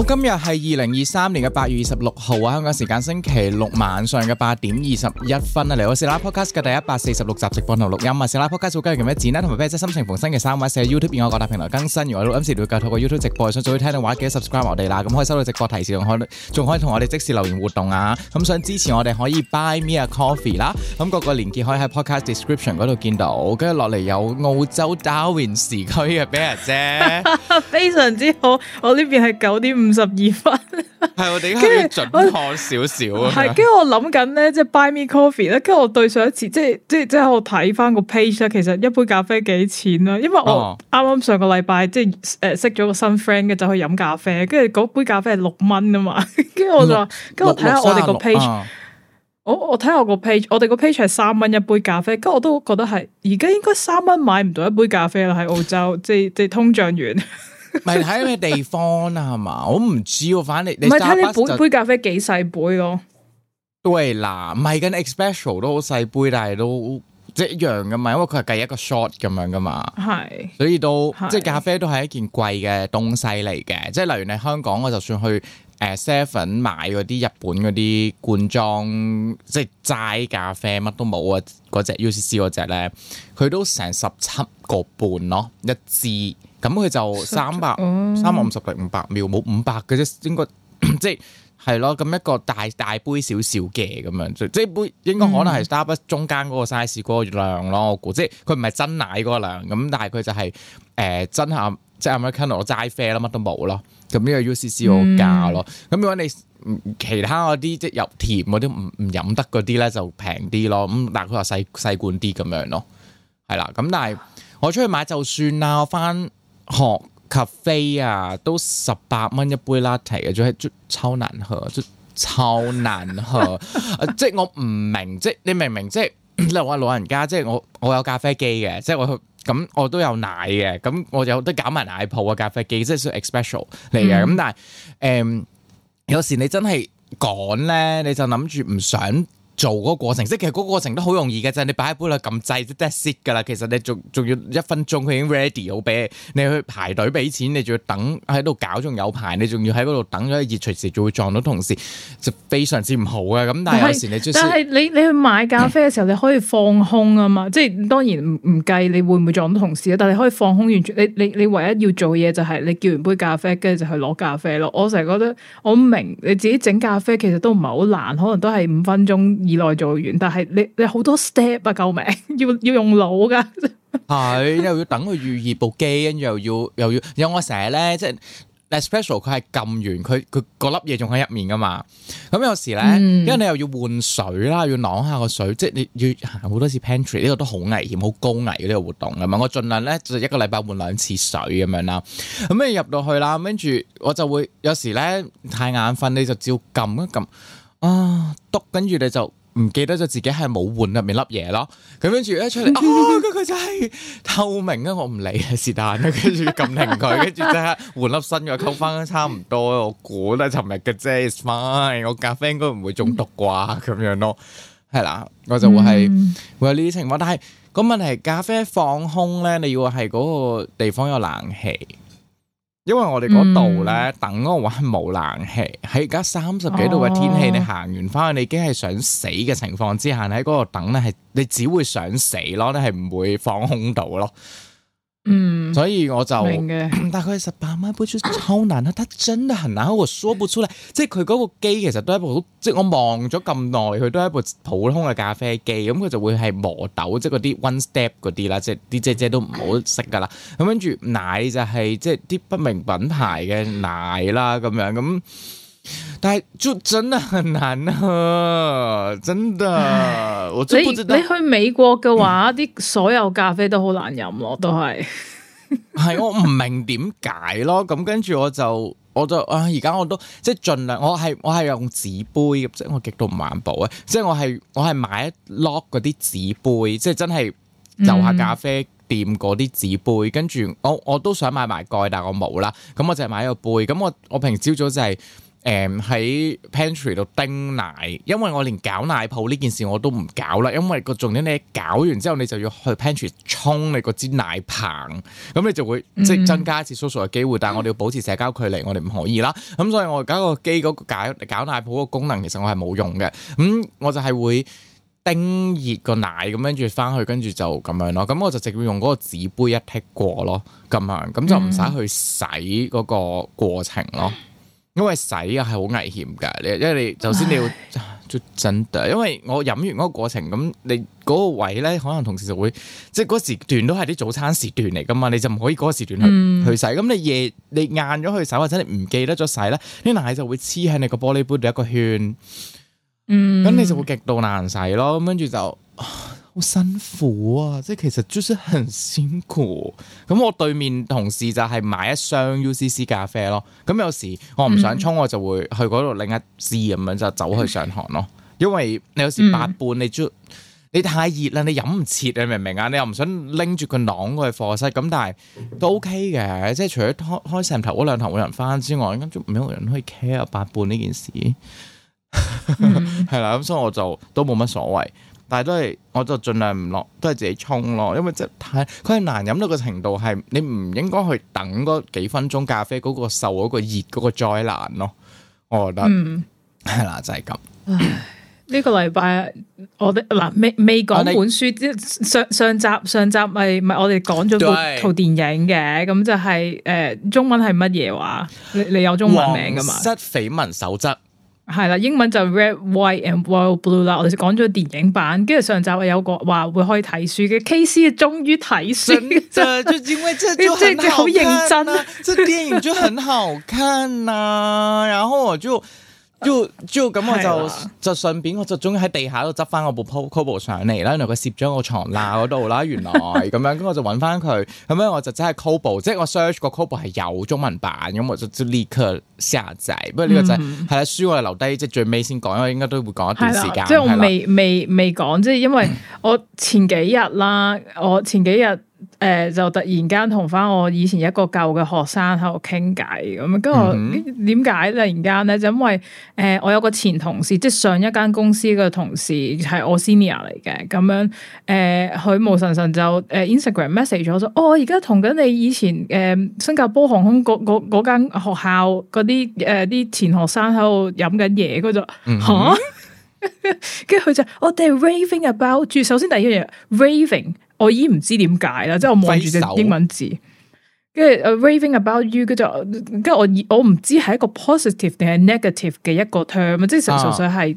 好，今日係二零二三年嘅八月二十六號啊，香港時間星期六晚上嘅八點二十一分啊，嚟我斯拉 podcast 嘅第一百四十六集直播同錄音啊，斯拉 podcast 好今日叫咩字呢？同埋 bear 姐心情逢星期三喎，上 YouTube 以外各大平台更新，如果冇冚時留意透過 YouTube 直播，想早啲聽嘅話，記得 subscribe 我哋啦。咁可以收到直播提示，同可仲可以同我哋即時留言互動啊。咁想支持我哋，可以 buy me a coffee 啦。咁個個連結可以喺 podcast description 嗰度見到，跟住落嚟有澳洲 Darwin 時區嘅 bear 姐，非常之好。我呢邊係九點五，五十二分，係 後我頂可以進步少少。係，跟住我諗緊咧，即係 Buy me coffee 咧。跟住我對上一次，即係即係即係我睇翻個 page 咧。其實一杯咖啡幾錢啊？因為我啱啱上個禮拜即係誒識咗個新 friend 嘅，就去飲咖啡。跟住嗰杯咖啡係六蚊啊嘛。跟住我就話，跟住我睇下我哋個 page 我。我看看我睇下我個 page，我哋個 page 係三蚊一杯咖啡。跟住我都覺得係，而家應該三蚊買唔到一杯咖啡啦。喺澳洲，即係即係通脹完。 咪睇咩地方啊嘛，我唔知喎、啊，反正唔係睇你本是杯咖啡幾細杯咯。對啦，唔係咁，espresso 都好細杯，但係都即係一樣噶嘛，因為佢係計一個 shot 咁樣噶嘛。係是，所以都是即係咖啡都係一件貴嘅東西嚟嘅。即係例如你香港，我就算去誒、呃、seven 買嗰啲日本嗰啲罐裝即係齋咖啡，乜都冇啊，嗰隻 ucc 嗰隻咧，佢都成十七個半咯一支。咁佢就 300,、嗯、三百三百五十定五百秒冇五百嘅啫，應該即係咯。咁、 就是、一個大大杯少少嘅咁樣，即、就、係、是、杯應該可能係 Starbucks 中間嗰個 size 嗰個量咯。我估即係佢唔係真奶嗰個量，咁、嗯、但係佢就係、是、誒、呃、真下，即係阿齋啡咯，乜都冇咯。咁呢個 UCC 個價咯。咁、嗯、如果你其他嗰啲即係入甜嗰啲唔唔飲得嗰啲咧，就平啲咯。咁但係佢話細細罐啲咁樣咯，係啦。咁但係我出去買就算啦，我返。學咖啡啊，都十八蚊一杯拉提嘅、啊，仲係超難喝，仲超難喝、 啊、即係我唔明，即你明唔明即係你話老人家，即係我我有咖啡機嘅，即係我咁我都有奶嘅，咁我有都搞埋奶泡嘅咖啡機，即係算 special 嚟嘅。咁、嗯、哼但係誒、嗯，有時你真係講咧，你就諗住唔想。做嗰個過程，即係其實嗰個過程都好容易嘅啫。你擺喺杯度撳掣，即係熄噶啦。其實你仲仲要一分鐘，佢已經 ready 好俾你，你去排隊俾錢。你仲要等喺度搞，仲有排，你仲要喺嗰度等咗熱隨時，仲會撞到同事，就非常之唔好嘅。咁但係有時你、就是，但係你你去買咖啡嘅時候，嗯、你，時候你可以放空啊嘛。即係當然唔唔計你會唔會撞到同事啊，但係你可以放空完全。你你你唯一要做嘢就係你叫完杯咖啡，跟住就去攞咖啡咯。我成日覺得我唔明你自己整咖啡其實都唔係好難，可能都係五分鐘。以內做完，但係你你好多 step 啊！救命，要要用腦噶 ，係又要等佢預熱部機，跟住又要又要。有我成日咧，即係 especially 佢係撳完，佢佢嗰粒嘢仲喺入面噶嘛。咁有時咧， 因為你又要換水啦，要晾下個水，即係你要行好多次 pantry。呢個都好危險，好高危呢個活動咁嘛。我盡量咧就一個禮拜換兩次水咁樣啦。咁你入到去啦，跟住我就會有時咧太眼瞓，你就照撳一撳啊，篤、啊，跟住你就。唔記得咗自己係冇換入面粒嘢咯，咁跟住一出嚟，哦， 佢佢就係透明啊！我唔理啊，是但啊，跟住撳停佢，跟住即刻換粒新嘅，吸翻差唔多，我估得尋日嘅啫係我咖啡應該唔會中毒啩？咁、嗯、樣咯，係啦，我就會係、嗯、會有呢啲情況，但係、個問題咖啡放空咧，你要係嗰個地方有冷氣。因為我哋嗰、嗯、度咧等嗰個話係冇冷氣，喺而家三十幾度嘅天氣，你行完翻去，你已經係想死嘅情況之下，喺嗰度等咧，係你只會想死咯，你係唔會放空度咯。嗯，所以我就明嘅，但係佢十八蚊杯超難啦，佢真係很難，我說不出嚟，即係佢嗰個機其實都係部，即係我望咗咁耐，佢都係一部普通嘅咖啡機，咁佢就會係磨豆，即係嗰啲 one step 嗰啲啦，即係啲姐姐都唔好食噶啦，咁跟住奶就係、是、即係啲不明品牌嘅奶啦，咁樣咁。但係就真的很難啊，真的，我你，你去美國嘅話，啲 所有咖啡都好難飲 咯，都係。係我唔明點解咯，咁跟住我就我就啊，而家我都即係盡量，我係我係用紙杯，杯，即係我極度唔環保啊，即係我係我係買一 lock 嗰啲紙杯，即係真係就下咖啡店嗰啲紙杯，嗯、跟住我我都想買埋蓋，但係我冇啦，咁我就係買個杯，咁我我平朝早就係、是。誒喺、嗯、pantry 度叮奶，因為我連搞奶泡呢件事我都唔搞啦，因為個重點，你搞完之後，你就要去 pantry 沖你個支奶棒，咁你就會即係增加一次 social 嘅機會，嗯、但係我哋要保持社交距離，嗯、我哋唔可以啦。咁、嗯、所以我搞個機嗰個攪攪奶泡個功能，其實我係冇用嘅。咁、嗯、我就係會叮熱個奶，咁跟住翻去，跟住就咁樣咯。咁我就直接用嗰個紙杯一剔過咯，咁樣咁就唔使去洗嗰個過程咯。嗯嗯因為洗啊係好危險噶，你因為你首先你要捽唉、啊、真㗋，因為我飲完嗰個過程咁，咁你嗰個位咧可能同時就會，即係嗰時段都係啲早餐時段嚟噶嘛，你就唔可以嗰個時段去、嗯、去洗，咁你夜你晏咗去洗或者你唔記得咗洗咧，啲奶就會黐喺你個玻璃杯度一個圈，咁、嗯、你就會極度難洗咯，咁跟住就。辛苦啊！即係其實做嘢很辛苦、啊。咁我對面同事就係買一箱 UCC 咖啡咯。咁有時我唔想沖，嗯、我就會去嗰度拎一支咁樣就走去上堂咯。因為你有時八半你做、嗯、你，你太熱啦，你飲唔切你明唔明啊？你又唔想拎住個囊過去課室，咁但係都 OK 嘅。即係除咗開開成頭嗰兩堂冇人返之外，咁仲冇人可以 care 八半呢件事。係 啦、嗯，咁 所以我就都冇乜所謂。但係都係，我就儘量唔落，都係自己沖咯。因為真太佢係難飲到個程度，係你唔應該去等嗰幾分鐘咖啡嗰個受嗰個熱嗰個災難咯。我覺得嗯，係啦、哎，就係、是、咁。呢、這個禮拜我哋嗱未未講、啊、本書，上上集上集咪咪我哋講咗套電影嘅，咁對就係、是、誒、呃、中文係乜嘢話？你你有中文名㗎嘛？王室緋聞守則。係啦，英文就 red、white and royal blue 啦。我哋講咗電影版，跟住上集我有個話會可以睇書嘅，K C 啊，終於睇書，即係的 就因為這就好、啊、這就認真， 這電影就很好看啊。然後我就。主要主要咁我就就順便我就終於喺地下度執翻我部 Kobo 上嚟啦，原來佢攝咗我床罅嗰度啦，原來咁樣，咁我就揾翻佢，咁樣我就真係 Kobo 即係我 search 個 Kobo 係有中文版，咁我就即刻下載。不過呢個就係、是、啦，書、嗯、我係留低，即係最尾先講，因為應該都會講一段時間。嗯、即係我未未未講，即係因為我前幾日啦、嗯，我前幾日。誒，就突然間同翻我以前一個舊嘅學生喺度傾偈咁，跟住點解突然間咧？就因為誒，我有個前同事，即係上一間公司嘅同事係我 senior 嚟嘅，咁樣誒，佢無神神就誒 Instagram message 咗我，我而家同緊你以前誒新加坡航空嗰嗰嗰間學校嗰啲誒啲前學生喺度飲緊嘢嗰度，吓！跟住佢就我哋係 raving about 住，首先第一樣 raving，我已唔知點解啦，即係手我望住隻英文字，跟住誒 raving about you，跟住我我唔知係一個 positive 定係 negative 嘅一個 term，即係實純粹係。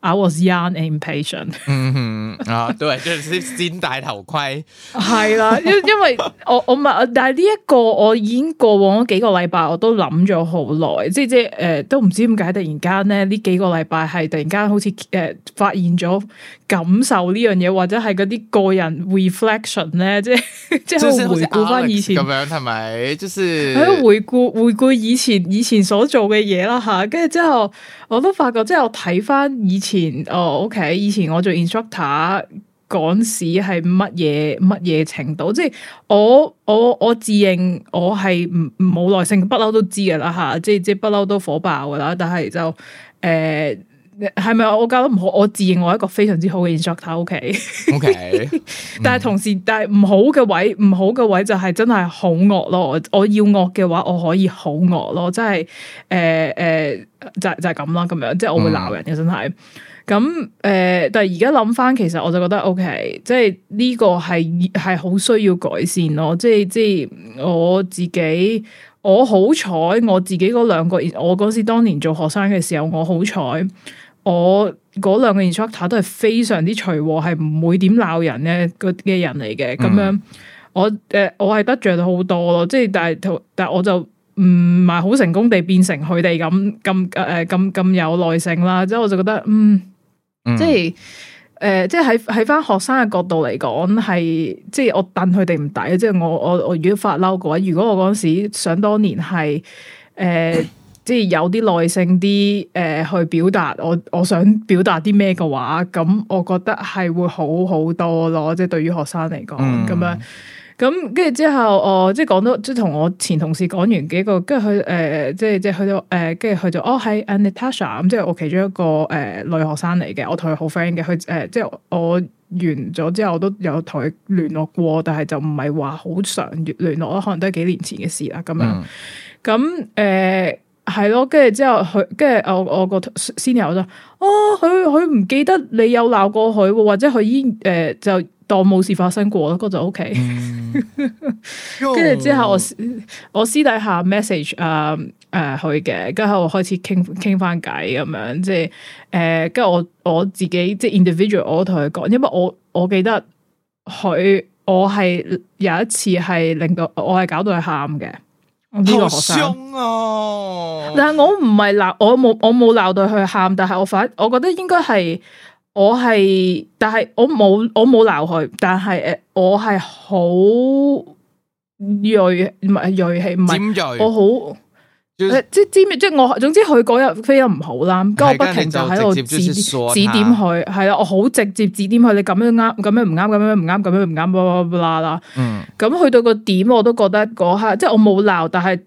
I was young and impatient 嗯嗯啊，即係、就是、先戴頭盔。係 啦，因因為我我唔，但係呢一個我已經過往幾個禮拜我都諗咗好耐，即係即係誒、呃，都唔知點解突然間咧呢幾個禮拜係突然間好似誒、呃、發現咗感受呢樣嘢，或者係嗰啲個人 reflection 咧，即即係回顧翻以前咁樣，係咪？即就是回顧回顧以前以前所做嘅嘢啦，吓，跟住之後。我都發覺，即係我睇返以前，哦，OK，以前我做 instructor 嗰時係乜嘢乜嘢程度，即係我我我自認我係唔冇耐性，不嬲都知㗎喇吓，即係即係不嬲都火爆㗎喇，但係就誒。呃係咪我教得唔好？我自認我一個非常之好嘅 instructor，O K。O K。但係同時，嗯、但係唔好嘅位，唔好嘅位就係真係好惡咯。我要惡嘅話，我可以好惡咯。即係誒誒，就是、就係咁啦，咁樣即係我會鬧人嘅、嗯、真係。咁、呃、誒，但係而家諗翻，其實我就覺得 O K。Okay, 即係呢個係係好需要改善咯。即係即係我自己，我好彩，我自己嗰兩個，我嗰時當年做學生嘅時候，我好彩。我嗰兩個 instructor 都係非常之隨和，係唔會點鬧人咧，嘅人嚟嘅。咁樣、嗯、我誒、呃，我係得罪咗好多咯。即係但係，但係我就唔係好成功地變成佢哋咁咁誒，咁、呃、咁、呃、有耐性啦。之後我就覺得，嗯，嗯即係誒、呃，即係喺喺翻學生嘅角度嚟講，係即係我戥佢哋唔抵。即係我即我我，我如果發嬲嘅話，如果我嗰時想當年係誒。呃 即係有啲耐性啲，誒、呃，去表達我我想表達啲咩嘅話，咁我覺得係會好好多咯。即係對於學生嚟講，咁、嗯、樣，咁跟住之後我，我即係講到即係同我前同事講完幾個，跟住佢誒，即係即係去到誒，跟住去到哦係 Natasha 咁，即係、呃哦、我其中一個誒、呃、女學生嚟嘅，我同佢好 friend 嘅，佢誒、呃，即係我完咗之後，我都有同佢聯絡過，但係就唔係話好常聯絡咯，可能都係幾年前嘅事啦，咁樣，咁誒、嗯。呃呃係咯，跟住之後佢，跟住我我個 senior 就，哦，佢佢唔記得你有鬧過佢，或者佢已經誒就當冇事發生過咯，就 O K。跟住之後我、呃、我私底下,下 message 誒誒佢嘅，跟、呃、住我開始傾傾翻偈咁樣，即係誒，跟、呃、住我我自己即係 individual，我都同佢講，因為我我記得佢我係有一次係令到我係搞到佢喊嘅。呢個學生好傷啊，但係我唔係鬧，我冇我冇鬧到佢喊，但係我反，我覺得應該係我係，但係我冇我冇鬧佢，但係誒，氣醉我係好銳唔係銳氣唔係，我好。即係知即係我，總之佢嗰日飛得唔好啦，跟住我不停就喺度指指點佢，係啦一、就是，我好直接指點佢，你咁樣啱，咁樣唔啱，咁樣唔啱，咁樣唔啱，啦啦啦。嗯，嗯。咁去到個點我都覺得嗰刻即係我冇鬧，但係。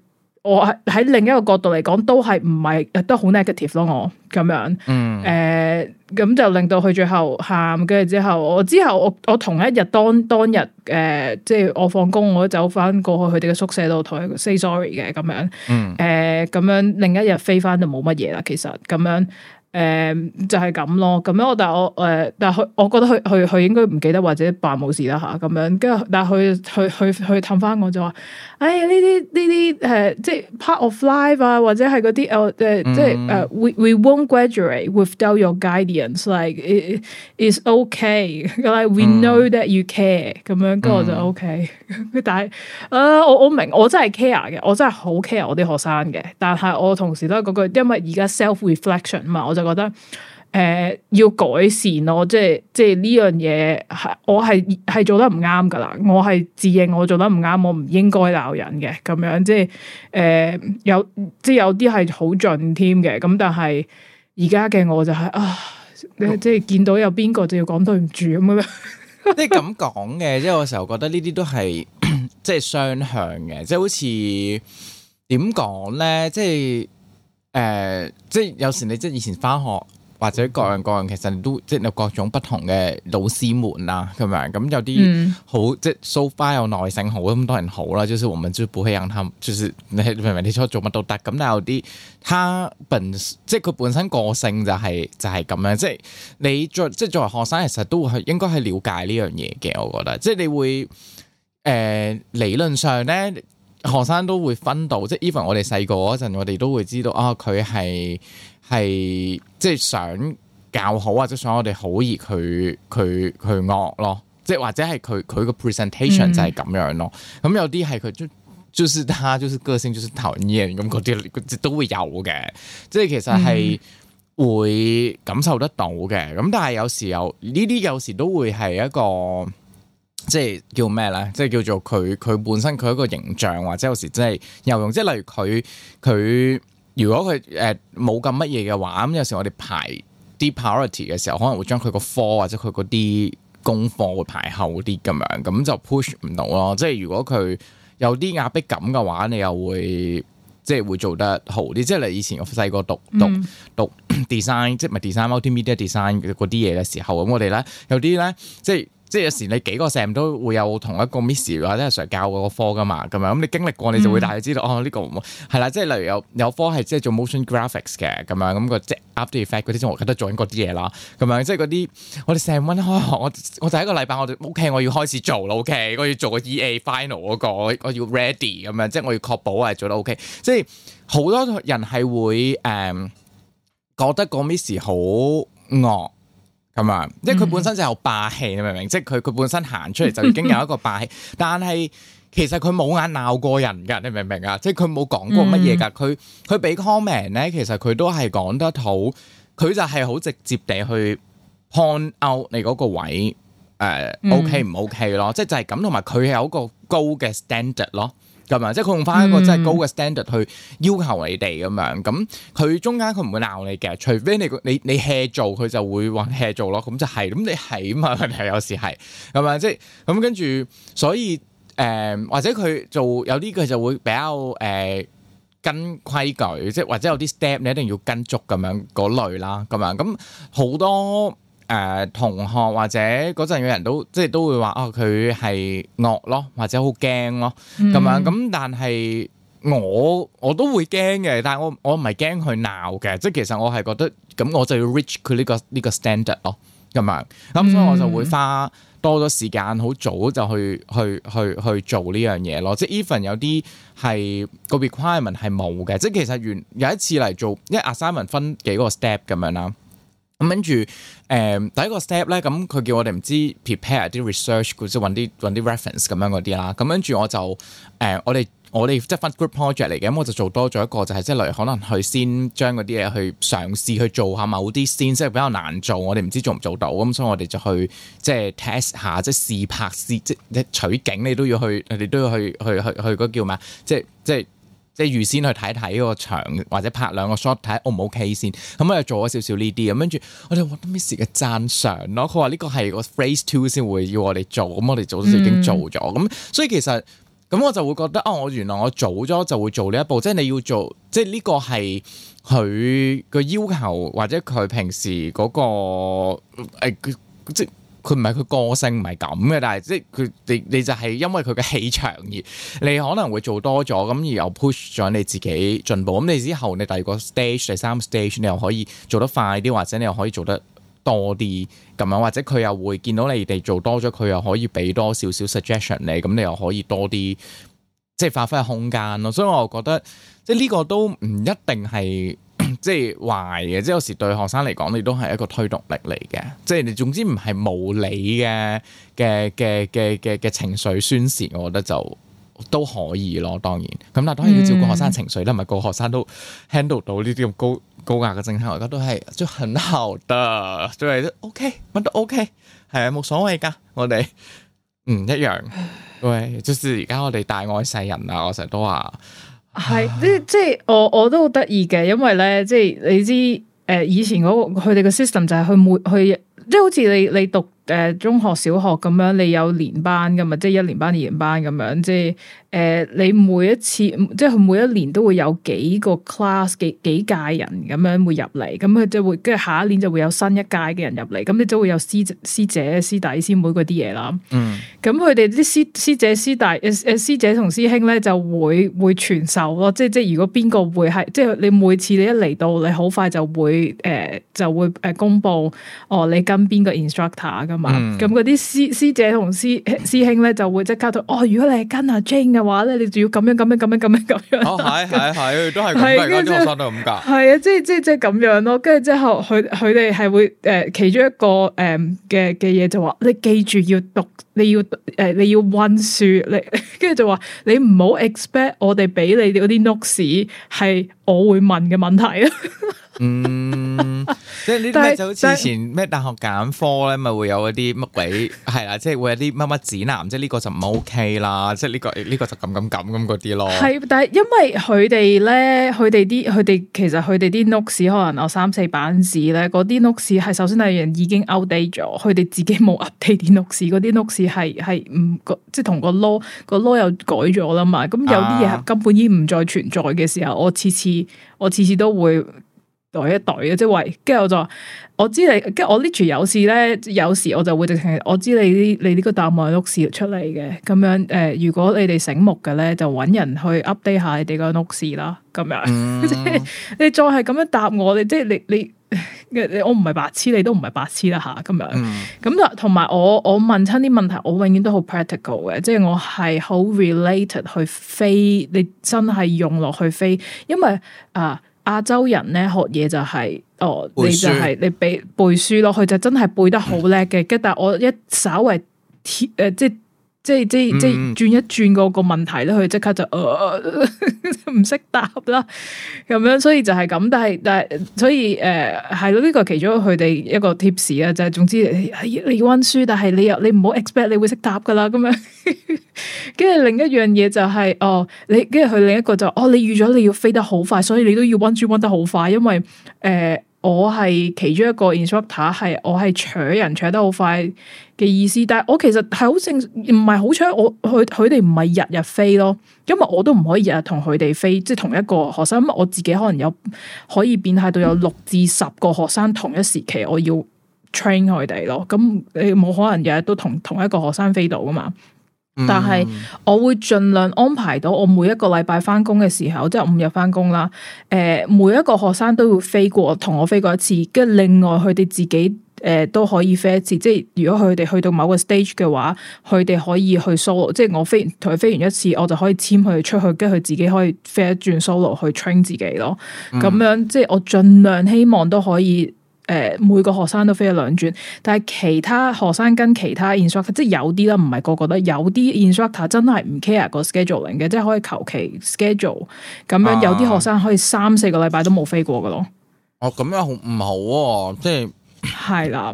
我喺喺另一個角度嚟講，都係唔係都好 negative 咯。我咁樣，誒、嗯呃，咁就令到佢最後喊，跟住之後，我之後我我同一日當當日，誒、呃，即係我放工，我都走翻過去佢哋嘅宿舍度同佢 say sorry 嘅咁樣，誒、嗯呃，咁樣另一日飛翻就冇乜嘢啦。其實咁樣。誒、嗯，就係、是、咁咯，咁樣我但係我誒，但係佢我覺得佢佢佢應該唔記得或者扮冇事啦吓，咁樣，跟住但係佢佢佢佢氹翻我就話，誒呢啲呢啲誒，即係 part of life 啊，或者係啲誒，呃嗯、即係誒、uh,，we we won't graduate without your guidance，like it's it okay，like we know that you care，咁、嗯、樣，跟住我就 OK，、嗯、 但係誒、呃、我我明，我真係 care 嘅，我真係好 care 我啲學生嘅，但係我同時都係嗰句，因為而家 self reflection 嘛，我就。我覺得誒、呃、要改善咯，即係即係呢樣嘢，我係係做得唔啱噶啦，我係自認我做得唔啱，我唔應該鬧人嘅咁樣，即係誒、呃、有即係有啲係好盡添嘅，咁但係而家嘅我就係、是、啊，你即係見到有邊個就要講對唔住咁樣， 即係咁講嘅，即係我成日覺得呢啲都係即係雙向嘅，即係好似點講咧，即係。誒、呃，即係有時你即係以前翻學或者各樣各樣，其實你都即係各種不同嘅老師們啦、啊，咁樣咁有啲好、嗯、即係 so far，有耐性好咁多人好啦。即、就是我們就不會讓他們，就是唔明唔係，你做乜都得。咁但係有啲，即他即係佢本身個性就係、是、就係、是、咁樣。即係你作即係作為學生，其實都會應該去了解呢樣嘢嘅。我覺得即係你會誒、呃，理論上咧。學生都會分到，即係 even 我哋細個嗰陣，我哋都會知道啊，佢係係即係想教好，或者想我哋好而佢佢佢惡咯，即係或者係佢佢個 presentation 就係咁樣咯。咁、嗯、有啲係佢就就是他，就是、他就是個性，就是討厭咁，嗰啲嗰啲都會有嘅。即係其實係會感受得到嘅。咁、嗯、但係有時候呢啲有時都會係一個。即係叫咩咧？即係叫做佢佢本身佢一個形象，或者有時真係又用。即係例如佢佢如果佢誒冇咁乜嘢嘅話，咁有時我哋排啲 priority 嘅時候，可能會將佢個科或者佢嗰啲功課會排後啲咁樣，咁就 push 唔到咯。即係如果佢有啲壓迫感嘅話，你又會即係會做得好啲。即係你以前我細個讀、嗯、讀讀 design，即係咪 des Mult design multimedia design 嗰啲嘢嘅時候，咁我哋咧有啲咧即係。即係有時你幾個 Sam 都會有同一個 Miss 或者係 Sir 教嗰個科㗎嘛，咁樣咁你經歷過你就會大概知道、嗯、哦呢、呢個唔係啦，即係例如有有科係即係做 motion graphics 嘅咁樣，咁個即係 After Effect 嗰啲我覺得做緊嗰啲嘢啦，咁樣即係嗰啲我哋 Sam 開學，我我第一個禮拜我哋 O K 我要開始做啦，O K 我要做個 E A final 嗰、嗰個，我我要 ready 咁樣，即係我要確保係做得 O、OK, K，即係好多人係會誒、嗯、覺得個 Miss 好惡。咁啊！嗯、即係佢本身就有霸氣，你明唔明？即係佢佢本身行出嚟就已經有一個霸氣， 但係其實佢冇眼鬧過人噶，你明唔明啊？即係佢冇講過乜嘢噶，佢佢俾 comment 咧，comment, 其實佢都係講得好，佢就係好直接地去 point out 你嗰個位，誒、uh, OK 唔 OK 咯？即係、嗯、就係咁，同埋佢係有個高嘅 standard 咯。咁啊，即係佢用返一個真係高嘅 standard 去要求你哋咁、嗯、樣，咁佢中間佢唔會鬧你嘅，除非你你你 hea 做，佢就會話你 hea 做咯，咁就係、係，咁你係啊嘛，問題有時係，咁啊，即係咁跟住，所以誒、呃、或者佢做有啲嘅就會比較誒、呃、跟規矩，即係或者有啲 step 你一定要跟足咁樣嗰類啦，咁啊，咁好多。誒、呃、同學或者嗰陣有人都即係都會話哦，佢、啊、係惡,惡咯，或者好驚咯咁、嗯、樣咁，但係我我都會驚嘅，但係我我唔係驚佢鬧嘅，即係其實我係覺得咁我就要 reach 佢呢、呢個呢、呢個 standard 咯咁樣咁，所以我就會花多咗時間，好早就去去去去,去做呢樣嘢咯，即係 even 有啲係、個 requirement 係冇嘅，即係其實原有一次嚟做，因為 assignment 分幾個 step 咁樣啦。咁跟住，誒、呃、第一個 step 咧，咁佢叫我哋唔知 prepare 啲 research，即係揾啲揾啲 reference 咁樣嗰啲啦。咁跟住我就，誒、呃、我哋我哋即係分 group project 嚟嘅，咁我就做多咗一個，就係即係例如可能去先將嗰啲嘢去嘗試去做下某啲 scene，即係比較難做，我哋唔知做唔做到，咁、嗯、所以我哋就去即係 test 下，即係試拍試即係取景，你都要去，你都要去去去去嗰叫咩？即係。即係。即係預先去睇睇嗰個場，或者拍兩個 shot 睇下 O 唔 O K 先，咁我又做咗少少呢啲咁，跟住我哋話 Miss 嘅讚賞咯，佢話呢個係個 Phase Two 先會要我哋做，咁我哋早咗已經做咗，咁、嗯、所以其實咁我就會覺得，哦，我原來我早咗就會做呢一步，即係你要做，即係呢個係佢個要求，或者佢平時嗰、那個誒、哎，即佢唔係佢歌聲唔係咁嘅，但係即係佢你你就係因為佢嘅氣場而你可能會做多咗咁而又 push 咗你自己進步。咁你之後你第二個 stage 第三個 stage 你又可以做得快啲，或者你又可以做得多啲咁樣，或者佢又會見到你哋做多咗，佢又可以俾多少少 suggestion 你，咁你又可以多啲即係發揮空間咯。所以我覺得即係呢個都唔一定係。即係壞嘅，即係有時對學生嚟講，你都係一個推動力嚟嘅。即係你總之唔係冇理嘅嘅嘅嘅嘅嘅情緒宣泄，我覺得就都可以咯。當然，咁但當然要照顧學生情緒啦。唔係個學生都 handle 到呢啲咁高高壓嘅政策，而家都係都很好的，就是、OK, 都係 O K，乜都 O K，係啊，冇所謂噶。我哋唔一樣，喂唉，即是而家我哋大愛世人啊，我成日都話。係，即即我我都好得意嘅，因為咧，即係你知，誒、呃，以前嗰、嗰個佢哋嘅 system 就係佢每佢，即係好似你你讀。誒，中學小學咁樣，你有年班噶嘛？即係一年班、二年班咁樣，即係誒、呃，你每一次即係佢每一年都會有幾個 class 幾幾屆人咁樣會入嚟，咁佢就會跟住下一年就會有新一屆嘅人入嚟，咁你就會有師師姐、師弟師妹嗰啲嘢啦。嗯，咁佢哋啲師師姐、師弟誒師姐同師兄咧就會會傳授咯，即係即係如果邊個會係，即係你每次你一嚟到，你好快就會誒、呃、就會誒公布哦，你跟邊個 instructor。咁嗰啲師師姐同師師兄咧，就會即刻到哦。如果你係跟阿 Jane 嘅話咧，你就要咁樣咁樣咁樣咁樣咁樣、哦。哦係係係，都係咁嘅嗰啲學生都係咁噶。係啊，即係即係即係咁樣咯。跟住之後，佢佢哋係會誒、呃，其中一個誒嘅嘅嘢就話，你記住要讀，你要誒、呃、你要溫書，你跟住 就話，你唔好 expect 我哋俾你嗰啲 notes 係。我會問嘅問題咯，嗯，即係呢啲就好似之前咩大學揀科咧，咪是會有一啲乜鬼係啊，即係會有啲乜乜指南，即係呢個就唔 OK 啦，即係呢、呢個呢、呢個就咁咁咁咁嗰啲咯。係，但係因為佢哋咧，佢哋啲佢哋其實佢哋啲 notes 可能有三四版紙咧，嗰啲 notes 係首先係人已經 outdate 咗，佢哋自己冇 update 啲 notes，嗰啲 notes 係係唔即係同、就是、個 law 個 law 又改咗啦嘛，咁有啲嘢根本已經唔再存在嘅時候，我次次。我次次都會懟一懟嘅，即、就、係、是、喂，跟住我就話我知你，跟住我 l 呢條有事咧，有事我就會直情，我知你呢你呢個答案喺屋事出嚟嘅，咁樣誒、呃，如果你哋醒目嘅咧，就揾人去 update 下你哋個屋事啦，咁樣，嗯、 你再係咁樣答我哋，即係你你。你你 我唔係白痴，你都唔係白痴啦吓，咁樣咁就同埋我我問親啲問題，我永遠都好 practical 嘅，即係我係好 related 去飛，你真係用落去飛，因為啊亞洲人咧學嘢就係、是、哦，背書你就係、是、你背背書落去就真係背得好叻嘅，跟、嗯、但係我一稍微誒、呃、即係。即係即係即係轉一轉個個問題咧，佢即刻就唔識、呃、 答啦，咁樣所以就係咁。但係但係所以誒係咯，呢、呃呢個其中佢哋一個 tips 啊，就係、是、總之、哎、你要溫書，但係你又你唔好 expect 你會識答噶啦咁樣。跟住另一樣嘢就係哦，你跟住佢另一個就是、哦，你預咗、就是哦、你，你要飛得好快，所以你都要溫書溫得好快，因為誒。呃我係其中一個 instructor，係我係搶人搶得好快嘅意思，但係我其實係好正唔係好彩。我佢佢哋唔係日日飛咯，因為我都唔可以日日同佢哋飛，即係同一個學生。咁我自己可能有可以變態到有六至十個學生同一時期，我要 train 佢哋咯。咁你冇可能日日都同同一個學生飛到㗎嘛？但係我會盡量安排到我每一個禮拜返工嘅時候，即係五日返工啦。誒、呃，每一個學生都會飛過，同我飛過一次。跟另外佢哋自己誒、呃、都可以飛一次。即係如果佢哋去到某個 stage 嘅話，佢哋可以去 solo。即係我飛同佢飛完一次，我就可以簽佢出去，跟住佢自己可以飛一轉 solo 去 train 自己咯。咁樣、嗯、即係我盡量希望都可以。誒，每個學生都飛咗兩轉，但係其他學生跟其他 instructor，即係有啲啦，唔係個個得。有啲 instructor 真係唔 care 個 scheduling 嘅，即係可以求其 schedule 咁樣，啊、有啲學生可以三四個禮拜都冇飛過嘅咯。哦、啊，咁樣好唔好啊？即係係啦，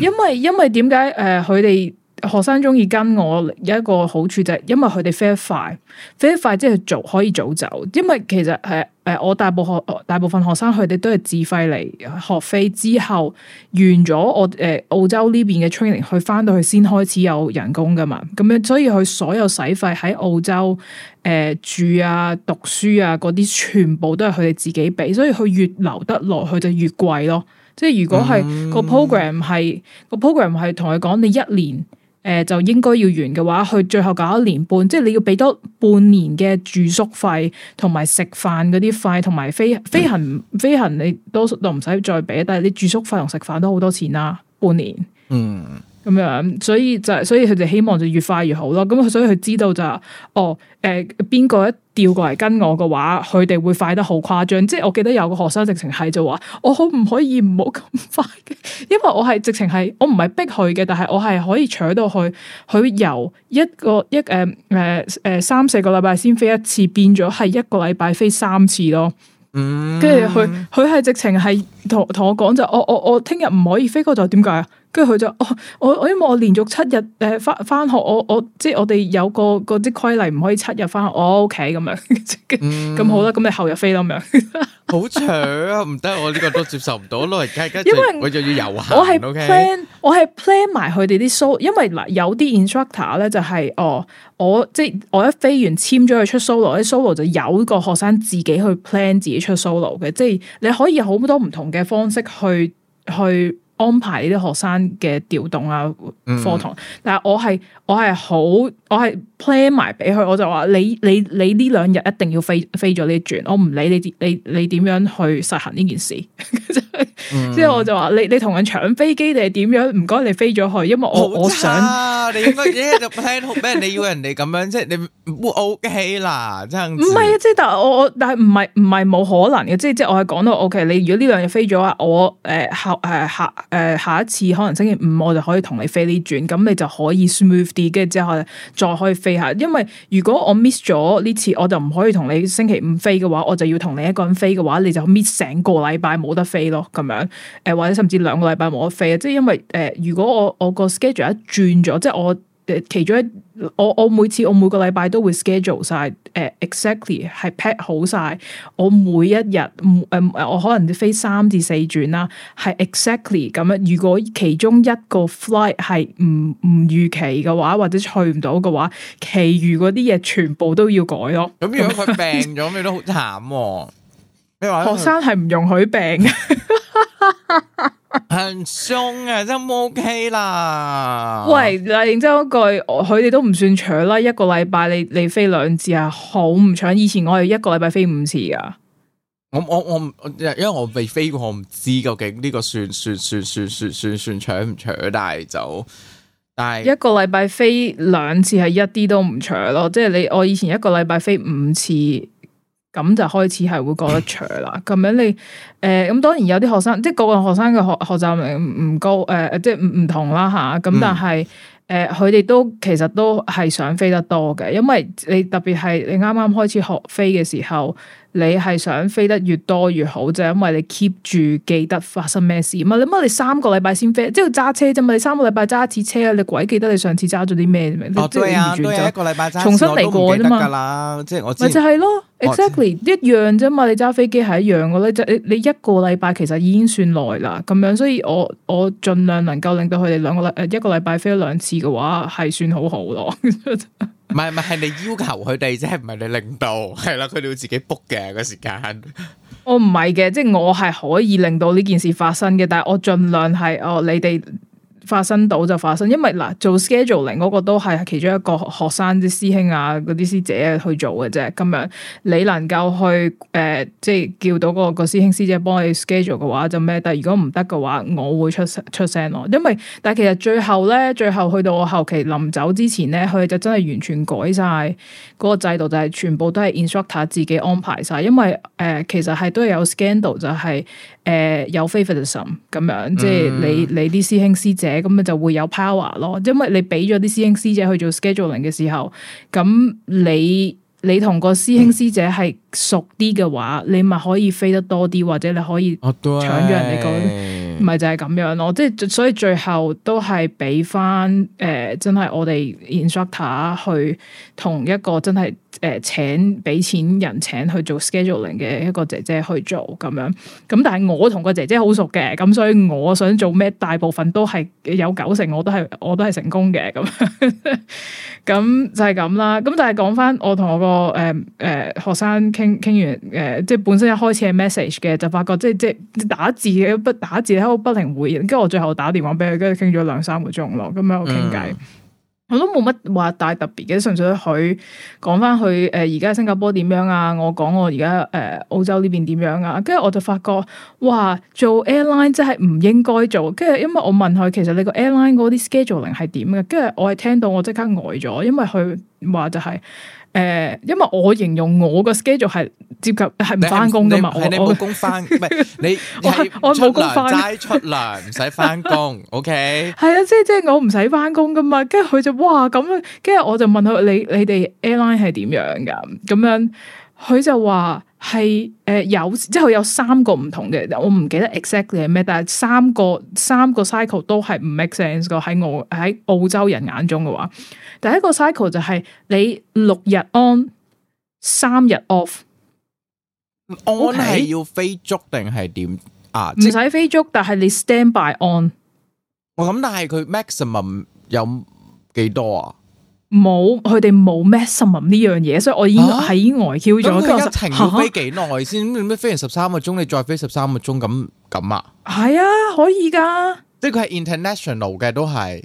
因為因為點解誒，佢、呃、哋學生中意跟我有一個好處就係，因為佢哋飛得快， 飛得快即係做可以早走，因為其實係。誒，我大部分大部分學生佢哋都係自費嚟學費，之後完咗我誒、呃、澳洲呢邊嘅 training，佢返到去先開始有人工㗎嘛，咁樣，所以佢所有使費喺澳洲誒、呃、住啊、讀書啊嗰啲，全部都係佢哋自己俾，所以佢越留得落去就越貴咯。即係如果係個 program 係個 program 係同佢講你一年。誒、呃、就應該要完嘅話，去最後搞一年半，即係你要俾多半年嘅住宿費同埋食飯嗰啲費，同埋飛飛行、嗯、飛行你多數都唔使再俾，但係你住宿費同食飯都好多錢啦，半年。嗯。咁樣，所以就所以佢哋希望就越快越好咯。咁所以佢知道就是、哦，誒邊個一調過嚟跟我嘅話，佢哋會快得好誇張。即係我記得有個學生直情係就話，我可唔可以唔好咁快嘅？因為我係直情係我唔係逼佢嘅，但係我係可以搶到佢。佢由一個一誒誒誒三四個禮拜先飛一次，變咗係一個禮拜飛三次咯。嗯，跟住佢佢係直情係同同我講就，我我我聽日唔可以飛過，就點解啊？跟住佢就、哦，我我我因為我連續七日誒翻翻學，我我即係我哋有個嗰啲規例唔可以七日翻我屋企咁樣，咁好啦，咁你後日飛啦咁樣，好長啊，唔得，我呢個都接受唔到咯，而家跟住我仲要遊行，我係 plan，行我係 plan 埋佢哋啲 solo 因為嗱有啲 instructor 咧就係、是、哦，我即係我一飛完簽咗佢出 solo，啲 solo 就有個學生自己去 plan 自己出 solo 嘅，即係你可以有好多唔同嘅方式去去。去安排呢啲學生嘅調動啊，課堂，嗯、但係我係我係好。我係 plan 埋俾佢，我就話你你你呢兩日一定要飛飛咗呢轉，我唔理你點你你點樣去實行呢件事。之 後、 嗯、 我就話你你同人搶飛機定係點樣？唔該你飛咗去，因為我差我想你應該即係就聽咩？ yeah, you, 你以為人哋咁樣即係你 O K 啦？真係唔係啊！即係但係我我但係唔係唔係冇可能嘅，即係即係我係講到 O K。Okay, 你如果呢兩日飛咗啊，我誒下誒下誒下，下一次可能星期五我就可以同你飛呢轉，咁你就可以 smooth 啲。跟住之後再可以飛下，因為如果我 miss 咗呢次，我就唔可以同你星期五飛嘅話，我就要同你一個人飛嘅話，你就 miss 成個禮拜冇得飛咯，咁樣，誒或者甚至兩個禮拜冇得飛啊，即係因為誒、呃，如果我我個 schedule 一轉咗，即係我。誒，其中一我我每次我每個禮拜都會 schedule 晒，誒，exactly 係 pack 好晒。我每一日誒、呃，我可能要飛三至四轉啦，係 exactly 咁樣。如果其中一個 flight 係唔唔預期嘅話，或者去唔到嘅話，其餘嗰啲嘢全部都要改咯。咁如果佢病咗，咩 都好慘、啊。學生係唔容許病， 好鬆啊！真 OK 啦。喂，嗱，認真一句，佢哋都唔算搶啦。一個禮拜你你飛兩次啊，好唔搶？以前我係一個禮拜飛五次噶。我我我，因因為我未飛過，我唔知究竟呢個算算算算算算算搶唔搶？但係就但係一個禮拜飛兩次係一啲都唔搶咯。即係你我以前一個禮拜飛五次。咁就開始係會覺得長啦，咁樣你誒，咁、呃、當然有啲學生，即係個個學生嘅學學習唔唔高誒、呃，即係唔唔同啦吓，咁、啊、但係誒，佢哋、嗯呃、都其實都係想飛得多嘅，因為你特別係你啱啱開始學飛嘅時候。你係想飛得越多越好，就係因為你 keep 住記得發生咩事。唔係你乜？你三個禮拜先飛，即係揸車啫嘛。你三個禮拜揸一次車，你鬼記得你上次揸咗啲咩？哦，對啊，對啊，一個禮拜揸，新嚟記唔得噶啦。即係嘛我咪就係咯，exactly 一樣啫嘛。你揸飛機係一樣嘅咧，你一個禮拜其實已經算耐啦。咁樣，所以我我盡量能夠令到佢哋兩個禮一個禮拜飛咗兩次嘅話，係算好好咯。 唔係唔係，你要求佢哋啫，係唔係你令到？係啦，佢哋會自己 book 嘅嗰個時間。 我唔係嘅，即係我係可以令到呢件事發生嘅，但係我盡量係哦，你哋。發生到就發生，因為嗱做 scheduling 嗰個都係其中一個學生啲師兄啊，啲師姐去做嘅啫。咁樣你能夠去誒、呃，即係叫到嗰、嗰個個師兄師姐幫你 schedule 嘅話就咩？但如果唔得嘅話，我會出出聲咯。因為但係其實最後咧，最後去到我後期臨走之前咧，佢哋就真係完全改晒嗰個制度，就係、係、全部都係 instructor 自己安排晒。因為誒、呃，其實係都有 scandal 就係、係。誒，有 favoritism 咁樣， 即係你你啲師兄師姐咁咪就會有 power 咯，因為你俾咗啲師兄師姐去做 scheduling 嘅時候，咁你你同個師兄師姐係熟啲嘅話，你咪可以飛得多啲，或者你可以搶咗人哋啲，咪、oh, 對就係咁樣咯。即係所以最後都係俾翻誒，真係我哋 instructor 去同一個真係。誒、呃，請俾錢人請去做 scheduling 嘅一個姐姐去做咁樣，咁但係我同個姐姐好熟嘅，咁所以我想做咩，大部分都係有九成我都係我都係成功嘅咁，咁就係咁啦。咁但係講翻我同我個誒誒學生傾傾完，誒、呃、即係本身一開始係 message 嘅，就發覺即係即係打字嘅不打字咧喺度不停回應，跟住我最後我打電話俾佢，跟住傾咗兩三個鐘咯，咁樣我傾偈。嗯我都冇乜話大特別嘅，純粹佢講翻佢誒而家新加坡點樣啊，我講我而家誒澳洲呢邊點樣啊，跟住我就發覺，哇，做 airline 真係唔應該做，跟住因為我問佢，其實你個 airline 嗰啲 scheduling 係點嘅？跟住我係聽到我即刻呆咗，因為佢話就係、是。誒、呃，因為我形容我個 schedule 係接近係唔翻工噶嘛，你你我我我冇工翻，唔係 你出糧齋 出糧，唔使翻工，OK？係啊，即係即係我唔使翻工噶嘛，跟住佢就哇咁樣，跟住我就問佢你你哋 airline 係點樣噶？咁樣佢就話係誒有，之後有三個唔同嘅，我唔記得 exactly 係咩，但係三個三個 cycle 都係唔 make sense 個喺澳喺澳洲人眼中嘅話。第一個 cycle 就係你六日 on 三日 off，on 係要飛足定係點啊？唔使飛足，但係你 stand by on。我諗，但係佢 maximum 有幾多啊？冇，佢哋冇 maximum 呢樣嘢，所以我已經喺外 call 咗。咁佢要停要飛幾耐先？咁你飛完十三個鐘，你再飛十三個鐘咁咁啊？係啊，可以噶。即係佢係 international 嘅，都係。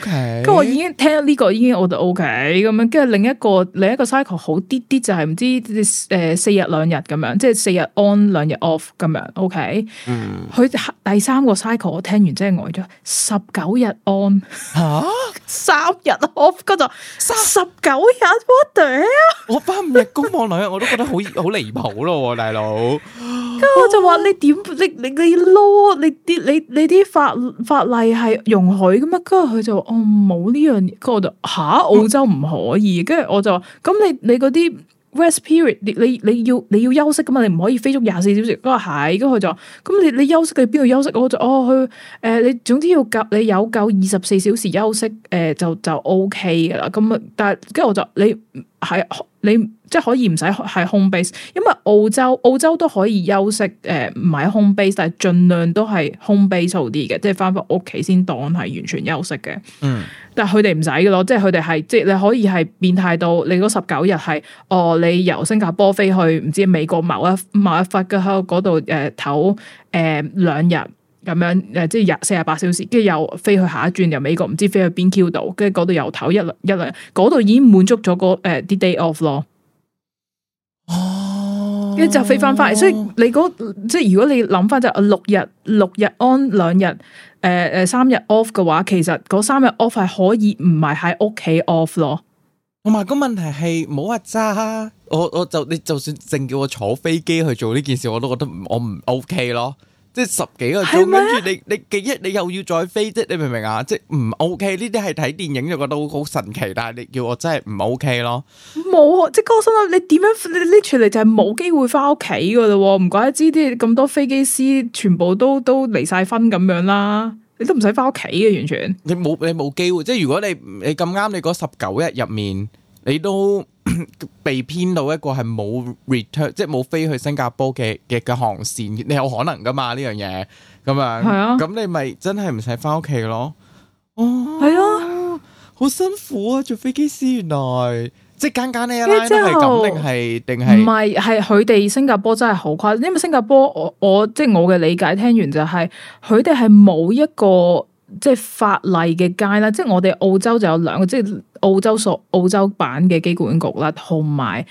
咁 Okay. 我已經聽呢、這個已經我就 O K 咁樣，跟住另一個另一個 cycle 好啲啲就係唔知誒、呃、四日兩日咁樣，即係四日 on，n 兩日 off 咁樣，O K。佢、okay? 嗯、第三個 cycle 我聽完真係呆咗十九日 on、啊，吓三日 off，嗰三十九日，我屌！我返五日工放兩日，我都覺得 好好離譜咯，大佬。跟住我就話你點你你你攞你啲你你啲法法例係容許噶咩？跟住佢就。哦，冇呢樣嘢。跟住我就嚇澳洲唔可以，跟住、哦、我就話：咁你你嗰啲 rest period，你你，你要你要休息噶嘛，你唔可以飛足廿四小時。我話係，跟住我就咁你你休息去邊度休息？我就哦去誒、呃，你總之要夠，你有夠二十四小時休息誒、呃，就就 O K 噶啦。咁啊，但係跟住我就你。係你即係可以唔使係 home base，因為澳洲澳洲都可以休息誒，唔係 home base，但係盡量都係 home base 好啲嘅，即係翻返屋企先當係完全休息嘅。嗯，但係佢哋唔使嘅咯，即係佢哋係即係你可以係變態到你嗰十九日係哦，你由新加坡飛去唔知美國某一某一忽嗰度誒唞誒兩日。咁樣誒，即係廿四廿八小時，跟住又飛去下一轉，又美國唔知飛去邊 Q 度，跟住嗰度又唞一兩一兩，嗰度已經滿足咗個誒啲 day off 咯。哦，跟住就飛翻翻嚟，哦、所以你嗰即係如果你諗翻就六日六日 on 兩日，誒、呃、誒三日 off 嘅話，其實嗰三日 off 係可以唔係喺屋企 off 咯。同埋個問題係，唔好話渣，我我就你就算淨叫我坐飛機去做呢件事，我都覺得我唔 OK 咯。即係十幾個鐘，跟住嗎你你幾日你，你又要再飛，啫，你明唔明啊？即係唔 OK，呢啲係睇電影就覺得好神奇，但係你叫我真係唔 OK 咯。冇啊！即係講真啦，你點樣你拎出嚟，就係冇機會翻屋企噶啦，唔怪得知啲咁多飛機師全部都都離晒婚咁樣啦，你都唔使翻屋企嘅完全。你冇你冇機會，即係如果你你咁啱你嗰十九日入面，你都。 被編到一個係冇 return，即係冇飛去新加坡嘅嘅嘅航線，你有可能噶嘛？呢樣嘢咁樣，咁、啊、你咪真係唔使翻屋企咯。哦，係啊，好辛苦啊，做飛機師原來即係揀揀你一拉都係咁定係定係？唔係是，係佢哋新加坡真係好誇，因為新加坡我我即係我嘅理解，聽完就係佢哋係冇一個即係法例嘅街啦，即係我哋澳洲就有兩個即係。澳洲屬澳洲版嘅機管局啦，同埋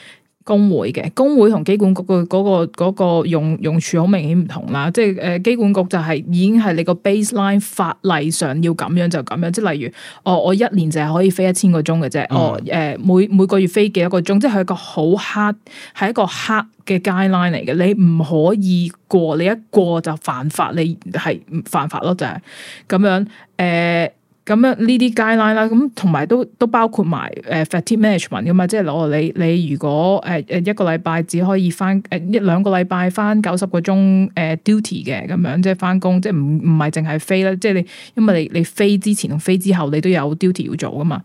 工會嘅工會同機管局嘅嗰、嗰個、嗰個用用處好明顯唔同啦。即係誒，機管局就係已經係你個 baseline 法例上，要咁樣就咁樣。即係例如，哦，我一年淨係可以飛一千個鐘嘅啫。嗯、哦，誒、呃，每每個月飛幾多個鐘，即係一個好黑，係一個黑嘅 guideline 嚟嘅。你唔可以過，你一過就犯法，你係犯法咯，就係、是、咁樣誒。呃咁樣呢啲 guideline 啦，咁同埋都都包括埋誒 fatigue management 噶嘛，即係攞你你如果誒誒一個禮拜只可以翻誒一、呃、兩個禮拜翻九十個鐘誒、呃、duty 嘅咁樣，即係翻工，即係唔唔係淨係飛啦？即係你因為你你飛之前同飛之後你都有 duty 要做噶嘛，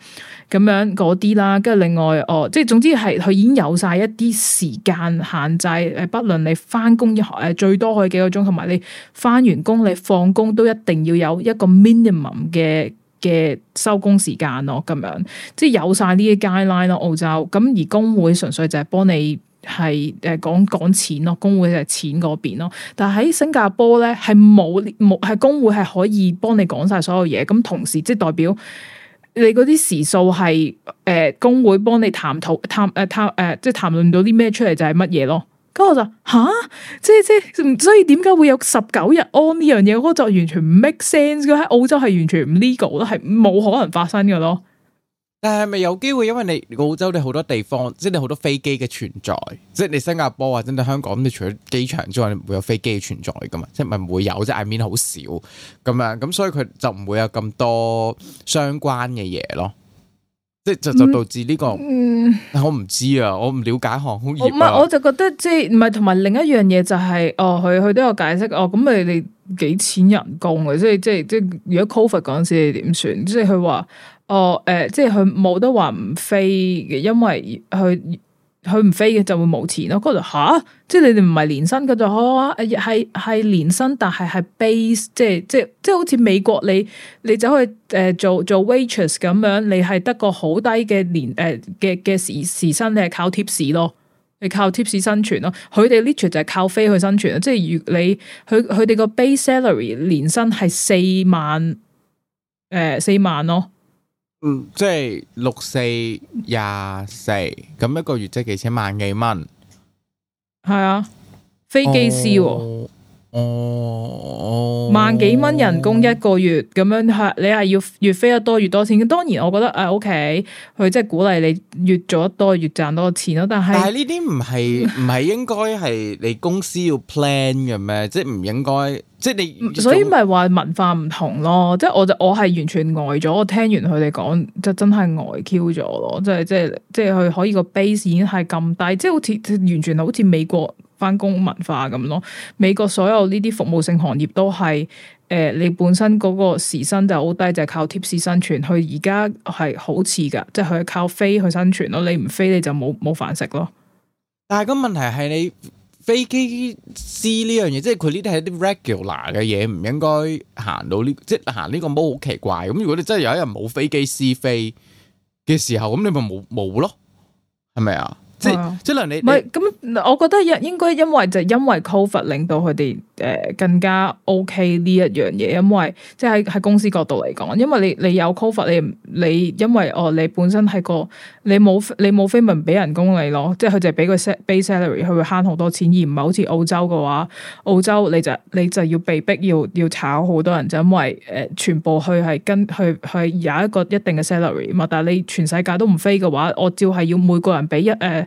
咁樣嗰啲啦，跟住另外哦，即係總之係佢已經有晒一啲時間限制，誒，不論你翻工誒最多可以幾個鐘，同埋你翻完工你放工都一定要有一個 minimum 嘅。嘅收工時間咯，咁樣即係有晒呢啲 guideline 咯，澳洲咁而工會純粹就係幫你係，誒，講講錢咯，工會就係錢嗰邊咯，但係喺新加坡咧，係冇冇係，工會係可以幫你講晒所有嘢，咁同時即係代表你嗰啲時數係，誒，工會幫你探討談，誒，談，誒，即係談論到啲咩出嚟就係乜嘢咯。咁我就吓？即係，即係，所以點解會有十九日安呢樣嘢？我就完全唔 make sense。佢喺澳洲係完全唔 legal，都係冇可能發生嘅咯。但係咪有機會？因為你澳洲你好多地方，即係你好多飛機嘅存在，即係你新加坡啊，甚至香港，你除咗機場之外，你唔會有飛機嘅存在噶嘛？即係咪唔會有？即係 I mean 好少咁樣咁，所以佢就唔會有咁多相關嘅嘢咯。即係就就導致呢、這個，嗯、我唔知啊，我唔了解航空業。唔係我，我就覺得即係唔係同埋另一樣嘢就係、是、哦，佢佢都有解釋哦。咁你哋幾錢人工啊？即係即係即係如果 COVID 嗰陣時你點算？即係佢話哦誒、呃，即係佢冇得話唔飛嘅，因為佢。佢唔飛嘅就會冇錢咯。佢話吓，即係你哋唔係年薪嘅就，係係年薪，但係係 base，即係即係即係好似美國你你走去誒、呃、做做 waitress 咁樣，你係得個好低嘅年誒嘅嘅時時薪，你係靠 tips 咯，你靠 tips 生存咯。佢哋 literally 就係靠飛去生存咯，即係如你佢佢哋個 base salary 年薪係四萬誒四、呃、萬咯。嗯，即係六四廿四，咁一個月即係幾錢萬幾蚊？係啊，飛機師喎。嗯 哦哦，萬幾蚊人工一個月咁樣，你係要越飛得多越多錢。當然我覺得誒，OK，佢即係鼓勵你越做得多越賺多錢咯。但係但係呢啲唔係唔係應該係你公司要 plan 嘅咩？即係唔應該，即係你。所以咪話文化唔同咯。即係我就我係完全呆咗。我聽完佢哋講，就真係呆 Q 咗咯。即係即係即係佢可以個 base 已經係咁低，即係好似完全好似美國。翻工文化咁咯，美國所有呢啲服務性行業都係誒、呃，你本身嗰個時薪就好低，就係、是、靠 tips 生存。佢而家係好似噶，即係佢係靠飛去生存咯。你唔飛你就冇冇飯食咯。但係個問題係你飛機師呢樣嘢，即係佢呢啲係啲 regular 嘅嘢，唔應該行到呢、這個，即係行呢個模好奇怪。咁如果你真係有一日冇飛機師飛嘅時候，咁你咪冇冇咯，係咪啊？即 即係，嗯、你唔係咁，我覺得應應該因為就因為 cover 令到佢哋誒更加 OK 呢一樣嘢，因為即係喺喺公司角度嚟講，因為你你有 cover，你你因為哦，你本身係個。你冇你冇飛文俾人工你咯，即係佢就俾個 base salary，佢會慳好多錢，而唔係好似澳洲嘅話，澳洲你就你就要被逼要要炒好多人，就因為誒、呃、全部去係跟去去有一個一定嘅 salary 嘛，但係你全世界都唔飛嘅話，我照係要每個人俾一誒誒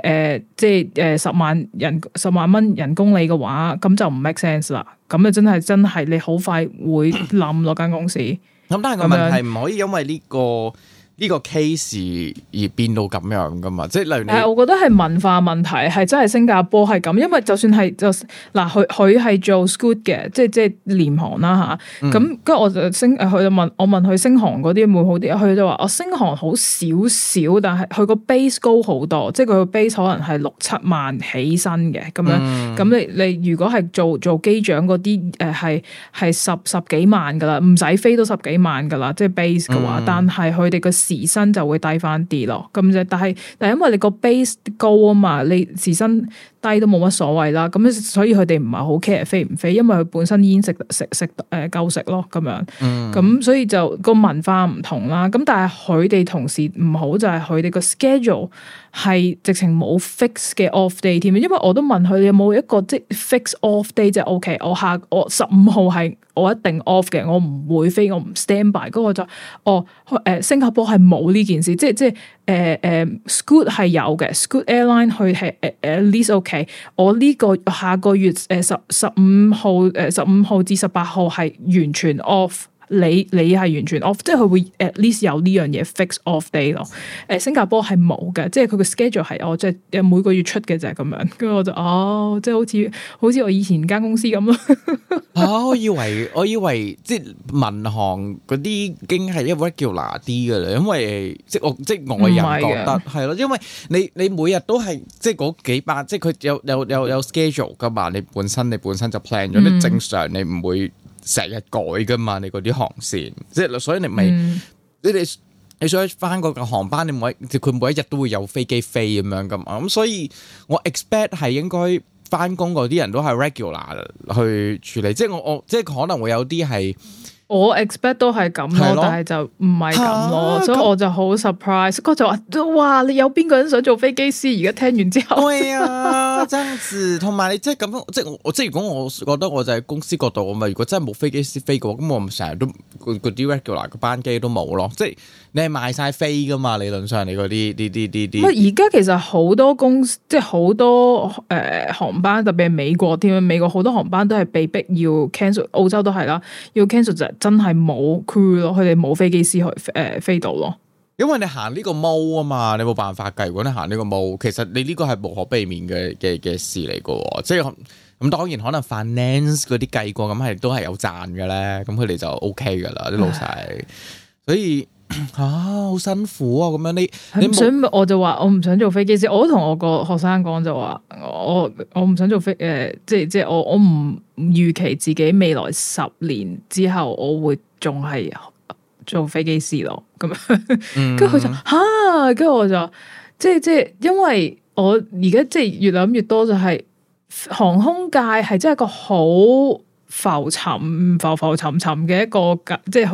誒，即係誒、呃、十萬人十萬蚊人工你嘅話，咁就唔 make sense 啦，咁啊真係真係你好快會冧落間公司。咁但係個問題唔樣可以因為呢、這個。呢個 case 而變到咁樣噶嘛？即係例如，係我覺得係文化問題，係真係新加坡係咁。因為就算係就嗱，佢佢係做 Scoot 嘅，即係即係廉航啦吓，咁跟住我就星，佢就問我問佢星航嗰啲會好啲。佢就話：我星航好少少，但係佢個 base 高好多，即係佢個 base 可能係六七萬起身嘅咁樣。咁、嗯、你你如果係做做機長嗰啲，誒係係十十幾萬噶啦，唔使飛都十幾萬噶啦，即係 base 嘅話。嗯、但係佢哋個時薪就會低翻啲咯，咁就但係但係因為你個 base 高啊嘛，你時薪低都冇乜所謂啦，咁所以佢哋唔係好 care 飛唔飛，因為佢本身已經食食食誒夠食咯，咁樣，咁、嗯嗯、所以就個文化唔同啦，咁但係佢哋同時唔好就係、是、佢哋個 schedule。係直情冇 fix 嘅 off day 添，因為我都問佢有冇一個即係 fix off day 就 OK，我下我十五號係我一定 off 嘅，我唔會飛，我唔 stand by。嗰個就哦，誒、啊、新加坡係冇呢件事，即係即係誒、啊、誒、啊、，Scoot 係有嘅，Scoot airline 佢係誒誒，least OK。Okay, 我呢個下個月誒十十五號誒十五號至十八號係完全 off。你你係完全 off，即係佢 at least 有呢樣嘢 fix off day 咯。誒，新加坡係冇嘅，即係佢嘅 schedule 係我、哦、即係每個月出嘅就係咁樣。跟住我就哦，即係好似好似我以前間公司咁咯。哦 我，我以為我以為即係民航嗰啲已經係 regular 啲嘅啦，因為即我即係外人覺得係咯，因為你你每日都係即係嗰幾百，即係佢有有有有 schedule 噶嘛，你本身你本身就 plan 咗，嗯、你正常你唔會。成日改噶嘛，你嗰啲航線，即係所以你咪，嗯、你哋，你想翻嗰個航班，你每佢每一日都會有飛機飛咁樣噶嘛，咁所以我 expect 係應該翻工嗰啲人都係 regular 去處理，即係我我即係可能會有啲係。嗯我 expect 都係咁咯，但係就唔係咁咯，啊、所以我就好 surprise。哥、啊、就話：，哇，你有邊個人想做飛機師？而家聽完之後，會啊、哎呀，真 子，同埋你即係咁樣，即係我即係如果我，如果我覺得我就喺公司角度，咁咪如果真係冇飛機師飛嘅話，咁我咪成日都嗰嗰啲 regular 個班機都冇咯，即係。你係賣晒飛噶嘛？理論上你嗰啲啲啲啲啲，唔係而家其實好多公司，即係好多誒、呃、航班，特別係美國添啊！美國好多航班都係被逼要 cancel，澳洲都係啦，要 cancel 就真係冇 crew 咯，佢哋冇飛機師去誒、呃、飛到咯。因為你行呢個毛啊嘛，你冇辦法噶。如果你行呢個毛，其實你呢個係無可避免嘅嘅嘅事嚟噶。即係咁當然可能 finance 嗰啲計過，咁係都係有賺噶咧。咁佢哋就 OK 噶啦，啲老細，的所以。吓、啊，好辛苦啊！咁樣你，你唔想我就話我唔想做飛機師。我同我個學生講就話，我我唔想做飛誒、呃，即係即係我我唔預期自己未來十年之後我會仲係做飛機師咯。咁樣，跟住佢就吓，跟、啊、住我就即係即係，因為我而家即係越諗越多就係航空界係真係一個好。浮沉浮浮沉沉嘅一個即係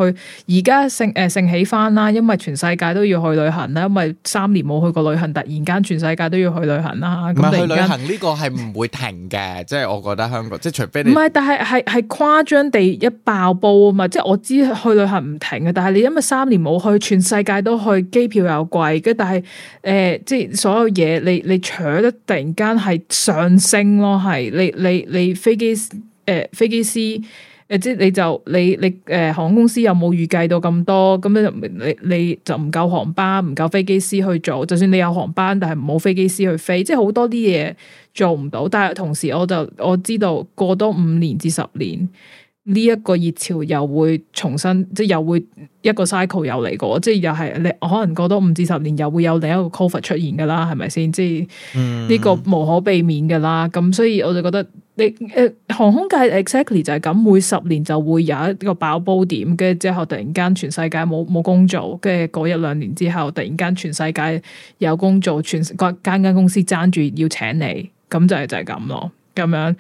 去而家盛誒盛起翻啦，因為全世界都要去旅行啦，因為三年冇去過旅行，突然間全世界都要去旅行啦。咁係去旅行呢個係唔會停嘅， 即係我覺得香港即係除非唔係，但係係係誇張地一爆煲啊嘛！即係我知去旅行唔停嘅，但係你因為三年冇去，全世界都去，機票又貴嘅，但係誒、呃、即係所有嘢，你你搶得突然間係上升咯，係你你你，你，你飛機。誒、呃，飛機師誒、呃，即係你就你你誒、呃，航空公司有冇預計到咁多？咁樣就你你就唔夠航班，唔夠飛機師去做。就算你有航班，但係冇飛機師去飛，即係好多啲嘢做唔到。但係同時，我就我知道過多五年至十年。呢一個熱潮又會重新，即係又會一個 cycle 又嚟過，即係又係你，可能過多五至十年又會有另一個 cover 出現噶啦，係咪先？即係呢、嗯、個無可避免噶啦。咁所以我就覺得你誒、呃，航空界 exactly 就係咁，每十年就會有一個爆煲點，跟住之後突然間全世界冇冇工做，跟住過一兩年之後，突然間全世界有工做，全各間間公司爭住要請你，咁就係、是、就係咁咯。咁樣，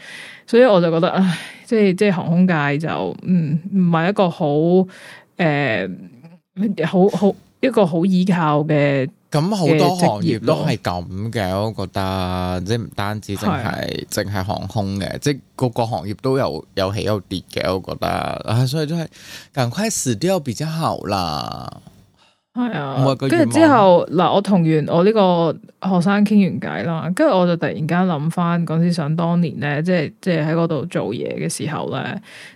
所以我就覺得，唉，即係即係航空界就，嗯，唔係一個、呃、好，誒，好好一個好依靠嘅。咁好多行業都係咁嘅，我覺得，即係唔單止淨係淨係航空嘅，即係各個行業都有有起有跌嘅，我覺得，唉、啊，所以就係、是、趕快死掉比較好啦。係啊，跟住之後嗱，我同完我呢個學生傾完偈啦，跟住我就突然間諗翻講起想當年咧，即係即係喺嗰度做嘢嘅時候咧，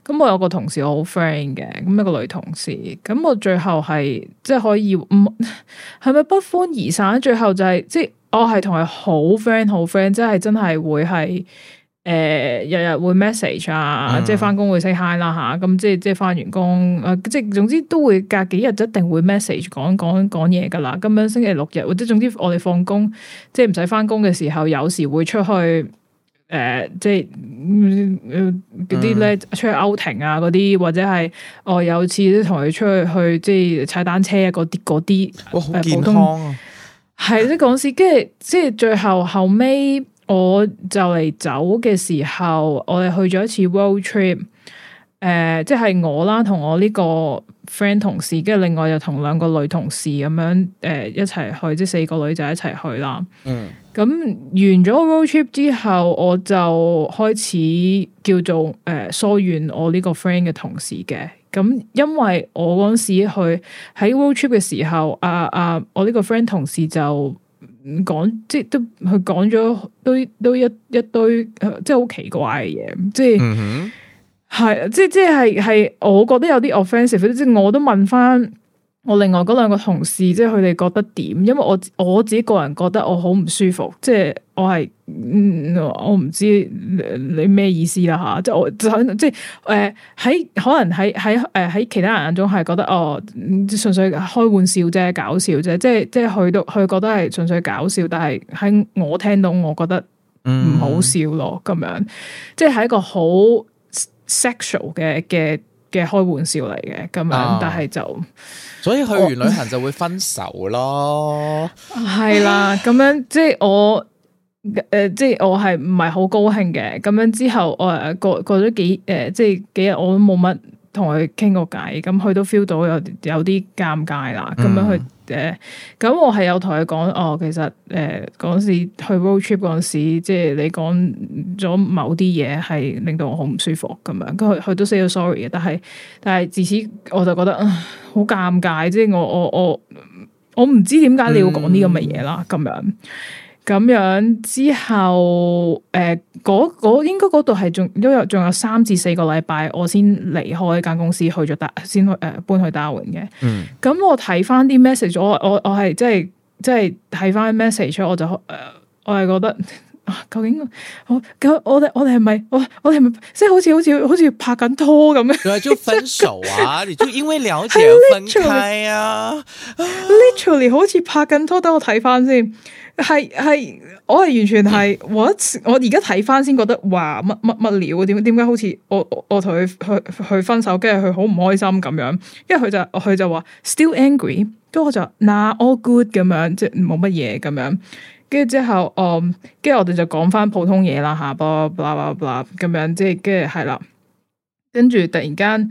咁、嗯、我有個同事我好 friend 嘅，咁一個女同事，咁、嗯、我最後係即係可以，唔係咪不歡而散？最後就係、是、即係我係同佢好 friend，好 friend，即係真係會係。誒日日會 message 啊，嗯、即係翻工會 say hi 啦嚇，咁、嗯、即係即係翻完工，即係總之都會隔幾日一定會 message 講講講嘢噶啦。咁樣星期六日或者總之我哋放工，即係唔使翻工嘅時候，有時會出去誒、呃，即係嗰啲咧出去 outing 啊，嗰啲或者係我有次都同佢出去去即係踩單車嗰啲嗰啲，哇好健康、啊普通。係即係講起，跟住即係 最後後尾。我就嚟走嘅時候，我哋去咗一次 road trip，誒、呃，即係我啦，同我呢個 friend 同事，跟住另外又同兩個女同事咁樣，誒、呃，一齊去，即係四個女仔一齊去啦。嗯，咁完咗 road trip 之後，我就開始叫做誒、呃、疏遠我呢個 friend 嘅同事嘅。咁因為我嗰時去喺 road trip 嘅時候，阿、啊、阿、啊、我呢個 friend 同事就。講即係都佢講咗，都都一一堆，即係好奇怪嘅嘢，即係係、mm hmm. 即係即係係，我覺得有啲 offensive，即係我都問翻我另外嗰兩個同事，即係佢哋覺得點？因為我我自己個人覺得我好唔舒服，即係。我係、嗯，我唔知你咩意思啦吓、嗯，即係我即係即係，誒、呃、喺可能喺喺誒喺其他人眼中係覺得哦，純粹開玩笑啫，搞笑啫，即係即係去到佢覺得係純粹搞笑，但係喺我聽到我覺得唔好笑咯，咁、嗯、樣即係係一個好 sexual 嘅嘅嘅開玩笑嚟嘅，咁樣但係就、哦、所以去完旅行就會分手咯，係我 啦，咁樣，樣即係我。 誒、呃，即係我係唔係好高興嘅，咁樣之後我，誒過過咗幾誒、呃，即係幾日我都冇乜同佢傾過偈，咁佢都 feel 到有有啲尷尬啦。咁樣去誒，咁、呃、我係有同佢講，哦，其實誒嗰、呃、時去 road trip 嗰時，即係你講咗某啲嘢，係令到我好唔舒服咁樣。佢佢都 say 咗 sorry 嘅，但係但係自此我就覺得好尷、呃、尬，即係我我我我唔知點解你要講呢咁嘅嘢啦，咁樣、嗯。咁樣之後誒，嗰、呃、嗰應該嗰度係仲都有仲有三至四個禮拜，我先離開間公司去咗達，先去誒搬去 Darwin 嘅。嗯，咁我睇翻啲 message，我我我係即係即係睇翻啲 message，我就誒、呃，我係覺得、啊、究竟我究竟我我我哋我哋係咪我我哋係咪即係好似好似好似拍緊拖咁樣？對，就分手啊！ 實你就因為了解分開啊 literally, literally, ？Literally 好似拍緊拖，等我睇翻先。係係，我係完全係 what？我而家睇翻先覺得，哇，乜乜乜料？點點解好似我我同佢去去分手，跟住佢好唔開心咁樣？跟住佢就佢就話 still angry，跟住我就嗱、ah, all good 咁樣，即係冇乜嘢咁樣。跟住之後，嗯，跟住我哋就講翻普通嘢啦，吓、啊，噃 blah blah blah 咁樣，即係，跟住係啦，跟住突然間。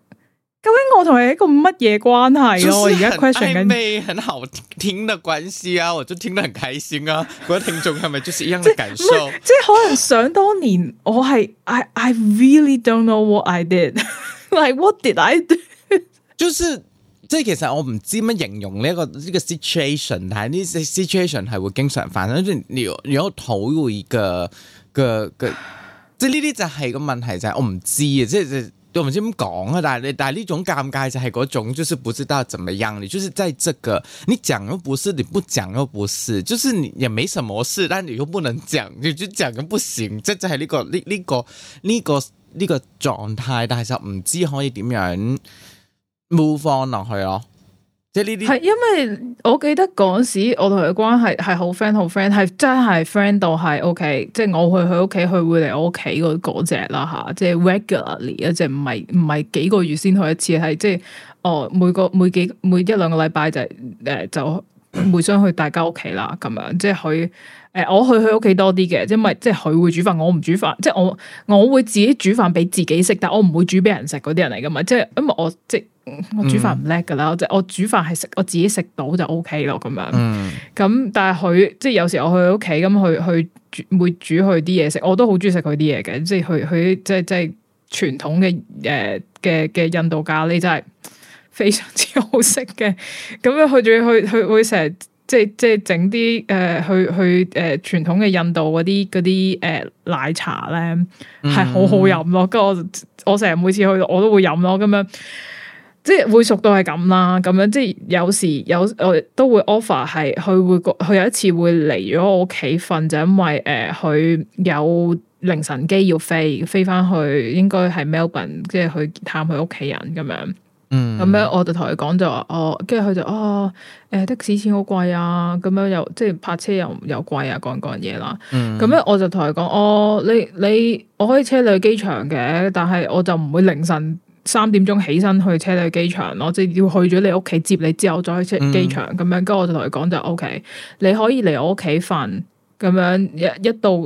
究竟我同你一個乜嘢關係咯、啊？而家曖昧 很好聽的關係啊，我就聽得很開心啊！嗰啲 聽眾係咪就是一樣的感受？ 即係可能想當年，我係 I I really don't know what I did，like what did I do？就是即係其實我唔知乜形容呢、這、一個呢、這個 situation，但係呢啲 situation 係會經常發生。如如果討論嘅，個個，即係呢啲就係個問題就係我唔知啊！即係。即即 對，我先唔講，但係但係呢種尷尬就係嗰種，就是不知道怎麼樣，你就是在這個，你講又不是，你不講又不是，就是你又冇什麼事，但係如果不能講，你就講又不行，即係係呢個呢呢、這個呢、這個呢、這個狀態、這個，但係就唔知可以點樣 move on 落去咯。即係呢啲因為我記得嗰時我同佢嘅關係係好 friend 好 friend 係真係 friend 到係 OK，即係我去佢屋企佢會嚟我屋企嗰嗰隻啦吓，即係 regularly 即係唔係唔係幾個月先去一次係即係哦每個每幾每一兩個禮拜就誒、呃、就互相去大家屋企啦咁樣，即係佢誒我去佢屋企多啲嘅，即係咪即係佢會煮飯我唔煮飯，即係我我會自己煮飯俾自己食，但我唔會煮俾人食嗰啲人嚟噶嘛，即係因為我即我煮飯唔叻噶啦，即係、嗯、我煮飯係食我自己食到就 O K 咯，咁樣。咁、嗯、但係佢即係有時我去屋企咁去去煮，會煮佢啲嘢食，我都好中意食佢啲嘢嘅。即係佢佢即係即係傳統嘅誒嘅嘅印度咖喱真係非常之好食嘅。咁樣佢仲要去去會成日即係即係整啲誒去去誒傳統嘅印度嗰啲啲誒奶茶咧係好好飲咯。跟住、嗯、我我成日每次去我都會飲咯，咁樣。即係會熟到係咁啦，咁樣即係有時有我都會 offer 係，佢會佢有一次會嚟咗我屋企瞓，就因為誒佢、呃、有凌晨機要飛，飛返去應該係 Melbourne，即係去探佢屋企人咁樣。嗯，咁樣我就同佢講就話哦，跟住佢就哦，誒、呃、的士錢好貴啊，咁樣又即係泊車又又貴啊，講講嘢啦。嗯，咁樣我就同佢講，哦，你你，你我可以車你去機場嘅，但係我就唔會凌晨。三點鐘起身去車你去機場，我即係要去咗你屋企接你之後再去車機場咁、嗯、哼樣，跟住我就同佢講就 O K，你可以嚟我屋企瞓咁樣一一到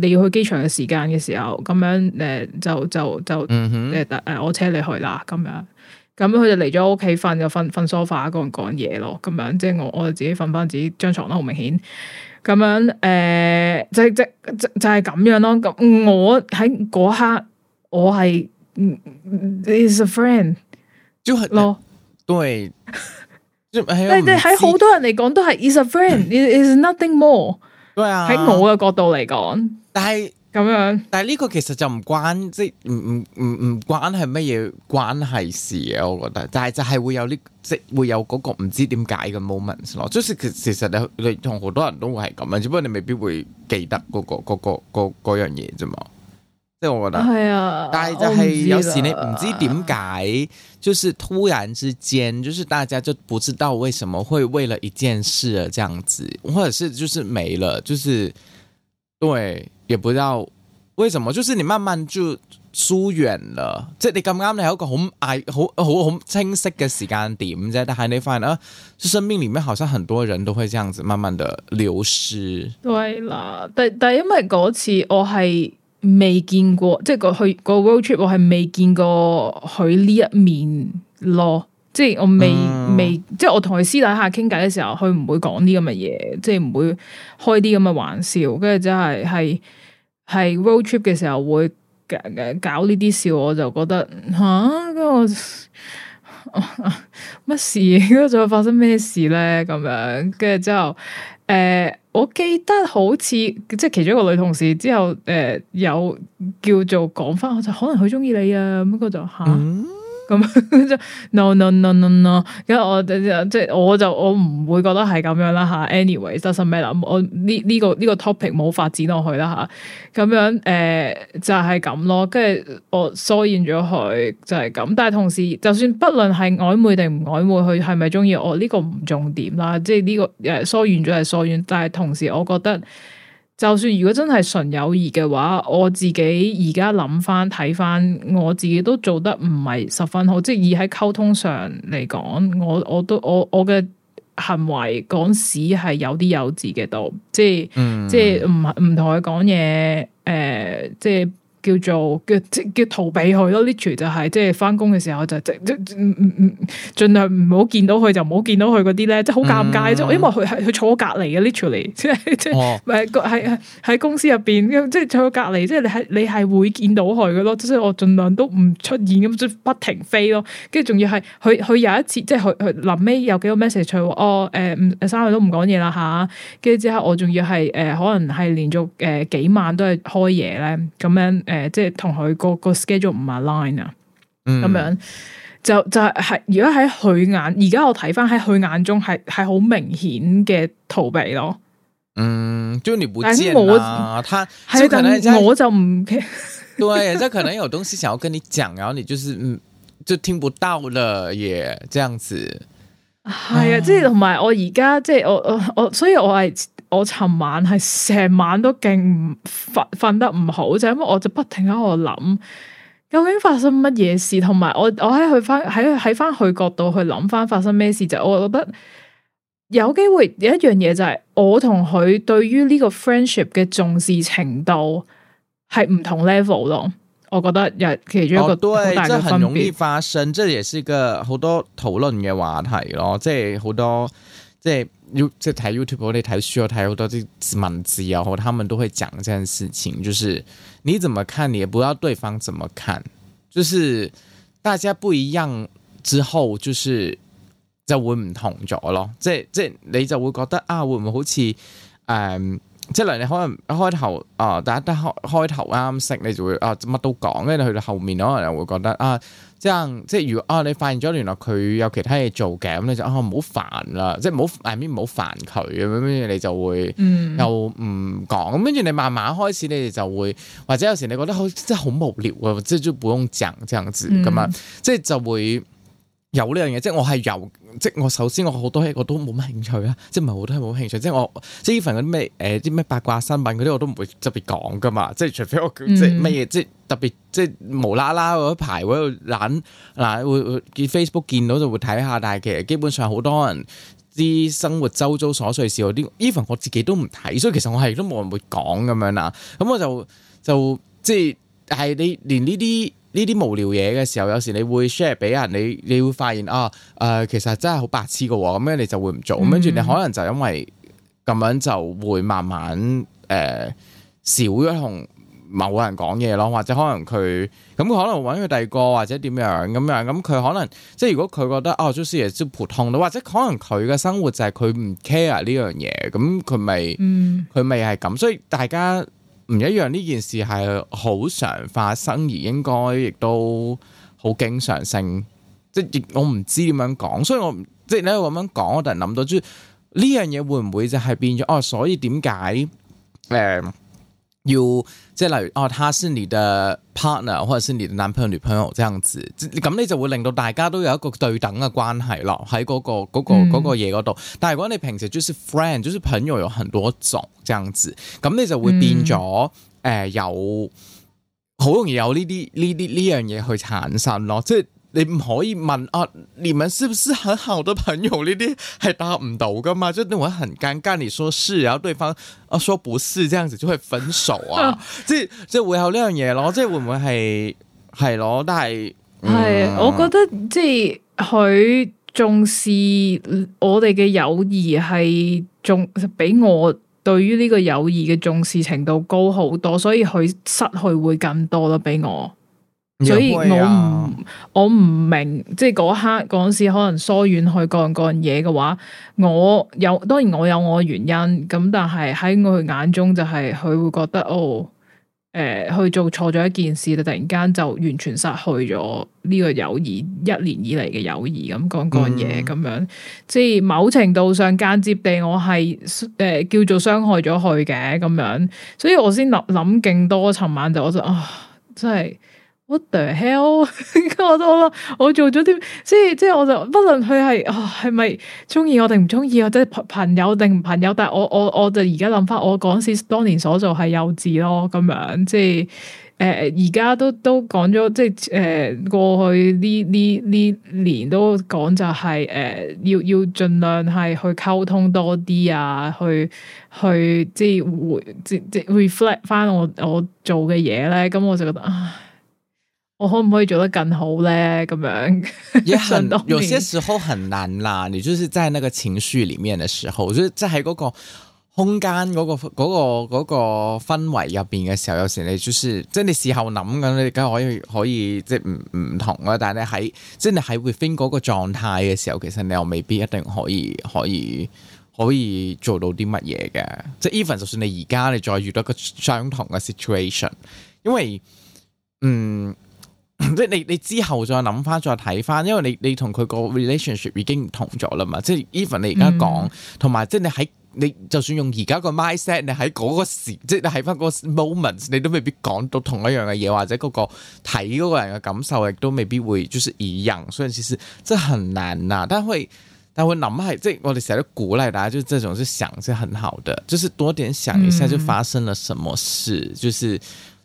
你要去機場嘅時間嘅時候，咁樣誒就就就誒、嗯哼啊、我車你去啦咁樣，咁佢就嚟咗屋企瞓就瞓瞓梳化講嘢咯，咁樣，樣即係我我自己瞓翻自己張床都好明顯咁樣誒、呃、就是、就是、就是、就係、是、咁、就是、樣咯。咁我喺嗰刻我係。嗯，is a friend 就咯、是，嗯、對，就喺喺好多人嚟講都係 is a friend，is nothing more。對啊，喺我嘅角度嚟講，但係是咁樣，但係呢個其實就唔關，即係唔唔唔唔關係乜嘢關係事嘅，我覺得，但係就係、是、會有呢、這個，即、就、係、是、會有嗰個唔知點解嘅 moment 咯。即係其實你你同好多人都會係咁樣，只不過你未必會記得嗰、那個嗰、那個、那個、樣嘢啫嘛。係啊，但係有時你唔知點解，嗯、就是突然之間，就是大家就不知道為什麼會為了一件事咁樣子，或者是就是沒了，就是對，也不知道為什麼，就是你慢慢就疏遠了。即係你咁啱，你有一個好愛、好、好、好清晰嘅時間點啫，但係你發現啊，就生命裏面好像很多人都會這樣子，慢慢的流失。對啦，但但因為嗰次我係。未見過，即係、嗰個去個 road trip 我係未見過佢呢一面咯。即係我未未、嗯，即係我同佢私底下傾偈嘅時候，佢唔會講啲咁嘅嘢，即係唔會開啲咁嘅玩笑。跟住即係係係 road trip 嘅時候會搞呢啲笑，我就覺得吓，咁、啊、我乜、啊、事？咁仲會發生咩事咧？咁樣，跟住之後。誒、呃，我記得好似即係其中一個女同事之後，誒、呃、有叫做講返，我就可能佢中意你啊，咁個就吓。啊嗯咁 ，no no no no no，因為我即係，我就我唔會覺得係咁樣啦吓。Anyway，得失咩啦，我呢呢個呢個 topic 冇發展落去啦吓。咁樣誒、呃，就係咁咯。跟住我疏遠咗佢就係、是、咁，但係同時，就算不論係曖昧定唔曖昧，佢係咪中意我呢、這個唔重點啦。即係呢個誒疏遠咗係疏遠，但係同時我覺得。就算如果真係純友誼嘅話，我自己而家諗翻睇翻，我自己都做得唔係十分好，即係以喺溝通上嚟講，我我都我我嘅行為講屎係有啲幼稚嘅多，即係、嗯、即係唔唔同佢講嘢，誒、呃、即係。叫做叫即叫逃避佢咯，literally 就係即係翻工嘅時候我就即即盡量唔好見到佢就唔好見到佢嗰啲咧，即係好尷尬咁。就是嗯、因為佢係佢坐咗隔離嘅 literally，即即唔係喺喺公司入、就是、邊，即係坐咗隔離，即係你係你係會見到佢嘅咯。即係我儘量都唔出現咁，即不停飛咯。跟住仲要係佢佢有一次即係佢佢臨尾有幾個 message 佢話哦誒、呃，三日都唔講嘢啦吓，跟住之後我仲要係誒、呃、可能係連續誒幾晚都係開嘢咧咁樣。嗯嗯嗯誒、呃，即係同佢個個 schedule 唔 align 啊、嗯，咁樣就就係係，而家喺佢眼，而家我睇翻喺佢眼中係係好明顯嘅逃避咯。嗯，就你不知，我，他即係是可能我就唔 對，即係可能有東西想要跟你講，然後你就是、嗯、就聽不到了耶，也這樣子。係啊， 即係同埋我而家即係我我我，所以我係。我尋晚係成晚都勁瞓瞓得唔好，就因為我就不停喺度諗究竟發生乜嘢事，同埋我我喺佢翻喺喺翻佢角度去諗翻發生咩事，就我覺得有機會有一樣嘢就係我同佢對於呢個 friendship 嘅重視程度係唔同 level 咯。我覺得有，有覺得其中一個好大嘅分別，哦就是，容易發生，這也是個好多討論嘅話題咯，即係好多即係。又，睇 YouTube，睇書，睇好多啲文字，然後他們都會講呢件事情，就是你怎麼看，你也不知道對方怎麼看，就是大家不一樣之後，就是就會唔同咗咯。即即你就會覺得啊，會唔會好似誒、呃，即係你可能一開頭啊，大家開開頭啱識，你就會啊乜都講，跟住去到後面，我可能又會覺得啊。即係即係，如果啊你發現咗原來佢有其他嘢做嘅，咁你就啊唔好煩啦，即係唔好下唔好煩佢咁樣，你就會又唔講咁。跟住、嗯、你慢慢開始，你哋就會或者有時你覺得好真係好無聊啊、嗯，即係就唔用掙，咁樣子咁啊，即係就會。有呢樣嘢，即係我係有，即係我首先我好多嘢我都冇乜興趣啦，即係唔係好多係冇興趣，即係我即係 even 嗰啲咩誒啲咩八卦新聞嗰啲我都唔會特別講㗎嘛，即係除非我、嗯、即係乜嘢，即係特別即係無啦啦嗰一排喺度懶嗱會會，會，會見 Facebook 見到就會睇下，但係其實基本上好多人啲生活周遭瑣碎事，我啲 even 我自己都唔睇，所以其實我係都冇人會講咁樣啦，咁我就就即係係你連呢啲。呢啲無聊嘢嘅時候，有時你會 share 俾人，你你會發現啊，誒、哦呃、其實真係好白痴嘅喎，咁樣你就會唔做，跟住、嗯嗯、你可能就因為咁樣就會慢慢誒少咗同某個人講嘢咯，或者可能佢咁佢可能揾佢第二個或者點樣咁樣，咁佢可能即係如果佢覺得哦，做事亦都普通到，或者可能佢嘅生活就係佢唔 care 呢樣嘢，咁佢咪佢咪係咁，所以大家。唔一樣呢件事係好常發生，而應該亦都好經常性，即係亦我唔知點樣講，所以我即係咧咁樣講，我突然諗到，即呢樣嘢會唔會就係變咗哦？所以點解誒？呃要即係例如哦，他是你的 partner，或者是你的男朋友、女朋友這樣子，咁你就會令到大家都有一個對等嘅關係咯，喺嗰個嗰個嗰個嘢嗰度。但係如果你平時就是 friend，就是朋友，有很多種這樣子，咁你就會變咗誒、嗯呃，有好容易有呢啲呢啲呢樣嘢去產生咯，即係。你唔可以問啊，你們是不是很好的朋友？呢啲係答唔到㗎嘛，即就對我很尷尬。你說是，然後對方啊說不是，這樣子就會分手啊。啊即係即係會有呢樣嘢咯，即係會唔會係係咯？但係係、嗯啊，我覺得即係佢重視我哋嘅友誼係重，比我對於呢個友誼嘅重視程度高好多，所以佢失去會更多咯，比我。所以我唔我唔明，即係嗰刻嗰時可能疏遠去干干嘢嘅話，我有當然我有我嘅原因，咁但係喺我眼中就係佢會覺得哦，誒、呃、去做錯咗一件事，就突然間就完全失去咗呢個友誼，一年以嚟嘅友誼咁干干嘢咁樣，即係某程度上間接地我係誒、呃、叫做傷害咗佢嘅咁樣，所以我先諗諗勁多，尋晚就我就啊，真係。What the hell？我都我做咗啲，即係即係，我就不論佢係係咪中意我定唔中意，或者朋朋友定唔朋友，但係我我我就而家諗翻，我嗰時當年所做係幼稚咯，咁樣即係誒，而家都都講咗，即係誒、呃呃、過去呢呢呢年都講就係、是、誒、呃、要要盡量係去溝通多啲啊，去去即係回即即 reflect 翻我我做嘅嘢咧，咁我就覺得。我可唔可以做得更好咧？咁樣，也很 明有些時候很難啦。你就是在那個情緒裏面嘅時候，即係喺嗰個空間嗰、那個、那個、那個氛圍入邊嘅時候，有時你就是即係、就是、你事後諗緊，你梗係可以可以，可以即係唔唔同啦。但係你喺即係你喺 within 嗰個狀態嘅時候，其實你又未必一定可以可以可以做到啲乜嘢嘅。即係 even 就算你而家你再遇到一個相同嘅 situation，因為嗯。即係 你你之後再諗翻再睇翻，因為你你同佢個 relationship 已經唔同咗啦嘛。即係 even 你而家講，同埋、嗯、即係你喺你就算用而家個 mindset，你喺嗰個時，即係你喺翻嗰個 moment，你都未必講到同一樣嘅嘢，或者嗰、那個睇嗰個人嘅感受，亦都未必會就是一樣。所以其實真係很難啊，但會但會諗係。即係我哋成日都鼓勵大家，就係這種是想是很好嘅，就是多點想一下，就發生咗什麼事，嗯、就是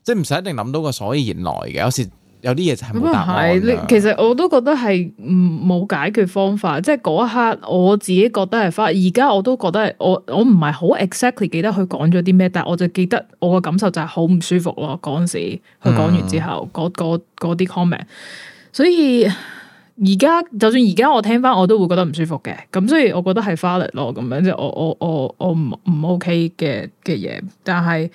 即係唔使一定諗到個所謂原來嘅，有時。有啲嘢就係冇答案。其實我都覺得係冇解決方法，即係嗰一刻我自己覺得係花。而家，我都覺得係我我唔係好 exactly 記得佢講咗啲咩，但係我就記得我個感受就係好唔舒服咯。嗰陣時佢講完之後，嗰啲 comment，所以而家就算而家我聽翻，我都會覺得唔舒服嘅。咁所以我覺得係花力咯，咁樣，即係我我我我唔唔 OK 嘅嘅嘢，但係。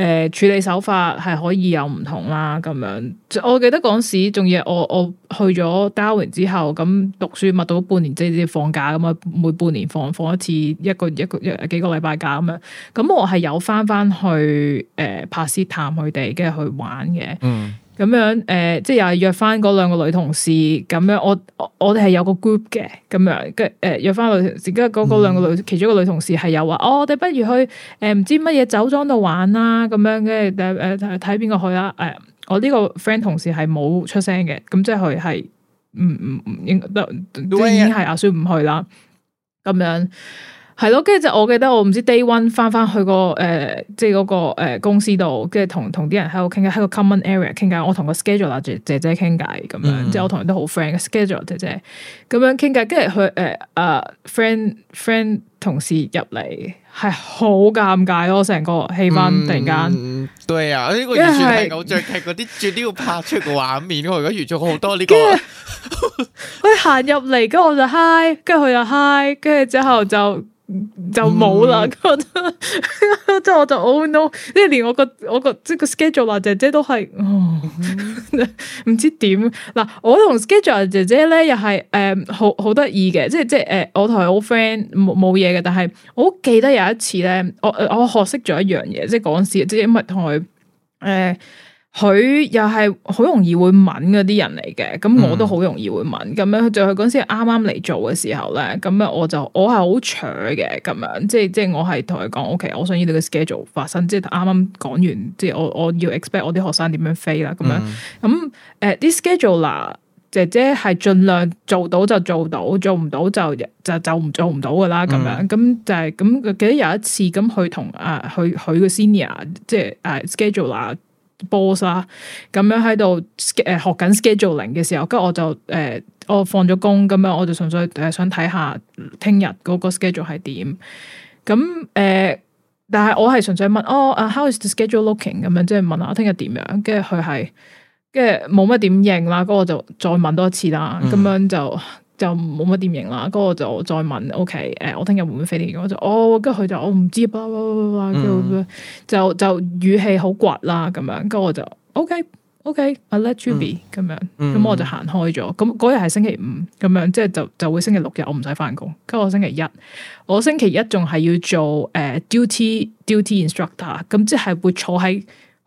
誒、呃，處理手法係可以有唔同啦，咁樣。我記得嗰陣時，仲要我我去咗交完之後，咁讀書咪到半年，即係放假咁啊。每半年放放一次，一個一個一個幾個禮拜假咁樣。咁我係有翻翻去誒，珀、呃、斯探佢哋跟住去玩嘅。嗯。咁樣誒、呃，即係又係約翻嗰兩個女同事咁樣，我我哋係有個 group 嘅，咁樣跟誒、呃、約翻女，而家嗰嗰兩個女，其中一個女同事係有話、嗯哦，我哋不如去誒唔、呃、知乜嘢酒莊度玩啦，咁樣跟住誒誒睇邊個去啦，誒、呃、我呢個 friend 同事係冇出聲嘅，咁即係佢係唔唔唔應都，嗯嗯嗯嗯嗯嗯、已經係阿叔唔去啦，咁樣。係咯，跟住就我記得我唔知 day one 翻翻去個誒，即係嗰、嗰個公司度，跟住同同啲人喺度傾偈，喺個 common area 傾偈。我同個 schedule 姐姐傾偈咁樣，即係我同人都好 friend 嘅 schedule 姐姐，咁樣傾偈。跟住佢誒啊 friend friend 同事入嚟，係好尷尬咯，成個氣氛突然間、嗯。嗯嗯對啊，呢、這個完全係偶像劇嗰啲，絕對要拍出個畫面。我而家遇咗好多呢個，佢行入嚟，跟我就嗨，跟住佢又嗨，跟住之後就就冇啦。咁，即係我就 oh no，即係連我，我，我、這個我個即係個 schedule 阿、啊、姐姐都係唔、哦、知點嗱。我同 schedule、啊、姐姐咧又係誒好好得意嘅，即係即係誒，我同佢好 friend，冇嘢嘅。但係我好記得有一次咧，我我學識咗一樣嘢，即係陣時，即係因為，因為佢誒，佢又係好容易會問嗰啲人嚟嘅，咁我都好容易會問。咁樣就係嗰時啱啱嚟做嘅時候咧，咁樣我就我係好扯嘅，咁樣即係即係我係同佢講，OK，我想依度嘅 schedule 發生，即係啱啱講完，即係我我要 expect 我啲學生點樣飛啦，咁樣咁誒啲 schedule 啦。嗯姐姐係盡量做到就做到，做唔到就就就唔做唔到噶啦咁、mm hmm. 樣。咁就係咁記得有一次咁，佢同啊佢佢個 senior 即係誒、啊、schedule 啦，boss 啦、啊，咁樣喺度誒學緊 scheduling 嘅時候，跟住我就誒、呃、我放咗工咁樣，我就純粹誒想睇下聽日嗰個 schedule 係點。咁誒、呃，但係我係純粹問哦，啊、oh，how is the schedule looking？咁樣即係問下聽日點樣。跟住佢係。跟住冇乜點應啦，咁我就再問多一次啦，咁、嗯、樣就就冇乜點應啦，咁我就再問，O K，誒，嗯 okay, uh, 我聽日會唔會飛嚟？我就哦，跟住佢就我唔知，blah blah blah blah, 嗯、就就語氣好倔啦，咁樣，咁我就 O K，O K，I let you be，咁、嗯、樣，咁我就行開咗。咁嗰日係星期五，咁樣即係就是、就，就會星期六日我唔使翻工，跟住我星期一，我星期一仲係要做誒、uh, duty duty instructor，咁即係會坐喺。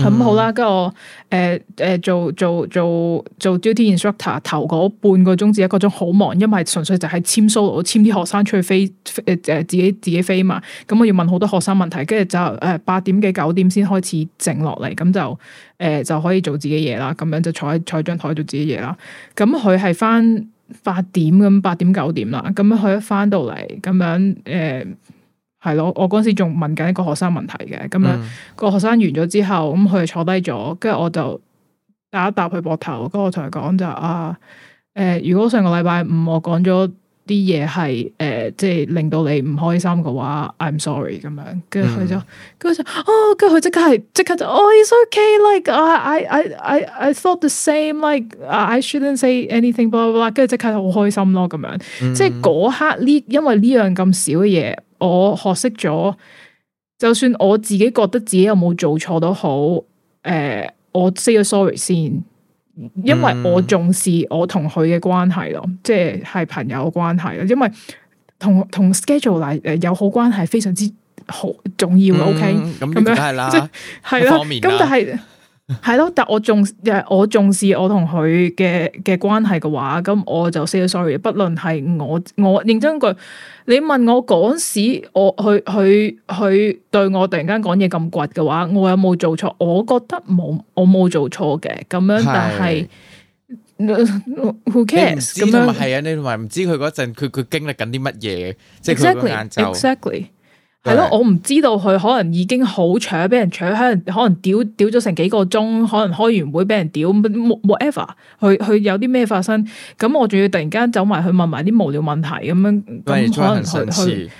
咁好啦，跟住、嗯嗯、我誒誒、呃、做做做做 duty instructor，頭嗰半個鐘至一個鐘好忙，因為純粹就係簽 solo 我簽啲學生出去飛誒誒、呃、自己自己飛嘛，咁我要問好多學生問題，跟住就誒八、呃、點幾九點先開始靜落嚟，咁就誒、呃、就可以做自己嘢啦，咁樣就坐喺坐喺張台做自己嘢啦。咁佢係翻八點咁八點九點啦，咁佢一翻到嚟咁樣誒。呃係咯，我嗰時仲問緊一個學生問題嘅，咁樣、mm hmm. 個學生完咗之後，咁佢就坐低咗，跟住我就打一搭佢膊頭，跟住我同佢講就係、啊，誒、呃，如果上個禮拜五我講咗啲嘢係誒，即係令到你唔開心嘅話，I'm sorry 咁樣，跟住佢就跟住、mm hmm. 哦，跟住佢即刻即刻哦，It's okay，like、uh, I, I, I I I thought the same，like、uh, I shouldn't say anything，blah 巴拉巴拉，跟住即刻好開心咯，咁樣，mm hmm. 即係嗰刻呢，因為呢樣咁少嘅嘢。我學識咗，就算我自己覺得自己有冇做錯都好，誒、呃，我 say sorry 先，因為我重視我同佢嘅關係咯，即係朋友嘅關係咯，因為同同 schedule 嚟誒友好關係非常之好重要、嗯、，OK，咁咁梗係啦，係啦，咁但係。係咯，但我重誒，我重視我同佢嘅嘅關係嘅話，咁我就 say sorry。不論係我我認真句，你問我嗰時我，我佢佢佢對我突然間講嘢咁倔嘅話，我有冇做錯？我覺得冇，我冇做錯嘅。咁樣，是但係是 ，who cares 咁樣？係啊，你同埋唔知佢嗰陣，佢佢經歷緊啲乜嘢？即 Exactly，exactly。係咯，我唔知道佢可能已經好搶，俾人搶，可能可能屌屌咗成幾個鐘，可能開完會俾人屌，乜乜 whatever，去去有啲咩發生，咁我仲要突然間走埋去問埋啲無聊問題咁樣，咁、嗯、可能去去，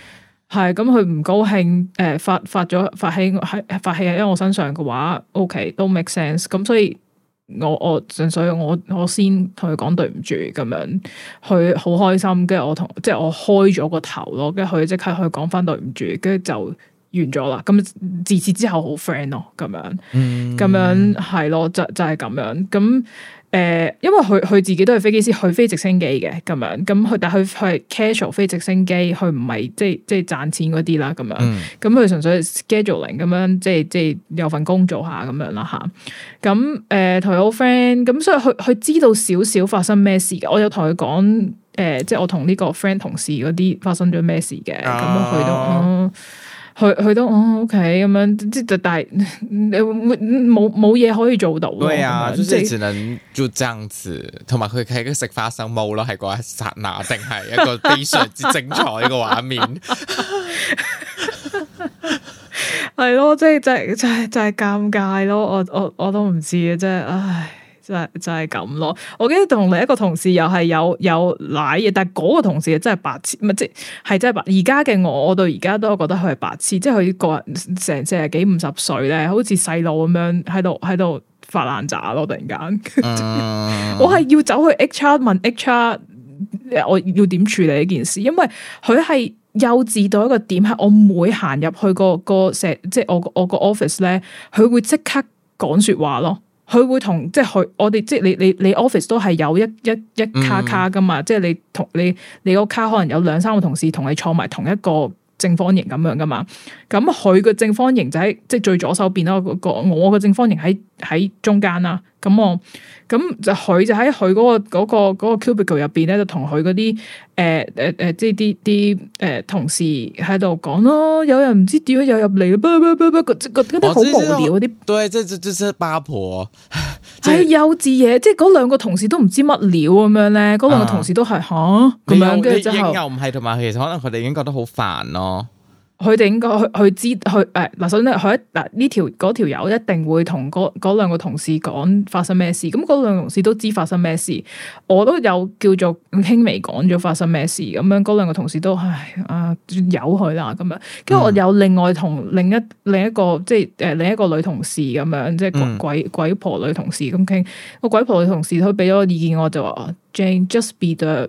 係咁佢唔高興，誒發發咗發喺喺發氣喺我身上嘅話 S，OK 都 make sense，咁所以。我我純粹我我先同佢講對唔住咁樣，佢好開心，跟住我同即係我開咗個頭咯，跟住佢即刻去講返對唔住，跟住就完咗啦。咁自此之後好 friend 咯，咁樣，咁樣、嗯、咁樣係咯，就就係咁樣咁。誒、呃，因為佢佢自己都係飛機師，佢飛直升機嘅咁樣，咁佢但係佢係 casual 飛直升機，佢唔係即係即係賺錢嗰啲啦，咁樣，咁佢純粹 scheduling 咁樣，即係即係有份工做下咁樣啦吓，咁誒同佢好 friend，咁所以佢佢知道少少發生咩事嘅，我有同佢講，誒、呃，即係我同呢個 friend 同事嗰啲發生咗咩事嘅，咁佢都。啊嗯佢佢都哦 O K 咁樣，即係但係冇冇嘢可以做到。對啊，後即係只能就這樣子，同埋佢喺食花生毛咯，係嗰一剎那定係一個非常之精彩嘅畫面。係咯，即係即係即係即係尷尬咯，我我我都唔知嘅，即係唉。就是、就係咁咯，我記得同另一個同事又係有有奶嘢，但係嗰個同事真係白痴，唔係，即係真係白。而家嘅我，我到而家都我覺得佢係白痴，即係佢個人成四十幾五十歲咧，好似細路咁樣喺度喺度發爛渣咯。突然間， 我係要走去 H R 問 H R，我要點處理呢件事？因為佢係幼稚到一個點，係我唔會行入去個個社，即係我我個 office 咧，佢會即刻講說話咯。佢會同即係佢，我哋即係你你 office 都係有一一一卡卡㗎嘛，嗯嗯即係你同你你個卡可能有兩三個同事同你坐埋同一個正方形咁樣㗎嘛，咁佢個正方形就喺、是、即係最左手邊咯，個我個正方形喺。喺中間啦，咁我咁就佢就喺佢嗰個個個 cubicle 入邊咧，就同佢嗰啲誒誒誒，即係啲啲誒同事喺度講咯，有人唔知點解又入嚟咯，個個覺得好無聊嗰啲。對，即即即係八婆，係幼稚嘢，是即係嗰兩個同事都唔知乜料咁樣咧，嗰兩個同事都係吓咁樣，嘅，又唔係，同埋其實可能佢哋已經覺得好煩咯。佢哋應該去去知去誒嗱，首先咧，佢嗱呢條嗰條友一定會同嗰嗰兩個同事講發生咩事，咁嗰兩個同事都知發生咩事，我都有叫做輕微講咗發生咩事咁樣，嗰兩個同事都唉啊，由佢啦咁樣。跟住我有另外同另一另一個即係誒另一個女同事咁樣，即係鬼鬼婆女同事咁傾，個鬼婆女同事，佢俾咗個意見我就話，Jane just be the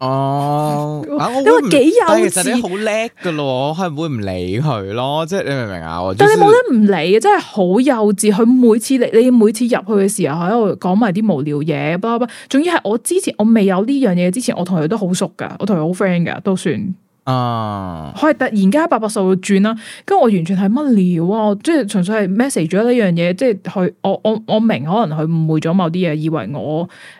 哦，你話幾幼稚？但其實你好叻噶咯，係唔會唔理佢咯？即係你明唔明啊？但係冇得唔理，真係好幼稚。佢每次你你每次入去嘅時候喺度講埋啲無聊嘢，不不，仲要係我之前我未有呢樣嘢之前，我同佢都好熟噶，我同佢好 friend 噶都算啊。佢係突然間八百度轉啦，跟住我完全係乜料啊！即係純粹係 message 咗呢樣嘢，即係佢，我我我明可能佢誤會咗某啲嘢，以為我。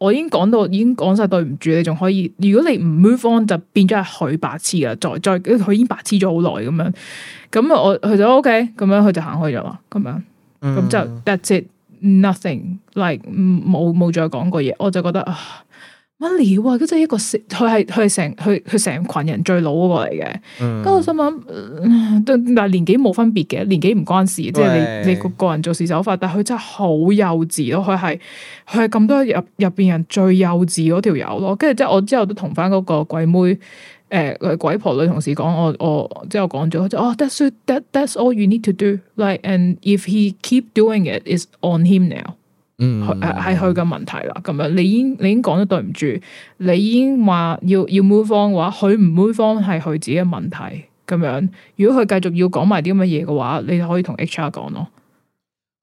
我已經講到已經講晒對唔住，你仲可以。如果你唔 move on，就變咗係佢白痴啦。再再佢已經白痴咗好耐咁樣，咁啊我佢就 OK 咁樣，佢就行開咗嘛。咁樣咁就 That's it，nothing like 冇冇再講過嘢。我就覺得啊。呃乜料啊！佢真係一個佢係佢係成，佢佢成群人最老嗰個嚟嘅。咁、嗯、我心諗、呃，但係年紀冇分別嘅，年紀唔關事，喂 即係你你個個人做事手法。但係佢真係好幼稚咯，佢係佢係咁多入入面人最幼稚嗰條友咯。跟住即係我之後都同翻嗰個鬼妹，誒、呃、鬼婆女同事講，我我之後講咗就哦，that's that's all you need to do, right?Like and if he keep doing it, is on him now。係係佢嘅問題啦，咁樣你已經你已經講咗對唔住，你已經話要要 move on 嘅話，佢唔 move on 係佢自己嘅問題。咁樣如果佢繼續要講埋啲咁嘅嘢嘅話，你可以同 HR 講咯。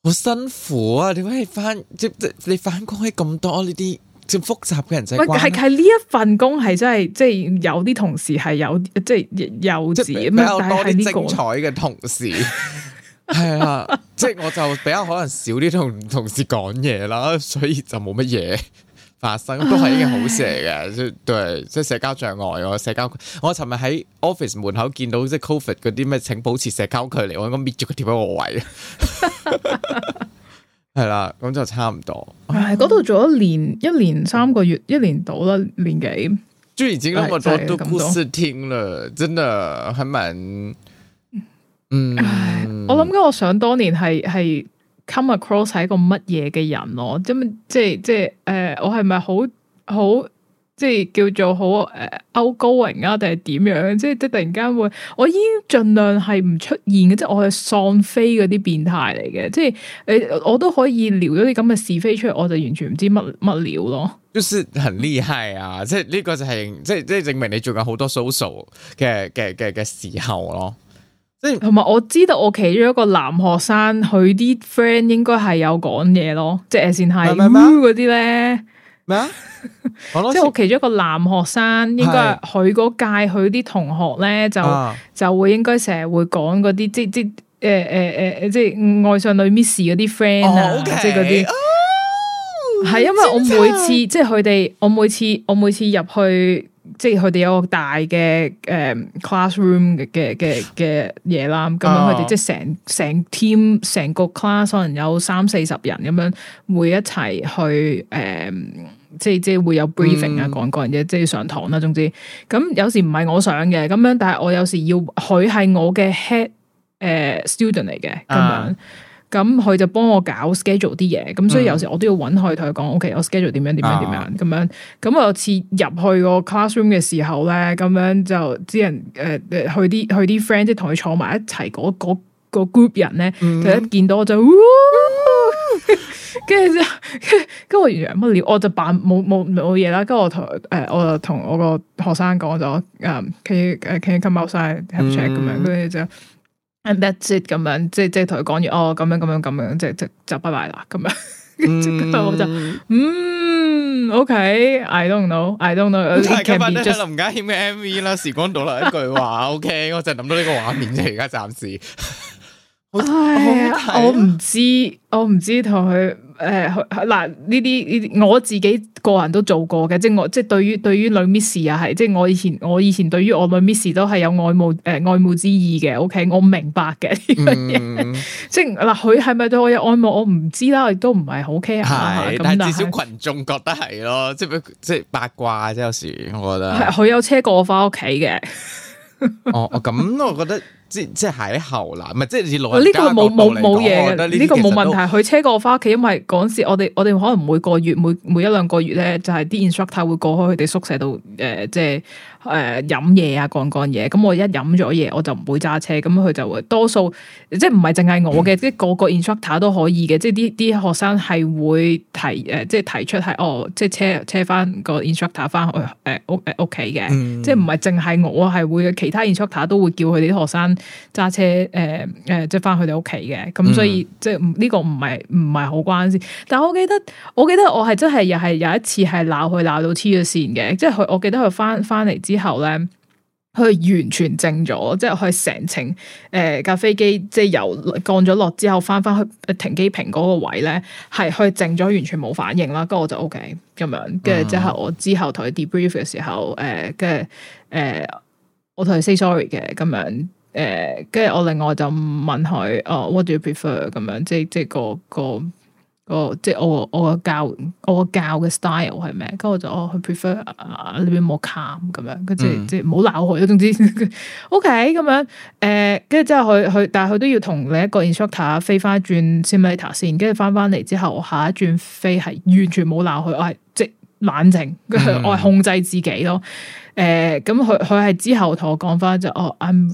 好辛苦啊！你，你翻即你翻即你翻過起咁多呢啲即複雜嘅人際關係，係係呢一份工係真係即有啲同事係有即幼稚咁，但係比較，多啲精彩嘅同事。係啊， 即係我就比較可能少啲同同事講嘢啦，所以就冇乜嘢發生，都係已經好蛇嘅唉。即係即係社交障礙，我社交。我尋日喺 office 門口見到即 covid 嗰啲咩，請保持社交距離，我應該搣咗佢貼喺我位。係 啦，咁就差唔多，哎。係嗰度做咗一年，一年三個月，一年到啦，年幾？朱賢子咁我都故事聽了，真的還滿。嗯，我諗緊，我想當年係係 come across 係一個乜嘢嘅人咯，即係即係即係，誒、呃，我係咪好好即係叫做好誒、呃、outgoing 啊，定係點樣？即係即係突然間會，我已經盡量係唔出現嘅，即係我係喪飛嗰啲變態嚟嘅，即係誒、呃，我都可以聊咗啲咁嘅是非出嚟，我就完全唔知乜乜料咯。就是很厲害啊！即係呢個就係即係即係證明你做緊好多 social 嘅嘅嘅嘅時候咯。即係同埋我知道我其中一個男學生，佢啲 friend 應該係有講嘢咯，即係先係嗰啲咧咩啊？講多次。即係我其中一個男學生，應該係佢嗰屆佢啲同學咧就、啊、就應該會應該成日會講嗰啲即即誒誒誒即係、呃呃、愛上女 miss 嗰啲 friend 啊，即係嗰啲哦，係、okay oh, 因為我每次即係佢哋，我每次我每次入去。即係佢哋有個大嘅誒、um, classroom 嘅嘅嘅嘢啦，咁樣佢哋即係成成 team 成個 class 可能有三四十人咁樣，會一齊去誒、um,，即係即係會有 briefing 啊，講、mm. 各人嘢，即係上堂啦。總之，咁有時唔係我想嘅，咁樣，但係我有時要佢係我嘅 head 誒、uh, student 嚟嘅咁樣。Uh. 咁佢就幫我搞 schedule 啲嘢，咁所以有時我都要搵佢同佢講，OK，我 schedule 點樣點樣點樣咁、啊、樣。咁啊，我次入去個 classroom 嘅時候咧，咁樣就啲人誒誒，去啲去啲 friend 即係同佢坐埋一齊嗰嗰個 group 人咧，就一見到我就，跟住就，跟住我完全乜料，我就扮冇冇冇嘢啦。跟住我同誒，我就同我個學生講咗，誒，可以誒，可以 come outside have check 咁、嗯、樣。跟住就。And that's it 咁樣，即係即係同佢講完哦，咁樣咁樣咁樣，即係即就拜拜啦咁樣。我就嗯，OK，I don't know，I don't know。係講翻啲林家謙嘅 MV 啦，時光倒流一句話。OK，我就諗到呢個畫面啫，而家暫時。唉，我唔知，我唔知同佢。誒嗱，呢啲呢啲我自己個人都做過嘅，即係我即係對於對於女 miss 又係，即係我以前我以前對於我女 miss 都係有愛慕誒、呃、愛慕之意嘅。OK，我明白嘅、嗯、呢樣嘢，即係嗱，佢係咪對我有愛慕，我唔知啦，亦都唔係好 care。係，但至少群眾覺得係咯，即係即係八卦，即有時我覺得佢有車過我翻屋企嘅。哦 哦，咁我覺得。 即即喺後欄，唔即係內。呢個冇冇冇嘢嘅，呢個冇問題。佢車過我翻屋企，因為嗰陣時我哋我哋可能每個月每每一兩個月咧，就係啲 instructor 會過去佢哋宿舍度，誒、呃、即係誒飲嘢啊，講講嘢。咁我一飲咗嘢，我就唔會揸車。咁佢就會多數即係唔係淨係我嘅，即係個個 instructor 都可以嘅。即係啲啲學生係會提誒、呃，即係提出係哦，即係車車翻個 instructor 翻去誒屋誒屋企嘅。呃呃呃呃呃呃呃呃、即係唔係淨係我係會，其他 instructor 都會叫佢哋啲學生。揸車誒誒，即係翻佢哋屋企嘅。咁、嗯、所以即、這個、係呢個唔係唔係好關事。但係我記得，我記得我係真係又係有一次係鬧佢鬧到黐咗線嘅，即係佢我記得佢翻翻嚟之後咧，佢完全靜咗，即係佢成程誒架、呃、飛機即係由降咗落之後翻翻去停機坪嗰個位咧，係去靜咗完全冇反應啦。跟住我就 O K 咁樣，跟住之後我之後同佢 debrief 嘅時候，誒、呃，呃、跟住誒我同佢 say sorry 嘅咁樣。誒，跟住我另外就問佢，誒、oh,，what do you prefer 咁樣？即即個個個即我我個教我個教嘅 style 係咩？跟住我就哦，佢、oh, prefer 啊，你邊冇 calm 咁樣，跟住即唔好鬧佢咯。總之、嗯、 ，ok 咁樣，誒、呃，跟住之後佢佢，但係佢都要同另一個 instructor 飛翻轉 simulator 先，跟住翻翻嚟之後我下一轉飛係完全冇鬧佢，我係即冷靜，跟住、嗯、 我係控制自己咯。誒、呃，咁佢佢係之後同我講翻就哦，I'm。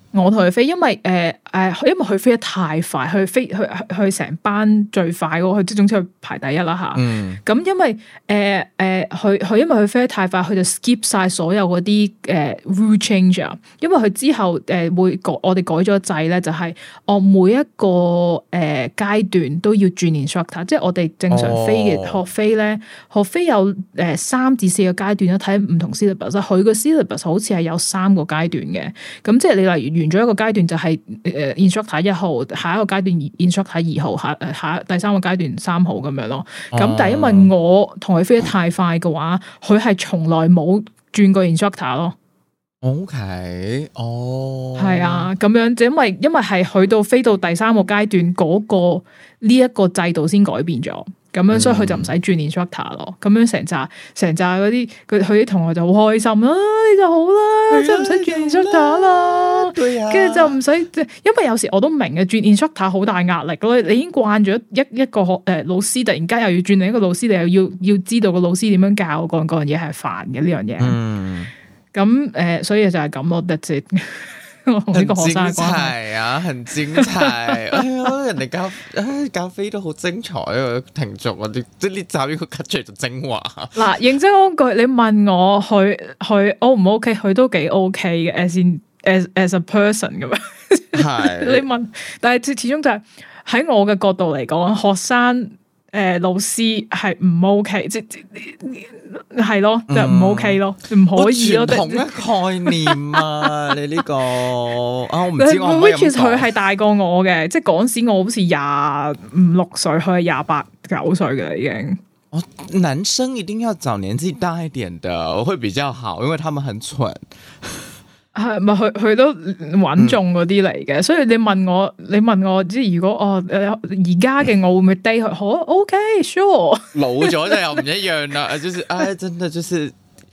我同佢飛，因為誒誒、呃，因為佢飛得太快，佢飛去去成班最快嘅喎，佢總之排第一啦吓。咁、嗯、因為誒誒，佢、呃、佢因為佢飛得太快，佢就 skip 晒所有啲誒、呃、rule change 啊。因為佢之後誒、呃、會改，我哋改咗制咧，就係、是、哦每一個誒階、呃、段都要轉年 short 即係我哋正常飛嘅、哦、學飛咧，學飛有誒、呃、三至四個階段啦，睇唔同 syllabus。佢個 syllabus 好似係有三個階段嘅。咁即係你例如。完咗一個階段就係、是、誒、呃、instructor 一號下一個階段 instructor 二號下誒下第三個階段三號咁樣咯，咁但係因為我同佢飛得太快嘅話，佢係從來冇轉過 instructor 咯。OK，哦，係啊，咁樣就因為因為係去到飛到第三個階段嗰、那個呢一、這個制度先改變咗。咁樣，所以佢就唔使轉 instructor 咯。咁樣成扎，成扎嗰啲佢佢啲同學就好開心啦、啊。你就好啦，即係唔使轉 instructor 啦。跟住就唔使，因為有時我都明嘅，轉 instructor 好大壓力嘅咯。你已經慣咗一一個學誒老師，突然間又要轉另一個老師，你又要要知道個老師點樣教，講嗰樣嘢係煩嘅呢樣嘢。咁誒、嗯，所以就係咁咯。That's it. 呢 精彩啊，很精彩！ 哎呀，人哋咖啡咖啡都好精彩住啊，停續啊啲即係呢集呢個 cut 做精華。嗱，認真講句，你問我佢佢 O 唔 O K，佢都幾 O K 嘅，as in as as a person 咁樣 是。係， 你問，但係始始終就係、是、喺我嘅角度嚟講，學生。誒、呃，老師係唔 OK，即係係咯，就唔 OK 咯，唔、嗯、可以咯。同一概念啊， 你呢、這個啊、哦，我唔知我。其實佢係大過我嘅，即係嗰時我好似廿五六歲，佢係廿八九歲嘅啦，已經。哦，男生一定要找年紀大一點嘅，會比較好，因為他們很蠢。 係咪佢佢都穩重嗰啲嚟嘅？嗯、所以你問我，你問我，即係如果我而家嘅我會唔會 date 佢？好 OK，Sure。Okay, sure、 老咗就又唔一樣啦，就是， 唉，真係就是。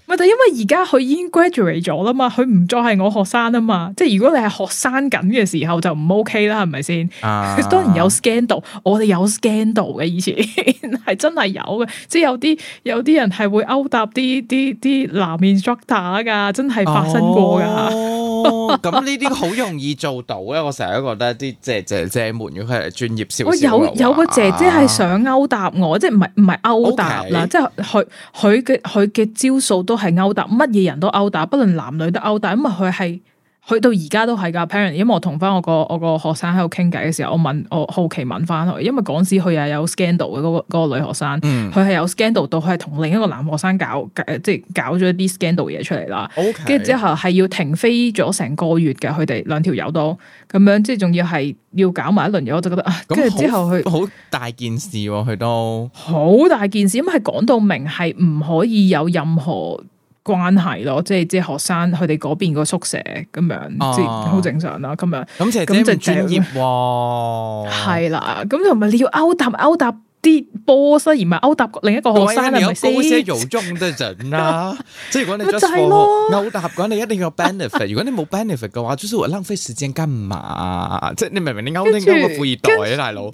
咪就因為而家佢已經 graduate 咗啦嘛，佢唔再係我學生啊嘛。即係如果你係學生緊嘅時候就唔 OK 啦，係咪先？啊、當然有 scandal，我哋有 scandal 嘅以前係 真係有嘅。即係有啲有啲人係會勾搭啲啲啲男 instructor 噶，真係發生過噶。哦 咁呢啲好容易做到咧， 我成日都覺得啲姐姐姐們，如果係專業少少有有個姐姐係想勾搭我，即係唔係唔係勾搭啦，即係佢佢嘅佢嘅招數都係勾搭，乜嘢人都勾搭，不論男女都勾搭，因為佢係。去到而家都係噶，Apparently 因為我同翻我個我個學生喺度傾偈嘅時候，我問我好奇問翻佢，因為嗰時佢又有 scandal 嘅嗰、嗰個嗰個女學生，佢係、嗯、有 scandal 到佢係同另一個男學生搞即係搞咗啲 scandal 嘢出嚟啦。跟住 Okay, 之後係要停飛咗成個月嘅，佢哋兩條友都咁樣，即係仲要係要搞埋一輪嘢，我就覺得啊。跟住、嗯、之後佢好大件事喎、啊，佢都好大件事，因為講到明係唔可以有任何。關係咯，即係即係學生佢哋嗰邊個宿舍咁樣，即係好正常、嗯姐姐啊嗯、啦。咁樣咁就專業喎，係啦。咁同埋你要勾搭勾搭啲 boss、啊、而唔係勾搭另一個學生啊？唔係、嗯。即係有些有用的人啊，即係 如果你真係，勾搭嘅話你一定要有 benefit。 如果你冇 benefit 嘅話，就是我浪費時間幹嘛？ 即係你明明你勾啲咁嘅富二代啊，著大佬。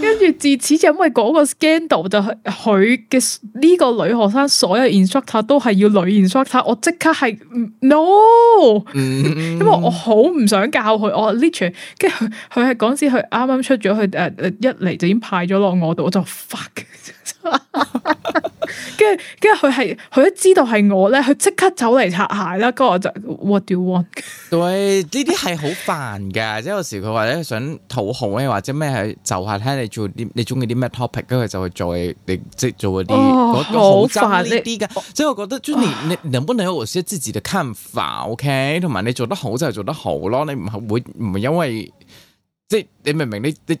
跟住自此就因為嗰個 scandal 就佢嘅呢個女學生，所有 instructor 都係要女 instructor，我即刻係 no，mm hmm. 因為我好唔想教佢。我 literally 跟住佢佢係嗰時佢啱啱出咗去誒，一嚟就已經派咗落我度，我就 fuck。跟住，跟住佢係佢一知道係我咧，佢即刻走嚟擦鞋啦。跟住我就 What do you want？對，呢啲係好煩噶，即係 有時佢話咧想討好咧，或者咩就下聽你做啲你中意啲咩 topic，跟住就去做你即係做嗰啲，我好、oh, 煩呢啲噶。即係、oh, 我覺得，就、oh. 你你能不能有些自己的看法？OK，同埋你做得好就係做得好咯，你唔會唔因為即係你明唔明，明你？你你。你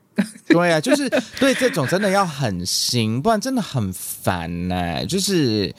對啊，就是對這種真的要狠心，不然真的很煩咧、啊。就是，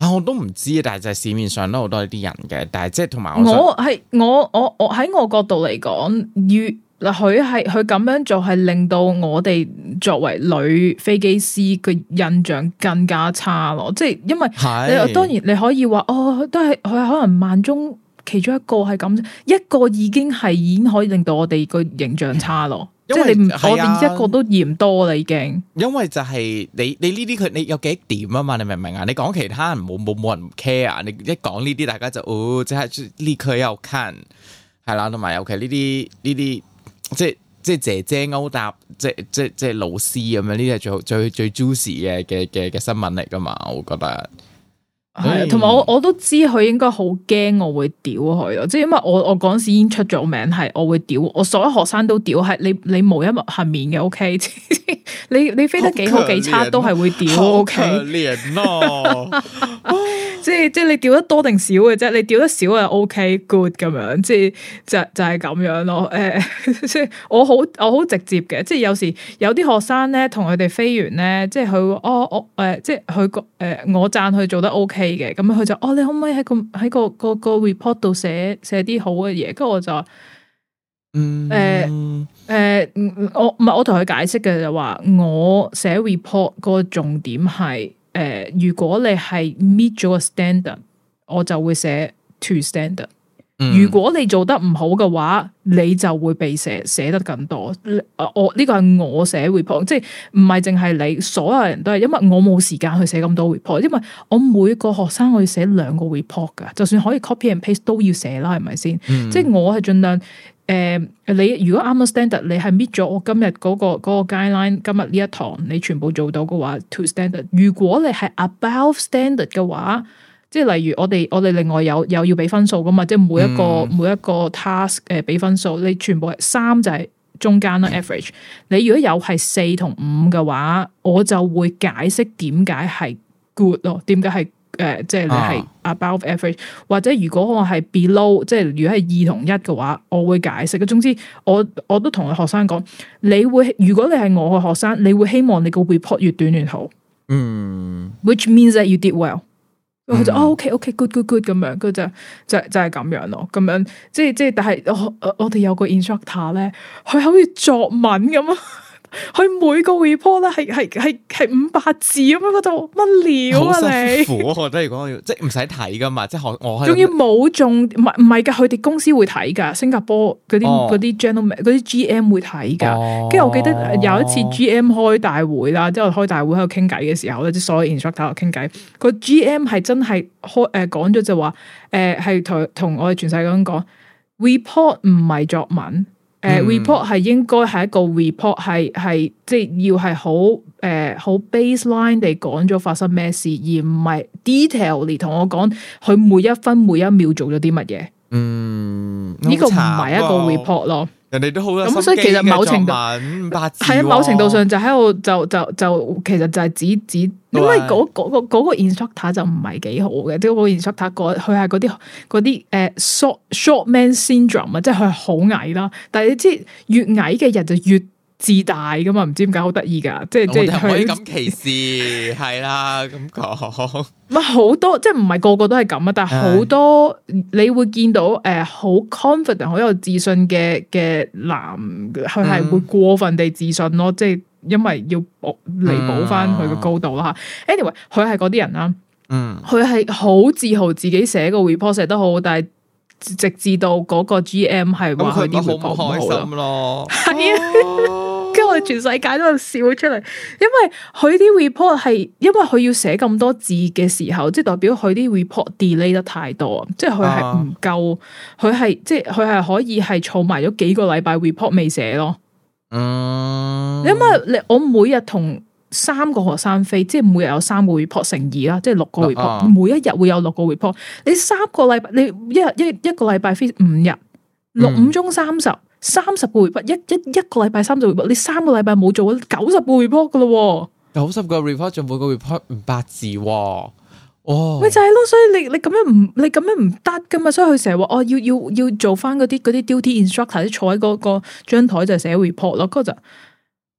我都唔知，但係就係市面上都好多呢啲人嘅，但係即係同埋，我係我我我喺我角度嚟講，或許係佢咁樣做係令到我哋作為女飛機師嘅印象更加差咯。即係因為，是當然你可以話哦，都係佢可能萬中其中一個係咁，一個已經係已經可以令到我哋個形象差咯。因為你唔，可邊、啊、一個都嫌多啦，已經。因為就係、是、你你呢啲佢，你有幾點啊嘛？你明唔明啊？你講其他人冇冇冇人 care 啊？你一講呢啲，大家就哦，即係呢佢又近係啦，同埋尤其呢啲呢啲，即係即係姐姐勾搭，即係即係即係老師咁樣，呢啲係最最最 juicy 嘅嘅嘅嘅新聞嚟㗎嘛？我覺得。係，同埋、嗯、我我都知佢應該好驚我會屌佢咯，即係因為我我嗰時已經出咗名，係我會屌，我所有學生都屌，係你你冇一冇幸免嘅，O K，你你飛得幾好幾差都係會屌，O K，可憐咯，即係即係你屌得多定少嘅啫， 你屌得少啊，O、OK, K，good 咁樣，即係就就係、是、咁樣咯，誒、呃，即係我好我好直接嘅，即係有時有啲學生咧同佢哋飛完咧，即係佢哦，哦、呃呃、我誒即係佢個誒我讚佢做得 O K。嘅，咁佢就哦，你可唔可以喺個喺個個個 report 度寫寫啲好嘅嘢？跟住我就話嗯誒誒、呃呃呃，我唔係我同佢解釋嘅就話我寫 report 個重點係誒、呃，如果你係 meet 咗個 standard，我就會寫 to standard。如果你做得唔好嘅話，你就會被寫寫得更多。啊、我呢、這個係我寫 report，即係唔係淨係你，所有人都係，因為我冇時間去寫咁多 report，因為我每個學生我要寫兩個 report 噶，就算可以 copy and paste 都要寫啦，係咪先？嗯、即係我係盡量誒、呃，你如果 under standard，你係 meet 咗我今日嗰個嗰個 guideline，今日呢一堂你全部做到嘅話，to standard。如果你係 above standard 嘅話。即係例如我哋我哋另外有有要俾分數噶嘛，即係每一個、mm. 每一個 task 誒、呃、俾分數，你全部係三就係中間啦 average。你如果有係四同五嘅話，我就會解釋點解係 good 咯，點解係誒即係你係 above average，、ah. 或者如果我係 below，即係如果係二同一嘅話，我會解釋。總之我我都同我學生講，你會如果你係我嘅學生，你會希望你個 report 越短越好，嗯、mm.，which means that you did well。佢就哦，OK OK good good good 咁樣，佢就就就係咁樣咯，咁樣即係即係，但係我我哋有個 instructor 咧，佢好似作文咁啊。 佢每個 report 咧，係係係係五百字咁樣，嗰度乜料啊你？好辛苦，我覺得如果即係唔使睇噶嘛，即係我仲要冇中，唔唔係噶，佢哋公司會睇噶，新加坡嗰啲啲 general 啲 GM 會睇噶。跟住、哦、我記得有一次 GM 開大會啦，即係、哦、開大會喺度傾偈嘅時候咧，即、哦、所有 instructor 喺度傾偈，個 GM 係真係開誒講咗就話誒係同同我哋全世界咁講，report 唔係作文。誒，report 係應該係一個 report，係係即係要係好誒，好、呃、baseline 地講咗發生咩事，而唔係 detail 嚟，同我講佢每一分每一秒做咗啲乜嘢。嗯，呢個唔係一個 report 咯。嗯人哋都好啦，咁所以其實某程度，係啊、哦，某程度上就喺度就就就，就，其實就係指指，因為嗰、那、嗰個嗰、 那個、那個那個、instructor 就唔係幾好嘅，啲、就、嗰、是、個 instructor 佢係嗰啲嗰啲誒、欸、short short man syndrome 啊，即係佢係好矮啦。但係你知越矮嘅人就越。自大㗎嘛，唔知點解好得意㗎，即係即係佢。唔可以咁歧視，係啦咁講。唔係好多，即係唔係個個都係咁啊，但係好多、嗯、你會見到誒，好、呃、confident，好有自信嘅嘅男，佢係會過分地自信咯，嗯、即係因為要補彌補翻佢嘅高度啦吓。anyway，佢係嗰啲人啦，嗯，佢係好自豪自己寫個 report 寫得好好，但係。直至到嗰個 G M 係，話佢啲好唔開心咯。係 啊，跟住全世界都笑咗出嚟，因為佢啲 report 係，因為佢要寫咁多字嘅時候，即係代表佢啲 report delay 得太多，即係佢係唔夠，佢係即係佢係可以係儲埋咗幾個禮拜 report 未寫咯。嗯，你咪你我每日同。三個學生飛，即係每日有三個 report 乘二啦，即係六個 report。Uh, uh, 每一日會有六個 report。你三個禮拜，你一日一一個禮拜飛五日，六五中三十，嗯、三十個 report。一一一個禮拜三十個 report，你三個禮拜冇做九十個 report 噶啦。九十個 report 仲每個 report 五百字。哦，咪就係咯，所以你你咁樣唔你咁樣唔得噶嘛，所以佢成日話哦要要要做翻嗰啲嗰啲 duty instructor，即係坐喺嗰、嗰個張台、嗰個、就寫 report 咯，嗰就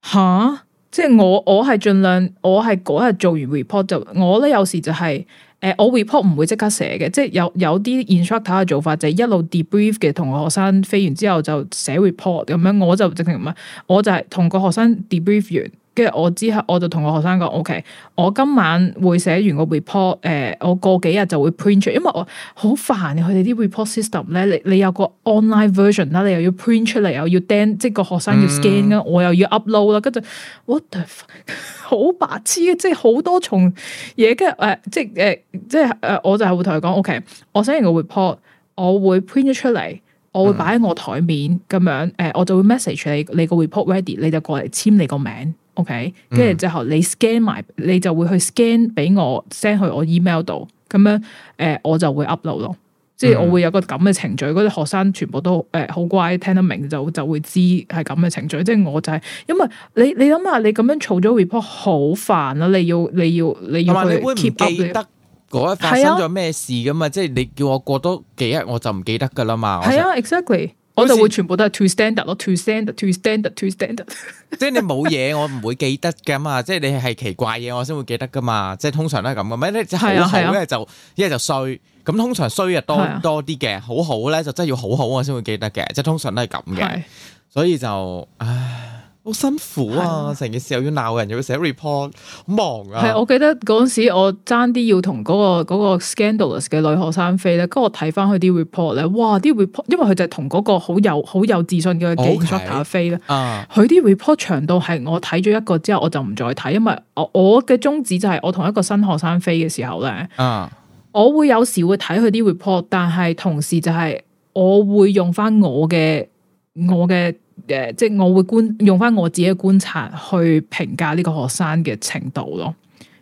吓。即係我我係盡量我係嗰日做完 report 就我咧有時就係、是、誒、呃、我 report 唔會刻寫即刻寫嘅即係有有啲 instructor 嘅做法就係一路 debrief 嘅同學生飛完之後就寫 report 咁樣我就直情乜我就係同個學生 debrief 完。.跟住我之後，我就同個學生講，O K，我今晚會寫完個 report，誒，我過幾日就會 print 出，因為我好煩佢哋啲 report system 咧，你你有個 online version 啦，你又要 print 出嚟，又要釘，即係個學生要 scan、嗯、我又要 upload 啦，跟住 what the，fuck? 好白痴啊，即係好多重嘢，跟住誒，即係誒、呃，即係誒、呃，我就係會同佢講，O K，我寫完個 report，我會 print 咗出嚟，我會擺喺我、嗯、我，我台面咁樣，誒、呃，我就會 message 你，你個 report ready，你就過嚟簽你個名。OK，跟住之後你 scan 埋，你就會去 scan 俾我 send 去我 email 度，咁樣誒，我就會 upload 咯。即係我會有個咁嘅程序，嗰啲、嗯、學生全部都誒好乖，聽得明就就會知係咁嘅程序。即係我就係、係，因為你你諗下，你咁樣做咗 report 好煩啊！你要你要你要佢 keep 記得嗰一、 啊、發生咗咩事噶嘛？啊、即係你叫我過多幾日，我就唔記得噶啦嘛。係啊，exactly。我就會全部都係 two standard 咯 two standard，two standard，two standard。 即係你冇嘢，我唔會記得噶嘛。即係你係奇怪嘢，我先會記得噶嘛。即係通常都係咁嘅，咩咧即係好好咧就，一係、啊、就衰。咁通常衰嘅多多啲嘅，好好咧就真係要好好我先會記得嘅。即係通常都係咁嘅，啊、所以就唉。好辛苦啊！成的件事又要鬧人，又要寫 report，好忙啊！係，我記得嗰陣時我爭啲要同嗰、嗰個、嗰個 scandalous 嘅女學生飛咧，跟住我睇翻佢啲 report 咧，哇！啲 report 因為佢就係同嗰個好有好有自信嘅記者飛咧，佢啲、uh, report 長度係我睇咗一個之後我就唔再睇，因為我我嘅宗旨就係我同一個新學生飛嘅時候咧，uh, 我會有時會睇佢啲 report，但係同時就係我會用翻我嘅我嘅。Uh, 誒、呃，即係我會觀用翻我自己嘅觀察去評價呢個學生嘅程度咯，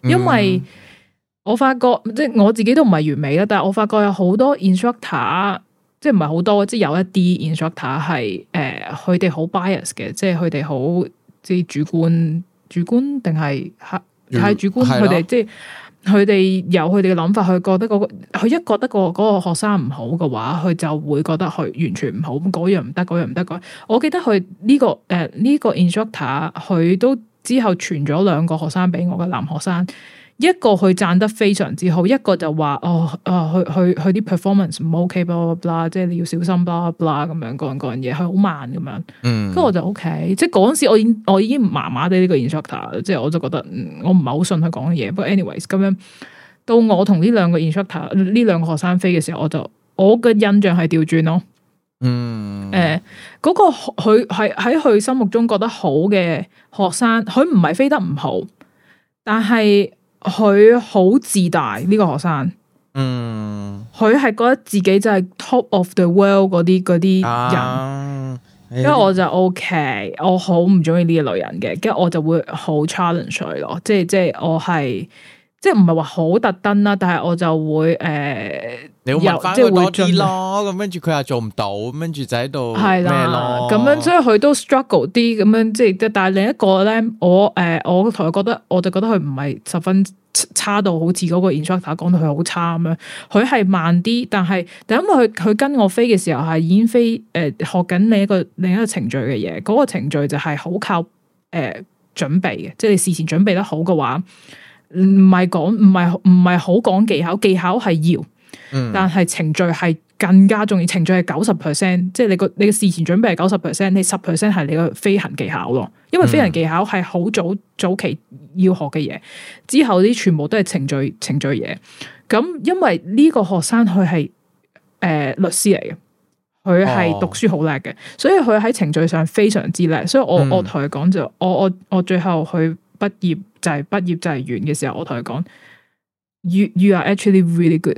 因為我發覺即係我自己都唔係完美啦，但係我發覺有好多 instructor，即係唔係好多，即係有一啲 instructor 係誒，佢、呃、哋好 bias 嘅，即係佢哋好即係主觀，主觀定係太太主觀，佢哋即係。佢哋有佢哋嘅諗法，佢覺得嗰、嗰個，佢一覺得個嗰個學生唔好嘅話，佢就會覺得佢完全唔好，咁嗰樣唔得，嗰樣唔得。嗰我記得佢呢、呢個誒呢、呃呢個 instructor，佢都之後傳咗兩個學生俾我嘅男學生。一個佢讚得非常之好，一個就話哦，啊、哦，去去去啲 performance 唔 OK，blah blah，即係你要小心，blah blah 咁樣講講嘢，佢好慢咁樣。嗯，跟我就 OK，即係嗰陣時我已我已經麻麻地呢個 instructor，即係我就覺得、嗯、我唔係好信佢講嘅嘢。不過 anyways，咁樣到我同呢兩個 instructor，呢兩個學生飛嘅時候，我就我嘅印象係調轉咯。嗯，誒、呃，嗰、那個佢係喺佢心目中覺得好嘅學生，佢唔係飛得唔好，但係。佢好自大呢、這個學生，嗯，佢係覺得自己就係 top of the world 啲嗰啲人，因為、啊哎、我就 OK，我好唔中意呢一類人嘅，跟住我就會好 challenge 佢咯，即係即係我係即係唔係話好特登啦，但係我就會誒。呃有即係會做啲咯，咁跟住佢又做唔到，跟住就喺度咩咯，咁樣所以佢都 struggle 啲咁樣，即係但係另一個咧，我誒、呃、我同佢覺得，我就覺得佢唔係十分差到好似嗰個 instructor 講到佢好差咁樣，佢係慢啲，但係因為佢佢跟我飛嘅時候係已經飛誒、呃、學緊另一個另一個程序嘅嘢，嗰、那個程序就係好靠誒、呃、準備嘅，即、就、係、是、你事前準備得好嘅話，唔係講唔係唔係好講技巧，技巧係要。但係程序係更加重要，程序係九十 percent，即係你個你嘅事前準備係九十 percent，你十 percent 係你個飛行技巧咯。因為飛行技巧係好早、嗯、早期要學嘅嘢，之後啲全部都係程序程序嘢。咁因為呢個學生佢係誒律師嚟嘅，佢係讀書好叻嘅，哦、所以佢喺程序上非常之叻。所以我、嗯、我同佢講就，我我我最後去畢業就係、是、畢業就係完嘅時候，我同佢講，you you are actually really good。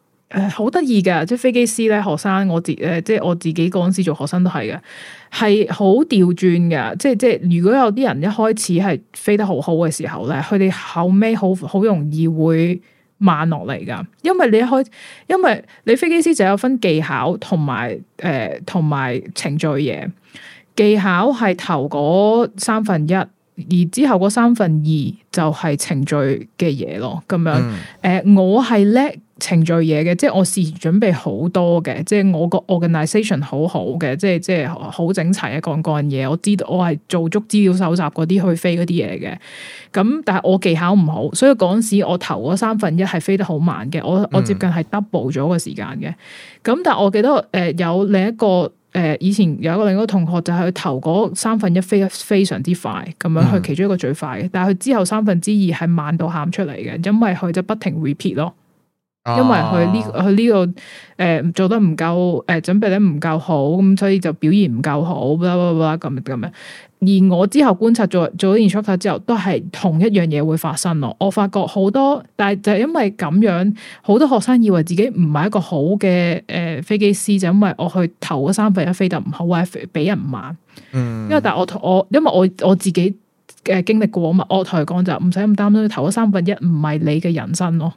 誒，好得意噶！即係飛機師咧，學生我自誒，即係我自己嗰陣時做學生都係嘅，係好調轉噶。即係即係，如果有啲人一開始係飛得好好嘅時候咧，佢哋後尾好好容易會慢落嚟噶。因為你開，因為你飛機師就有分技巧同埋誒，同、呃、埋程序嘢。技巧係頭嗰三分一，而之後嗰三分二就係程序嘅嘢咯。咁樣誒、嗯呃，我係叻。程序嘢嘅，即係我事前準備好多嘅，即係我個 organisation 好好嘅，即係即係好整齊一講個人嘢。我知道我係做足資料搜集嗰啲去飛嗰啲嘢嘅，咁但係我技巧唔好，所以嗰陣時我投嗰三分一係飛得好慢嘅，我我接近係 double 咗個時間嘅。咁、嗯、但係我記得誒有另一個誒以前有一個另一個同學就係佢投嗰三分一飛得非常之快，咁樣係其中一個最快嘅。嗯、但係佢之後三分之二係慢到喊出嚟嘅，因為佢就不停 repeat 咯。因為佢呢佢呢個誒、這個呃、做得唔夠誒、呃、準備咧唔夠好咁，呃呃，所以就表現唔夠好啦啦啦咁咁樣。而我之後觀察咗，做咗 research 之後，都係同一樣嘢會發生咯。我發覺好多，但係就係因為咁樣，好多學生以為自己唔係一個好嘅誒、呃、飛機師，就因為我去頭嗰三分一飛得唔好或者比人慢。嗯因，因為但係我我因為我我自己嘅、呃、經歷過啊嘛，我同佢講就唔使咁擔心，頭嗰三分一唔係你嘅人生咯。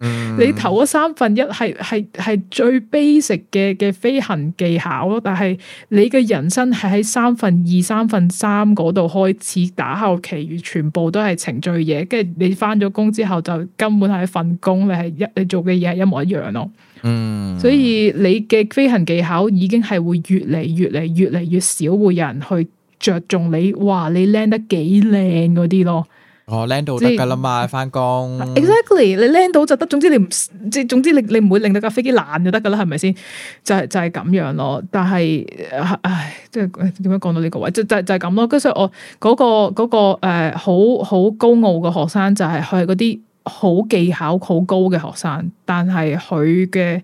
你投咗三分一係係係最 basic 嘅嘅飛行技巧咯，但係你嘅人生係喺三分二、三分三嗰度開始打後期全部都係程序嘢。跟住你翻咗工之後，就根本係一份工，你係一你做嘅嘢係一模一樣咯。 所以你嘅飛行技巧已經係會越嚟越嚟越嚟越嚟越少會有人去着重你，哇！你靚得幾靚嗰啲咯。哦，land 到得噶啦嘛，翻工是。班 Exactly，你 land 到就得，總之你唔即係，總之你你唔會令到架飛機爛就得噶啦，係咪先？就係、是、就係、是、咁樣咯。但係唉，即係點樣講到呢個位？就是、就就係咁咯。跟住我嗰、那個嗰、那個誒、呃，好好高傲嘅學生就係佢係嗰啲好技巧好高嘅學生，但係佢嘅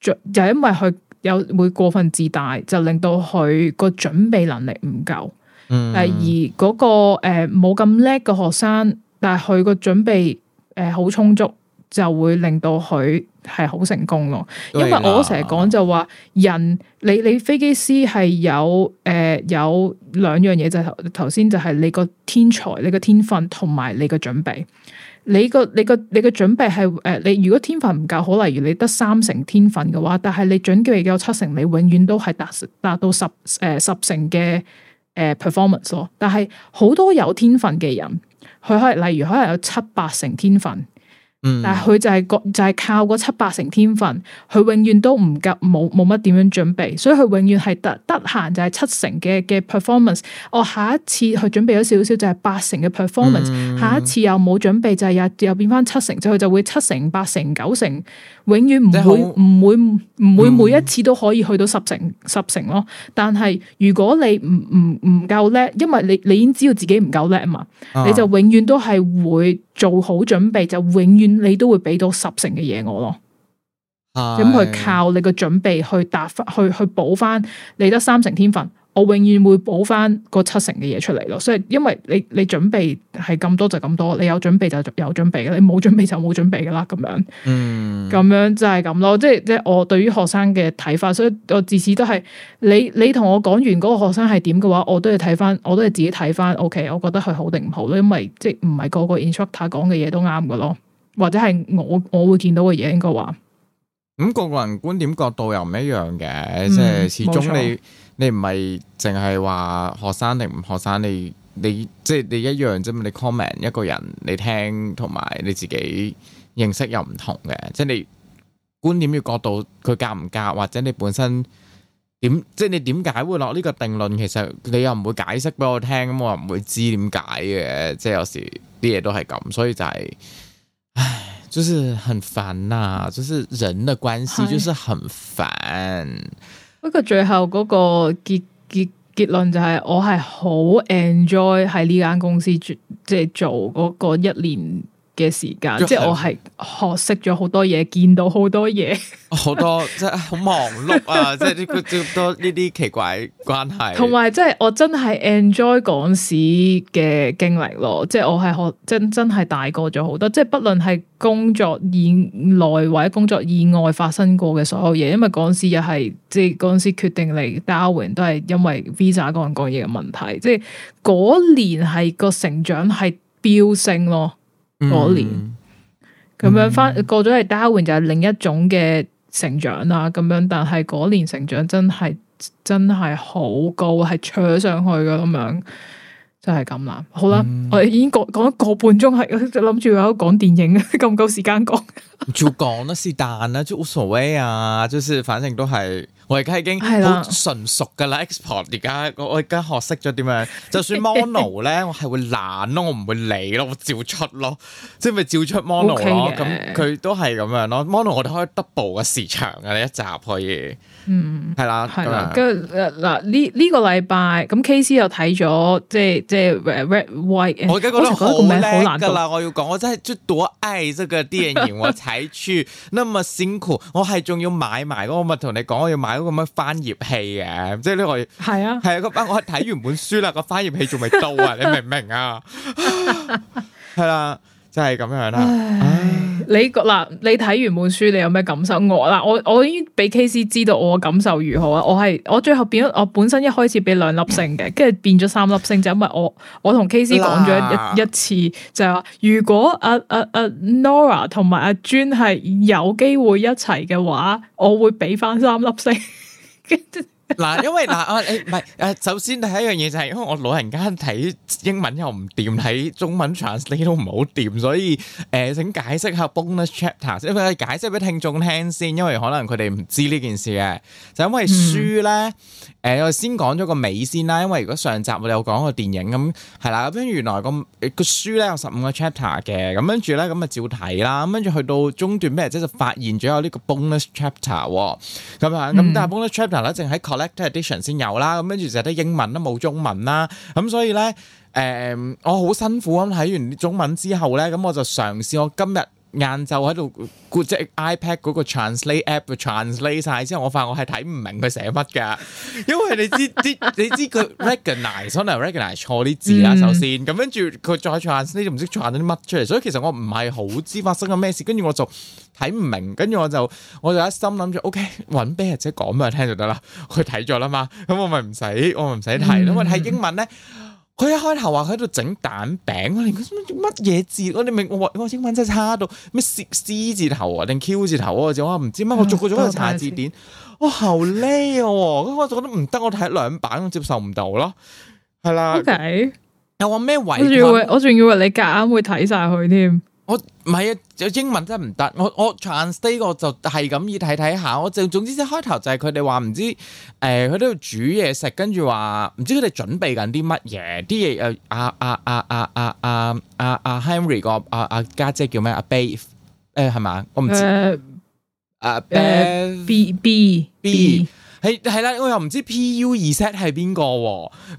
準就因為佢有會過分自大，就令到佢個準備能力唔夠。但、嗯、而嗰、嗰個誒冇咁叻嘅學生，但係佢個準備誒好、呃、充足，就會令到佢係好成功咯。因為我成日講就話人，你你飛機師係有誒、呃、有兩樣嘢，就頭頭先就係你個天才、你個天分同埋你個準備。你個你個你個準備係誒、呃，你如果天分唔夠，好，例如你得三成天分嘅話，但係你準備有七成，你永遠都係達達到十誒、呃、十成嘅。誒、uh,，performance 咯，但係好多有天分嘅人，佢可以，例如可能有七八成天分，嗯、但係佢就係、是、個就係、是、靠嗰七八成天分，佢永遠都唔及冇冇乜點樣準備，所以佢永遠係得得閒就係七成嘅嘅 performance，我、哦、下一次去準備咗少少就係八成嘅 performance，、嗯、下一次又冇準備就係、是、又又變翻七成，就佢、是、就會七成、八成、九成。永遠唔會唔會唔會每一次都可以去到十成十成咯，但係如果你唔唔唔夠叻，因為你你已經知道自己唔夠叻嘛，啊、你就永遠都係會做好準備，就永遠你都會俾到十成嘅嘢我咯。咁去的靠你嘅準備去達翻去去補翻你得三成天分。我永遠會補翻個七成嘅嘢出嚟咯，所以因為你你準備係咁多就咁多，你有準備就有準備嘅，你冇準備就冇準備噶啦，咁樣，嗯，咁樣就係咁咯，即係即係我對於學生嘅睇法，所以我自始都係你你同我講完嗰個學生係點嘅話，我都係睇翻，我都係自己睇翻，OK，我覺得佢好定唔好咯，因為即係唔係個個 instructor 講嘅嘢都啱㗎咯，或者係我我會見到嘅嘢應該話，咁個個人觀點角度又唔一樣嘅，即係始終你。你唔係淨係話學生定唔學生，你你即係、就是、你一樣啫嘛。你 comment 一個人，你聽同埋你自己認識又唔同嘅，即係你觀點與角度佢夾唔夾，或者你本身點即係你點解會落呢個定論？其實你又唔會解釋俾我聽，咁我又唔會知點解嘅。即係有時啲嘢都係咁，所以就係、是，唉，就是很煩啦、啊，就是人的關係，就是很煩。不過最後嗰個結結結論就係我係好 enjoy 喺呢間公司即係做嗰個一年。嘅時間，就是、即係我係學識咗好多嘢，見到好多嘢，好多即係好忙碌啊！即係呢啲多呢啲奇怪關係，同埋即係我真係 enjoy 珀斯嘅經歷咯。即係我係學真真係大個咗好多，即係不論係工作以內或者工作以外發生過嘅所有嘢，因為珀斯又係即係珀斯決定嚟 Darwin 都係因為 visa 個人講嘢嘅問題，即係嗰年係個成長係飆升咯。嗰年咁、嗯、樣翻過咗嚟，第二年就係另一種嘅成長啦。咁樣，但係嗰年成長真係真係好高，係吹上去嘅咁樣。就係咁啦，好啦，嗯、我哋已經講講一個半鐘，係就諗住有講電影啊，夠唔夠時間講？照講啦，是但啦，即無所謂啊，即是反正都係，我而家已經好純熟噶啦 export 而家我我而家學識咗點樣，就算 mono 咧，我係會懶咯， 我唔會理咯，我照出咯，即係咪照出 mono 咯？咁佢都係咁樣咯，mono 我哋可以 double 個時長嘅一集可以。可以嗯，係啦，係啦，跟嗱呢呢個禮拜咁 KC 又睇咗，即係即係 Red, White。我而家覺得，覺得個名好難噶啦， 我要講，我真係即係多愛這個電影，我踩住。那麼辛苦， 我係仲要買埋，我咪同你講，我要買嗰個咩翻譯器嘅，即係呢個係啊，係、就是這個、啊、咁、啊、 我睇完本書啦，個翻譯器仲未到啊，你明唔明啊？係啦。就係咁樣唉唉啦。你嗱，你睇完本書，你有咩感受？我嗱，我我已經俾 K C 知道我嘅感受如何啊。我係我最後變咗，我本身一開始俾兩粒星嘅，跟住 變咗三粒星，就因為我我同 K C 講咗一喳一次，就係話如果阿阿阿 Nora 同埋阿 June 係有機會一齊嘅話，我會俾翻三粒星。 嗱， 因為嗱，我誒唔係誒，首先第一樣嘢就係，因為我老人家睇英文又唔掂，睇中文 translate 都唔好掂，所以誒，請、呃、解釋下 bonus chapter，因為解釋俾聽眾聽先，因為可能佢哋唔知呢件事嘅，就因為書咧。嗯誒、呃，我先講咗個尾先啦，因為如果上集我哋有講個電影咁，係啦，咁、嗯嗯、原來呢個個書咧有十五個 chapter 嘅，咁跟住咧咁啊照睇啦，咁跟住去到中段咩，即係就發現咗有個、bon chapter, bon、呢個 bonus chapter 咁啊，咁但係 bonus chapter 咧，淨喺 collector edition 先有啦，咁跟住就都英文都冇中文啦，咁所以咧，誒、呃，我好辛苦咁睇完啲中文之後咧，咁我就嘗試我今日。晏晝喺度即 iPad 嗰個 translate app 去 translate 晒之後，我發現我係睇唔明佢寫乜㗎，因為你知啲 你知佢 recognize 可能 recognize 錯啲字啦，首先咁，跟住佢再 translate 就唔識 translate 啲乜出嚟，所以其實我唔係好知發生緊咩事，跟住我就睇唔明，跟住我就我就，我就一心諗住 OK 揾，咩或者講俾我聽就得啦，佢睇咗啦嘛，咁我咪唔使我咪唔使睇咯，我睇，嗯、英文咧。佢一開頭話佢喺度整蛋餅，我連乜乜嘢字我哋明我英文真係差到咩 C C 字頭啊定 Q 字頭啊就我唔知乜，哎、呀我逐個逐個查字典，我好屌，咁、哦啊、 我就覺得唔得，我睇兩版我接受唔到咯，係啦，Okay? 又話咩圍困，我仲以為你夾硬會睇晒佢添。我唔係啊，就英文真唔得。我我 t r a n stay，我就係咁意睇睇下。我就總之一開頭就係佢哋話唔知誒，佢都度煮嘢食，跟住話唔知佢哋準備緊啲乜嘢？啲嘢誒，啊啊啊啊啊啊 Henry 啊 Henry 個阿阿家姐叫咩？阿 B 誒係嘛？我唔知。阿 b B B 係係啦，我又唔知 P U 二 set 係邊個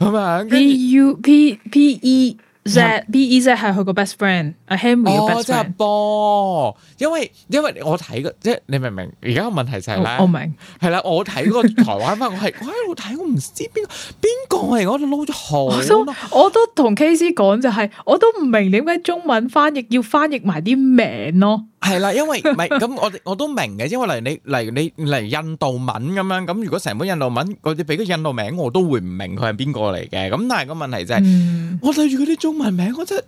係嘛？P U P P E Z B E Z 係佢個 best friend，阿 Henry 嘅 best friend 哦，即係噃，因為因為我睇個即係你明唔明？而家個問題就係我明，係啦，我睇個台灣翻、 哎，我係我喺度睇，我唔知邊個邊個，我而家撈咗好我都同 c a K C 講就係、是，我都唔明點解中文翻譯要翻譯埋啲名咯。係啦， 因為唔係咁，我我都明嘅，因為嚟你嚟你嚟印度文咁樣，咁如果成本印度文，我哋俾個印度名，我都會唔明佢係邊個嚟嘅。咁但係個問題就係，嗯、我對住嗰啲中文名，我真係，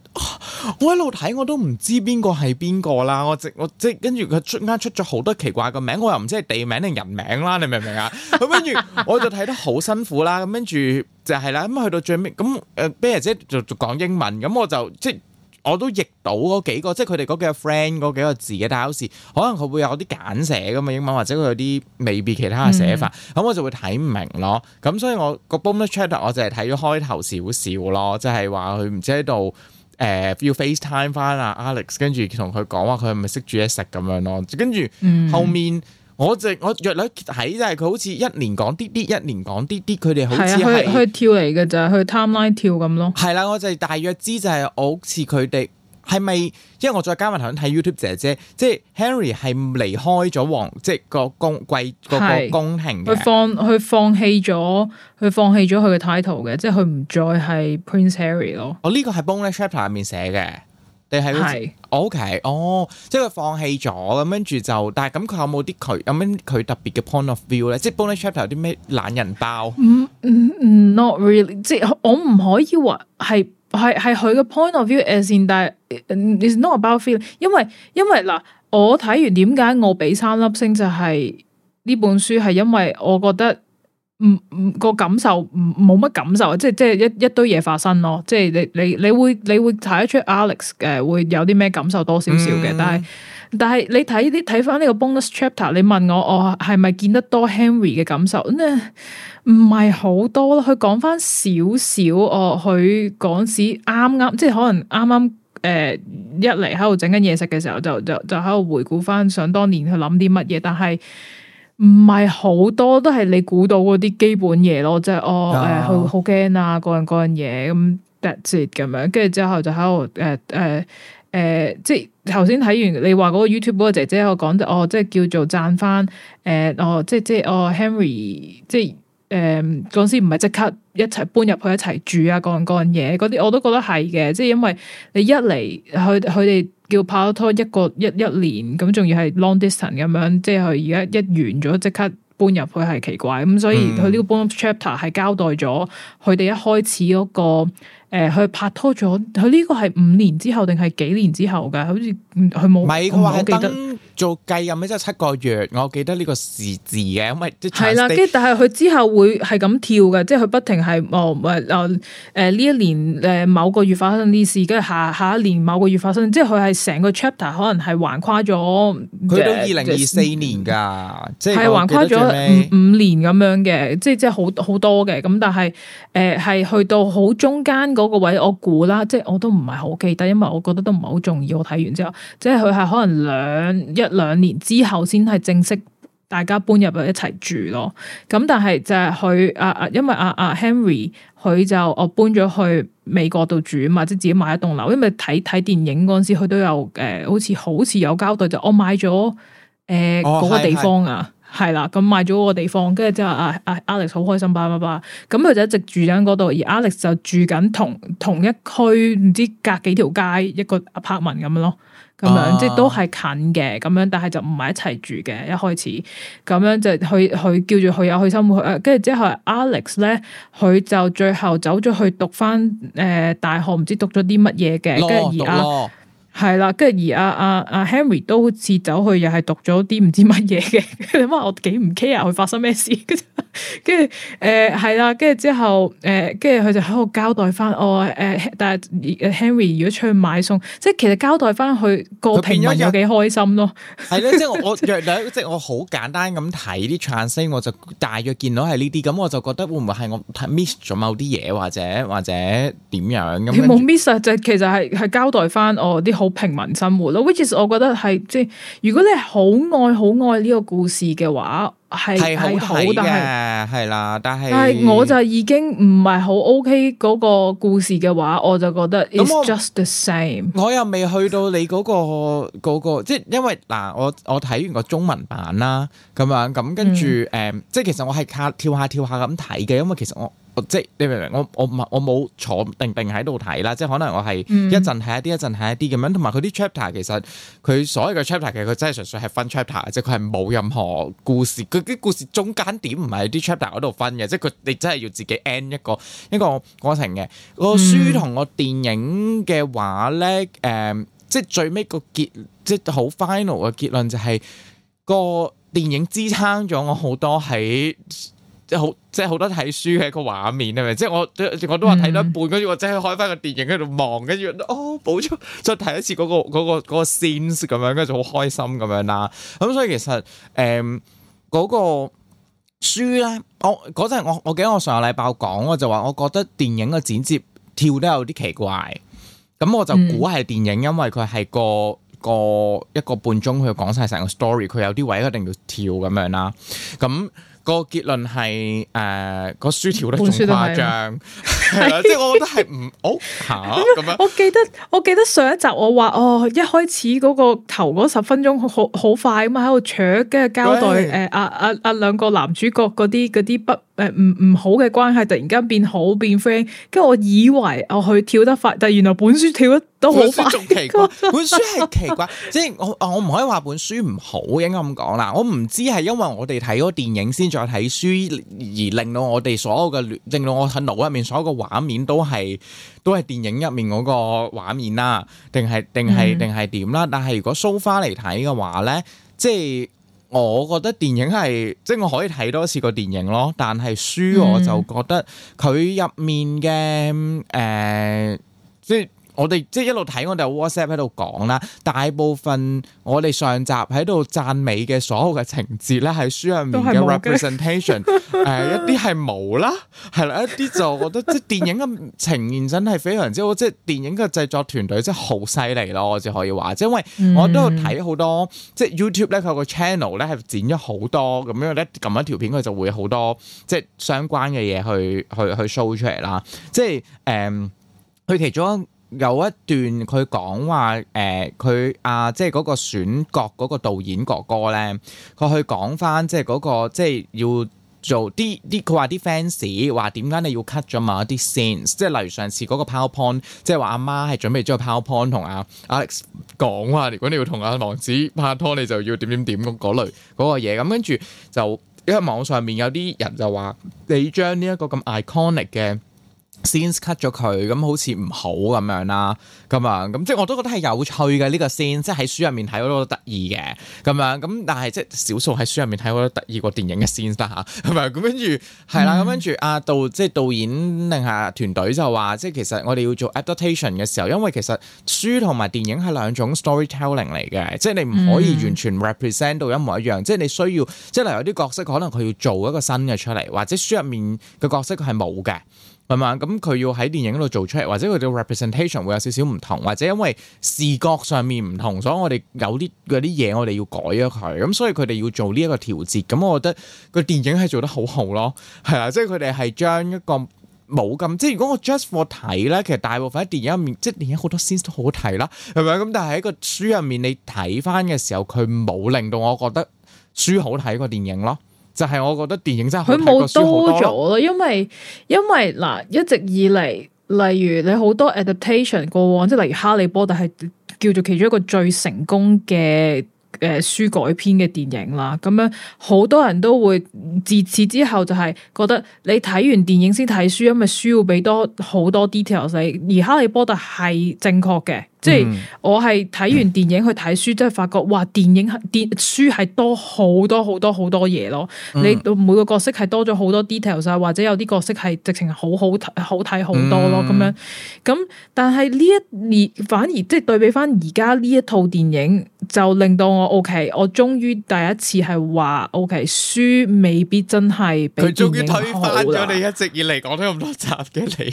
我一路睇我都唔知邊個係邊個啦。我直我即跟住佢出啱出咗好多奇怪嘅名，我又唔知係地名定人名啦。你明唔明啊？咁跟住我就睇得好辛苦啦。咁跟住就係、是、啦，咁去到最尾咁誒 p 姐就就講英文，咁、嗯、我就即我都譯到嗰幾個，即係佢哋嗰幾個 friend 嗰幾個字嘅，但係有時可能佢會有啲簡寫㗎嘛，英文，或者佢有啲未必其他嘅寫法，咁、嗯、我就會睇唔明咯。咁所以我個 bonus chapter 我就係睇咗開頭少少咯，即係話佢唔知喺度誒要 face time 翻啊 Alex，跟住同佢講話佢係咪識煮嘢食咁樣咯，跟住、嗯、後面。我就我約略睇，就係佢好似一年講啲啲，一年講啲啲，佢哋好似係去跳嚟嘅就係，去 timeline 跳咁咯。係啦、啊，我就係大約知就係我好似佢哋係咪？因為我再加埋頭先睇 YouTube 姐姐，即係 Harry 係唔離開咗王，即係個宮貴、嗰個個宮廷，佢放佢放棄咗，佢放棄咗佢嘅 title 嘅，即係佢唔再係 Prince Harry 咯。哦，呢、呢個係 Bonus Chapter 入面寫嘅。定係，OK，哦，即係佢放棄咗，咁跟住就，但係咁佢有冇啲佢有咩佢特別嘅 point of view 咧？即係 bonus chapter 有啲咩懶人包？唔唔唔，not really，即係我唔可以話係係係佢嘅 point of view，as in that is not about feel，因為因為嗱，我睇完點解我俾三粒星就係呢本書係因為我覺得。唔唔、嗯嗯嗰個感受冇乜感受啊，即係即係一一堆嘢發生咯，即係你你你會你會睇得出 Alex 誒會有啲咩感受多少少嘅，嗯，但係但係你睇啲睇翻呢個 bonus chapter，你問我我係咪見得多 Henry 嘅感受咧？唔係好多咯，佢講翻少少，我佢講時啱啱即係可能啱啱誒一嚟喺度整緊嘢食嘅時候，就就就喺度回顧翻想想當年佢諗啲乜嘢，但係。唔係好多，都係你估到嗰啲基本嘢咯，即係哦，誒、oh. 呃，佢好驚啊，嗰樣嗰樣嘢咁 that's it 咁樣，跟住之後就喺度，誒誒誒，即係頭先睇完你話嗰個 YouTube 嗰個姐姐，我講就哦，即係叫做讚返，誒，哦，即係、呃哦、即係哦，Henry，即係。誒，嗰、um, 時唔係即刻一齊搬入去一齊住啊，各樣嘢嗰啲我都覺得係嘅，即係因為你一嚟佢佢哋叫拍拖一個一一年，咁仲要係 long distance 咁樣，即係佢而家一完咗即刻搬入去係奇怪，咁所以佢呢個 bonus chapter 係交代咗佢哋一開始嗰、嗰個。誒，佢拍拖咗，佢呢個係五年之後定係幾年之後嘅？好似佢冇，唔係佢話得，做計咁，即係七個月，我記得呢個時字嘅，因為係啦、啊。跟但係佢之後會係咁跳嘅，嗯、即係佢不停係哦，唔係誒誒呢一年誒某個月發生啲事，跟住下下一年某個月發生，即係佢係成個 chapter 可能係橫跨咗，佢到二零二四年噶、嗯即係，即係橫跨咗五年咁樣嘅，即係即係好好多嘅。咁但係誒係去到好中間。嗰個位我估啦，即係我都唔係好記得，因為我覺得都唔係好重要。我睇完之後，即係佢係可能兩一兩年之後先係正式大家搬入去一齊住咯。咁但係就係佢啊啊，因為啊啊 Henry 佢就我搬咗去美國度住啊嘛，即係自己買一棟樓，因為睇睇電影嗰陣時佢都有誒、呃，好似好似有交代，就我買咗誒嗰個地方啊。係啦，咁賣咗個地方，跟住之後阿阿 Alex 好開心，叭叭叭，咁佢就一直住緊嗰度，而 Alex 就住緊同同一區，唔知隔幾條街一個 apartment 咁樣咯，咁樣，樣即係，都係近嘅咁樣，但係就唔係一齊住嘅一開始，咁樣就佢去叫住佢有佢心，跟、啊、住之後 Alex 咧，佢就最後走咗去讀翻誒、呃、大學，唔知讀咗啲乜嘢嘅，跟住、嗯、而。係啦，跟住而阿阿阿 Henry 都好似走去又係讀咗啲唔知乜嘢嘅，你 話、啊啊、我幾唔 care 佢發生咩事？跟住誒係啦，跟住之後誒跟住佢就喺度交代翻我誒，但係、啊、Henry 如果出去買餸，即係其實交代翻佢，佢平咗又幾開心咯、 嗯。係咧， 即係我我約即係我好簡單咁睇啲 transcript 我就大約見到係呢啲，咁我就覺得會唔會係我 miss 咗某啲嘢，或者或者點樣咁？冇 miss 就其實係係交代翻我啲好。平民生活咯，which is 我覺得係即係如果你係好愛好愛呢個故事嘅話，係係好嘅，係啦，但係但係我就已經唔係好 OK 嗰個故事嘅話，我就覺得 it's 我 just the same。我又未去到你嗰、嗰個、嗰個、即係因為嗱，我我睇完個中文版啦，咁啊咁跟住誒、嗯嗯，即係其實我係卡跳下跳下咁睇嘅，因為其實我。即係你明唔明？我我我冇坐定定喺度睇啦，即係可能我係一陣睇一啲，一陣睇一啲咁樣。同埋佢啲 chapter 其實佢所有嘅 chapter 其實佢真係純粹係分 chapter，即係佢係冇任何故事。佢啲故事中間點唔係喺啲 chapter 嗰度分嘅，即係佢你真係要自己 end 一個一個過程嘅。個書同個電影嘅話咧，誒、呃，即係最尾個結，即係好 final 嘅結論就係、個電影支撐咗我好多喺。即係好，即係好多睇書係一個畫面啊？咪即係我，我，我都話睇到一半，跟住我即係開翻個電影喺度望，跟住哦，補充再睇一次嗰、嗰個、嗯嗰個、嗰個 sense 咁樣，跟住好開心咁樣啦。咁所以其實誒嗰個書咧，我嗰陣、那個、我我記得我上個禮拜講，我就話我覺得電影嘅剪接跳得有啲奇怪。咁我就估係電影，嗯、因為佢係個個一個半鐘佢講晒成個 story，佢有啲位一定要跳咁樣啦。咁。個結論係誒個書條得仲誇張，係啦、啊，即係我覺得係唔好咁樣。我記得 我記得上一集我話哦，一開始嗰、那個頭嗰十分鐘好好快咁喺度扯，跟住交代誒阿阿阿兩個男主角嗰啲嗰啲。誒，唔唔好嘅關係突然間變好變 friend，跟住我以為我佢跳得快，但係原來本書跳得都好快。仲奇怪， 本書係奇怪，即係我我唔可以話本書唔好，應該咁講啦。我唔知係因為我哋睇咗個電影先再睇書，而令到我哋所有嘅、令到我腦入面所有嘅畫面都係都係電影入面嗰個畫面啦，定係定係定係點啦？但係如果 so far 嚟睇嘅話咧，即係。我覺得電影係，即係我可以睇多一次個電影咯，但係書我就覺得佢入面嘅誒、呃、即。我哋即係一路睇，我哋有 WhatsApp 喺度講啦。大部分我哋上集喺度讚美嘅所有嘅情節咧，喺書入面嘅 representation，誒一啲係冇啦，係啦，一啲就覺得即係電影咁呈現真係非常之好。即係電影嘅製作團隊真係好犀利咯，我只可以話。即因為我都有睇好多、嗯、多，多，即係 YouTube 咧，佢個 channel 咧係剪咗好多咁樣咧，撳一條片佢就會好多即係相關嘅嘢去去去 show 出嚟啦。即係誒，佢、嗯、其中有一段佢講話誒，佢、呃、啊，即係嗰個選角嗰個導演哥哥咧，佢去講翻、那個、即係嗰個即係要做啲啲，佢話啲 fans 話點解你要 cut 咗某一啲 scenes，即係例如上次嗰個 powerpoint，即係話阿媽係準備咗個 powerpoint 同阿、啊、Alex 講話，如果你要同阿王子拍拖，你就要點點點嗰類嗰個嘢。咁跟住就因為網上面有啲人就話你將呢一個咁 iconic 嘅。先 cut 咗佢，咁好似唔好咁樣啦，咁啊，咁即係我都覺得係有趣嘅呢個 scene 即係喺書入面睇到都得意嘅，咁樣咁，但係即係少數喺書入面睇到得意過電影嘅 scene 啦吓，係咪？咁跟住係啦，咁跟住阿導即係導演定係團隊就話，即係其實我哋要做 adaptation 嘅時候，因為其實書同埋電影係兩種 storytelling 嚟嘅，即係你唔可以完全 represent 到一模一樣，即係你需要，即係例如有啲角色可能佢要做一個新嘅出嚟，或者書入面嘅角色係冇嘅。係咪？咁佢要喺電影度做出嚟，或者佢嘅 representation 會有少少唔同，或者因為視覺上面唔同，所以我哋有啲啲嘢我哋要改咗佢，咁所以佢哋要做呢一個調節。咁、嗯、我覺得個電影係做得好好咯，係啊，即係佢哋係將一個冇咁。即係如果我 just for 睇咧，其實大部分喺電影入面，即係電影好多 sense 都好睇啦，係咪？咁但係喺個書入面你睇翻嘅時候，佢冇令到我覺得書好睇過電影咯。嗯就係我覺得電影真係佢冇多咗咯，因為因為嗱一直以嚟，例如你好多 adaptation 過往，即係例如哈利波特係叫做其中一個最成功嘅誒、呃、書改編嘅電影啦。咁樣好多人都會自此之後就係覺得你睇完電影先睇書，因為書會俾多好多 details，而哈利波特係正確嘅。即係我係睇完電影去睇書，即係發覺哇，電影係、電書係多好多好多好多嘢咯。嗯、你每個角色係多咗好多 details 啊，或者有啲角色係直情好好好睇好多咯咁、嗯、樣。咁但係呢一年反而即係對比翻而家呢一套電影，就令到我 O、OK, K，我終於第一次係話 O K，書未必真係比電影好。佢終於推翻咗你一直以嚟講得咁多集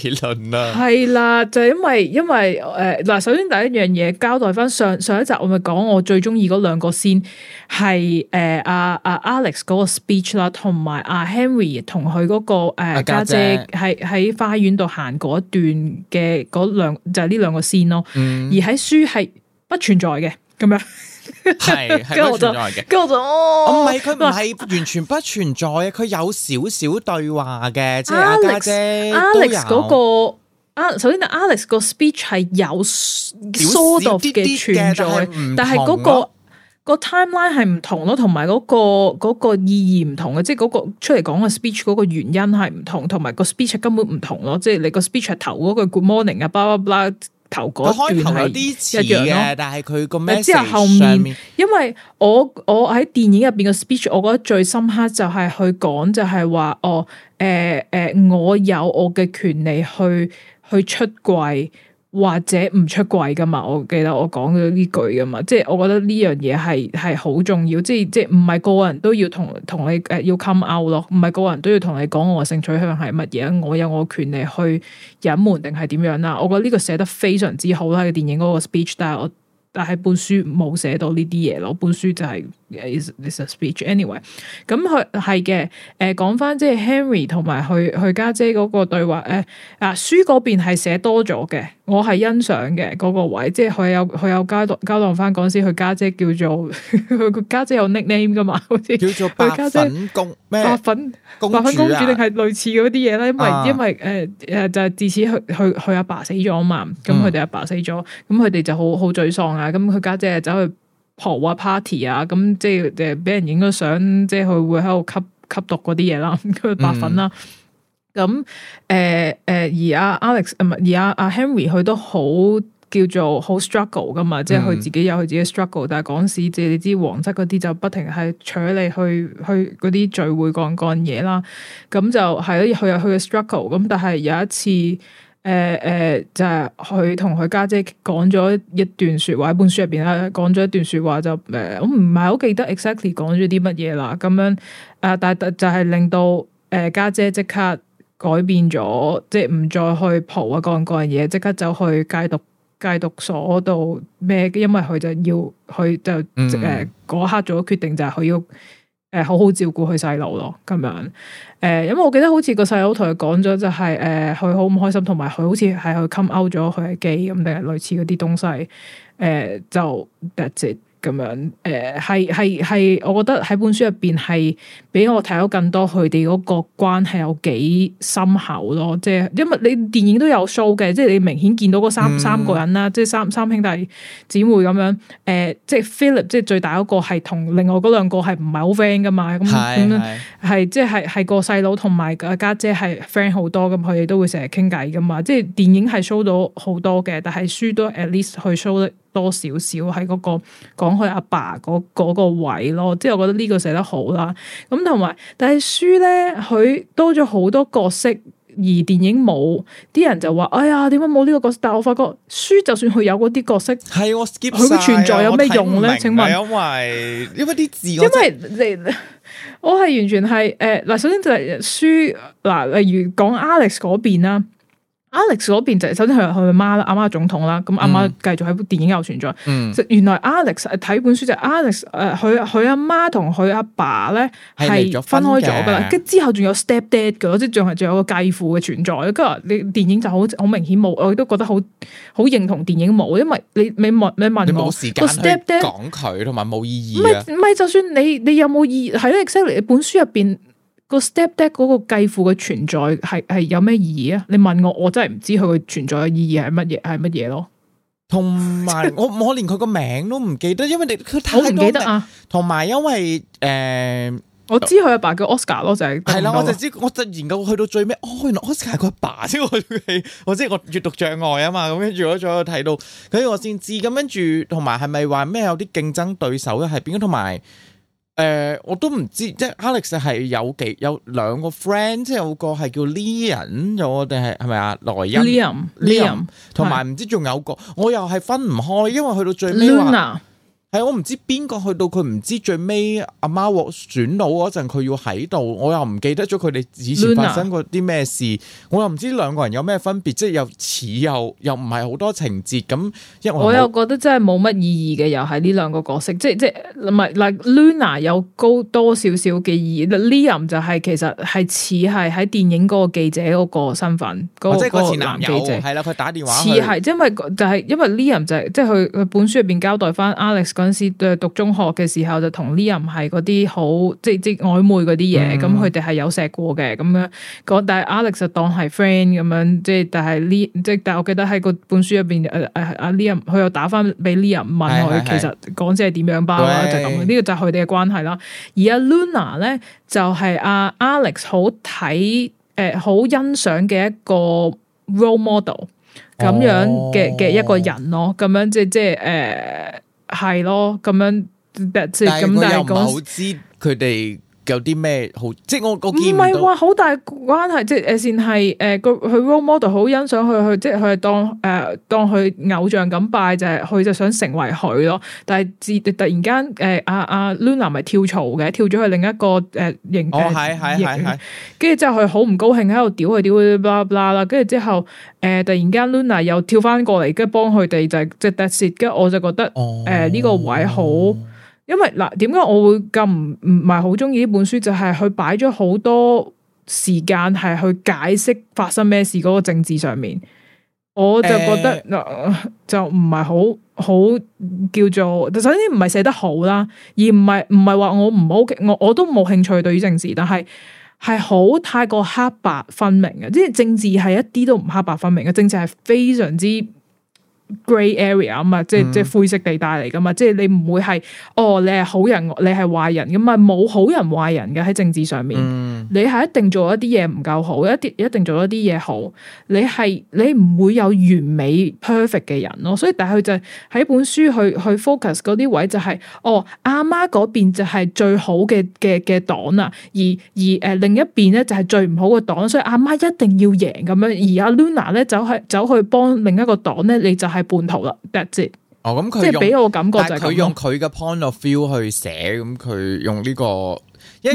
嘅理論啦。係啦，就係、因為因為誒嗱、呃，首先第一。一樣嘢交代翻上上一集，我咪講我最中意嗰兩個 scene 係誒阿阿 Alex 嗰 spe、啊啊嗰個 speech 啦，同埋阿 Henry 同佢嗰個誒家姐係喺花園度行嗰段嘅嗰兩就係呢兩個 scene 咯。而喺書係不存在嘅，咁樣係係我就，嘅、 哦。跟住我就我唔係佢唔係完全不存在，佢 有少少對話嘅，即係阿 Alex, 家姐 Alex、嗰個。啊，首先 Alex 個 speech 係有 sort of 嘅存在，但係嗰、嗰個 time、嗰個 timeline 係唔同咯，同埋嗰個個意義唔同嘅，即係嗰個出嚟講個 speech 嗰個原因係唔同，同埋個 speech 根本唔同咯，即係、嗯、你個 speech 頭嗰句 Good morning 啊，blah blah blah 頭嗰段係啲似嘅，但係佢個 message 之後後面， 因為我我喺電影入邊個 speech，我覺得最深刻就係去講，就係話我誒誒，我有我嘅權利去。去出櫃或者唔出櫃噶嘛？我記得我講咗呢句噶嘛，即係我覺得呢樣嘢係係好重要，即係即係唔係個人都要同同你誒、呃、要 come out 咯，唔係個人都要同你講我嘅性取向係乜嘢，我有我嘅權利去隱瞞定係點樣啦。我覺得呢個寫得非常之好啦，喺電影嗰個 speech，但係我。但係本書冇寫到呢啲嘢咯，本書就係、是、is this a speech anyway、嗯。咁佢係嘅，誒、呃、講翻即係 Henry 同埋佢佢家姐嗰個對話，啊、呃、書嗰邊係寫多咗嘅。我係欣賞嘅嗰個位，即係佢有佢有交代交代翻嗰時，佢家姐、姐叫做佢佢家姐有 nick name 噶嘛，好似叫做白粉白粉公主定係、啊、類似嗰啲嘢啦？因為、啊、因為誒誒、呃、就係、是、自此佢佢佢阿爸死咗啊嘛，咁佢哋阿爸死咗，咁佢哋就好好沮喪啊！咁佢家姐走去蒲吓 party 啊，咁即係誒俾人影咗相，即係佢會喺度吸吸毒嗰啲嘢啦，咁佢白粉啦。嗯咁誒誒，而阿、啊、Alex 唔、呃、係，而阿、啊、阿 Henry 佢都好叫做好 struggle 噶嘛，嗯、即係佢自己有佢自己 struggle。但係嗰時，即你知皇室嗰啲就不停係扯你去去嗰啲聚會幹幹嘢啦。咁、嗯、就係、是、咯，佢有佢嘅 struggle。咁但係有一次，誒、呃、誒、呃，就係佢同佢家姐講咗一段說話喺本書入邊啦，講咗一段說話就誒、呃，我唔係好記得 exactly 講咗啲乜嘢啦。咁樣啊、呃，但係就係令到誒家、呃、姐即刻。改變咗，即係唔再去蒲啊，講各樣嘢，即刻走去戒毒戒毒所度咩？因為佢就要，佢就誒嗰、嗯、呃、刻做咗決定就係佢要誒好好照顧佢細佬咯，咁樣誒、呃，因為我記得好似個細佬同佢講咗，就係誒佢好唔開心，同埋佢好似係去 come out 咗佢嘅 gay 咁，定係類似嗰啲東西、誒、呃，就 that's it 咁樣誒，係係係，我覺得喺本書入邊係俾我睇到更多佢哋嗰個關係有幾深厚咯，即係因為你電影都有 show 嘅，即係你明顯見到嗰三三個人啦，嗯、即係三三兄弟姊妹咁樣，誒、呃，即係 Philip 即係最大嗰個係同另外嗰兩個係唔係好 friend 噶嘛，咁咁，係即係係個細佬同埋個家姐係 friend 好多，咁佢哋都會成日傾偈噶嘛，即係電影係 show 到好多嘅，但係書都 at least 去 show it, 多少少喺嗰個講佢阿爸嗰嗰個位咯，即係我覺得呢個寫得好啦。咁同埋，但係書咧佢多咗好多角色，而電影冇，啲人就話：哎呀，點解冇呢個角色？但係我發覺書就算佢有嗰啲角色，係我 skip 晒，佢嘅存在有咩用咧？請問，因為因為啲字，因為你我係完全係，誒嗱，首先就係書嗱，例如講 Alex 嗰邊啦。Alex 嗰邊就首先係佢阿媽啦，阿媽總統啦，咁阿媽繼續喺部電影裡裡有存在。嗯，原來 Alex 睇本書就 Alex 誒，佢佢阿媽同佢阿爸咧係分開咗噶，跟之後仲有 step dad 嘅，即仲係仲有個繼父嘅存在。跟住你電影就好好明顯冇，我亦都覺得好好認同電影冇，因為你你，你問你問冇時間 step dad 講佢，同埋冇意義。唔係唔係，就算你你有冇意義，喺 Alex 呢本書入邊？個 step dad 嗰個繼父嘅存在係係有咩意義啊？你問我，我真係唔知佢嘅存在嘅意義係乜嘢，係乜嘢咯。同埋我我連佢個名都唔記得，因為你佢睇唔記得啊。同埋因為誒，呃、我知佢阿爸叫 Oscar 咯，就係係啦，我就知我就研究去到最尾哦，原來 Oscar 係佢阿爸先，去 我知我閱讀障礙啊嘛。咁跟住我再睇到，佢咁我先知咁跟住，同埋係咪話咩有啲競爭對手咧？係邊個？同埋。誒、呃，我都唔知，即係 Alex 係有幾有兩個 friend，即係有個係叫 Leon，又我哋係係咪啊？萊恩 l e o n 同埋唔知仲有個，我又係分唔開，因為去到最尾話。係、哎、我唔知邊個去到佢唔知最尾阿媽選到嗰陣佢要喺度，我又唔記得咗佢哋以前發生過啲咩事，Luna? 我又唔知兩個人有咩分別，即係又似又又唔係好多情節咁。因為我又覺得真係冇乜意義嘅，又係呢兩個角色，即係即係唔嗱，Luna 有高多少少嘅意義，Leon 就係、是、其實係似係喺電影嗰個記者嗰個身份，嗰、那個、個前男,男記者，係啦，佢打電話似係，因為就係、是、因為 Leon 就係、是、即係佢本書入邊交代翻 Alex 嗰時讀中學嘅時候就同 Liam 係嗰啲好即係即係曖昧嗰啲嘢，咁佢哋係有錫過嘅咁樣。咁但係 Alex 就當係 friend 咁樣，即係但係呢即係但係我記得喺個本書入邊，誒、啊、誒，阿 Liam 佢又打翻俾 Liam 問佢其實講姐係點樣吧，對就咁。呢、這個就係佢哋嘅關係啦。而阿 Luna 咧就係、是、阿、啊、Alex 好睇誒好欣賞嘅一個 role model 咁樣嘅嘅、哦、一個人咯，咁樣即係即係誒。呃係咯，咁樣，即係咁，但係我知佢哋。有啲咩好？即係我我唔係話好大關係，即係誒，先係誒個佢 role model 好欣賞佢，佢即係佢係當誒、呃、當佢偶像咁拜，就係、是、佢就想成為佢咯。但係自突然間誒阿阿 Luna 咪跳槽嘅，跳咗去另一個誒、呃、型係係係係，跟住之後佢好唔高興喺度屌佢屌佢，blah blah 啦，跟住之後誒、呃、突然間 Luna 又跳翻過嚟，跟住幫佢哋就即係 that's it，跟住我就覺得誒呢、哦呃這個位好。因為嗱，點解我會咁唔唔係好中意呢本書？就係佢擺咗好多時間係去解釋發生咩事嗰個政治上面，我就覺得、欸呃、就唔係好好叫做，首先唔係寫得好啦，而唔係唔係話我唔好、OK，我我都冇興趣對於政治，但係係好太過黑白分明嘅，即係政治係一啲都唔黑白分明嘅，政治係非常之。grey area 啊嘛，即係即係灰色地帶嚟噶嘛，嗯、即係你唔會係哦，你係好人，你係壞人咁啊，冇好人壞人嘅喺政治上面，嗯、你係一定做一啲嘢唔夠好，一啲一定做一啲嘢好，你係你唔會有完美 perfect 嘅人咯，所以但係佢就係喺本書去去 focus 嗰啲位就係、是、哦，阿媽嗰邊就係最好嘅嘅嘅黨啦，而而誒、呃、另一邊咧就係最唔好嘅黨，所以阿媽，媽一定要贏咁樣，而阿 Luna 咧走去走去幫另一個黨咧，你就是。係半途啦 that's it。哦，咁、嗯、佢即係俾我感覺就係佢用佢嘅 point of view 去寫，咁、嗯、佢用呢、這個，唔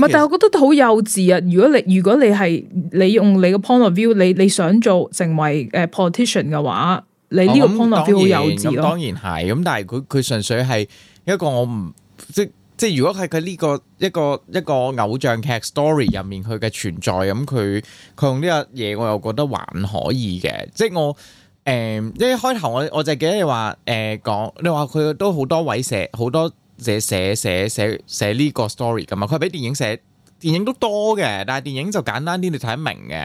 係，但係我覺得好幼稚啊！如果你如果你係你用你嘅 point of view，你你想做成為誒 politician 嘅話，你呢個 point of view 好幼稚咯。當然係，咁、啊嗯、但係佢佢純粹係一個我唔即即係如果喺佢呢個一個一個,一個偶像劇 story 入面佢嘅存在，咁佢佢用呢個嘢，我又覺得還可以嘅，即係我。誒，呃、一開頭我我就記得你話，誒、呃、講你話佢都好多位寫，好多寫寫寫寫寫呢個 story 㗎嘛，佢係俾電影寫，電影都多嘅，但係電影就簡單啲，你睇得明嘅。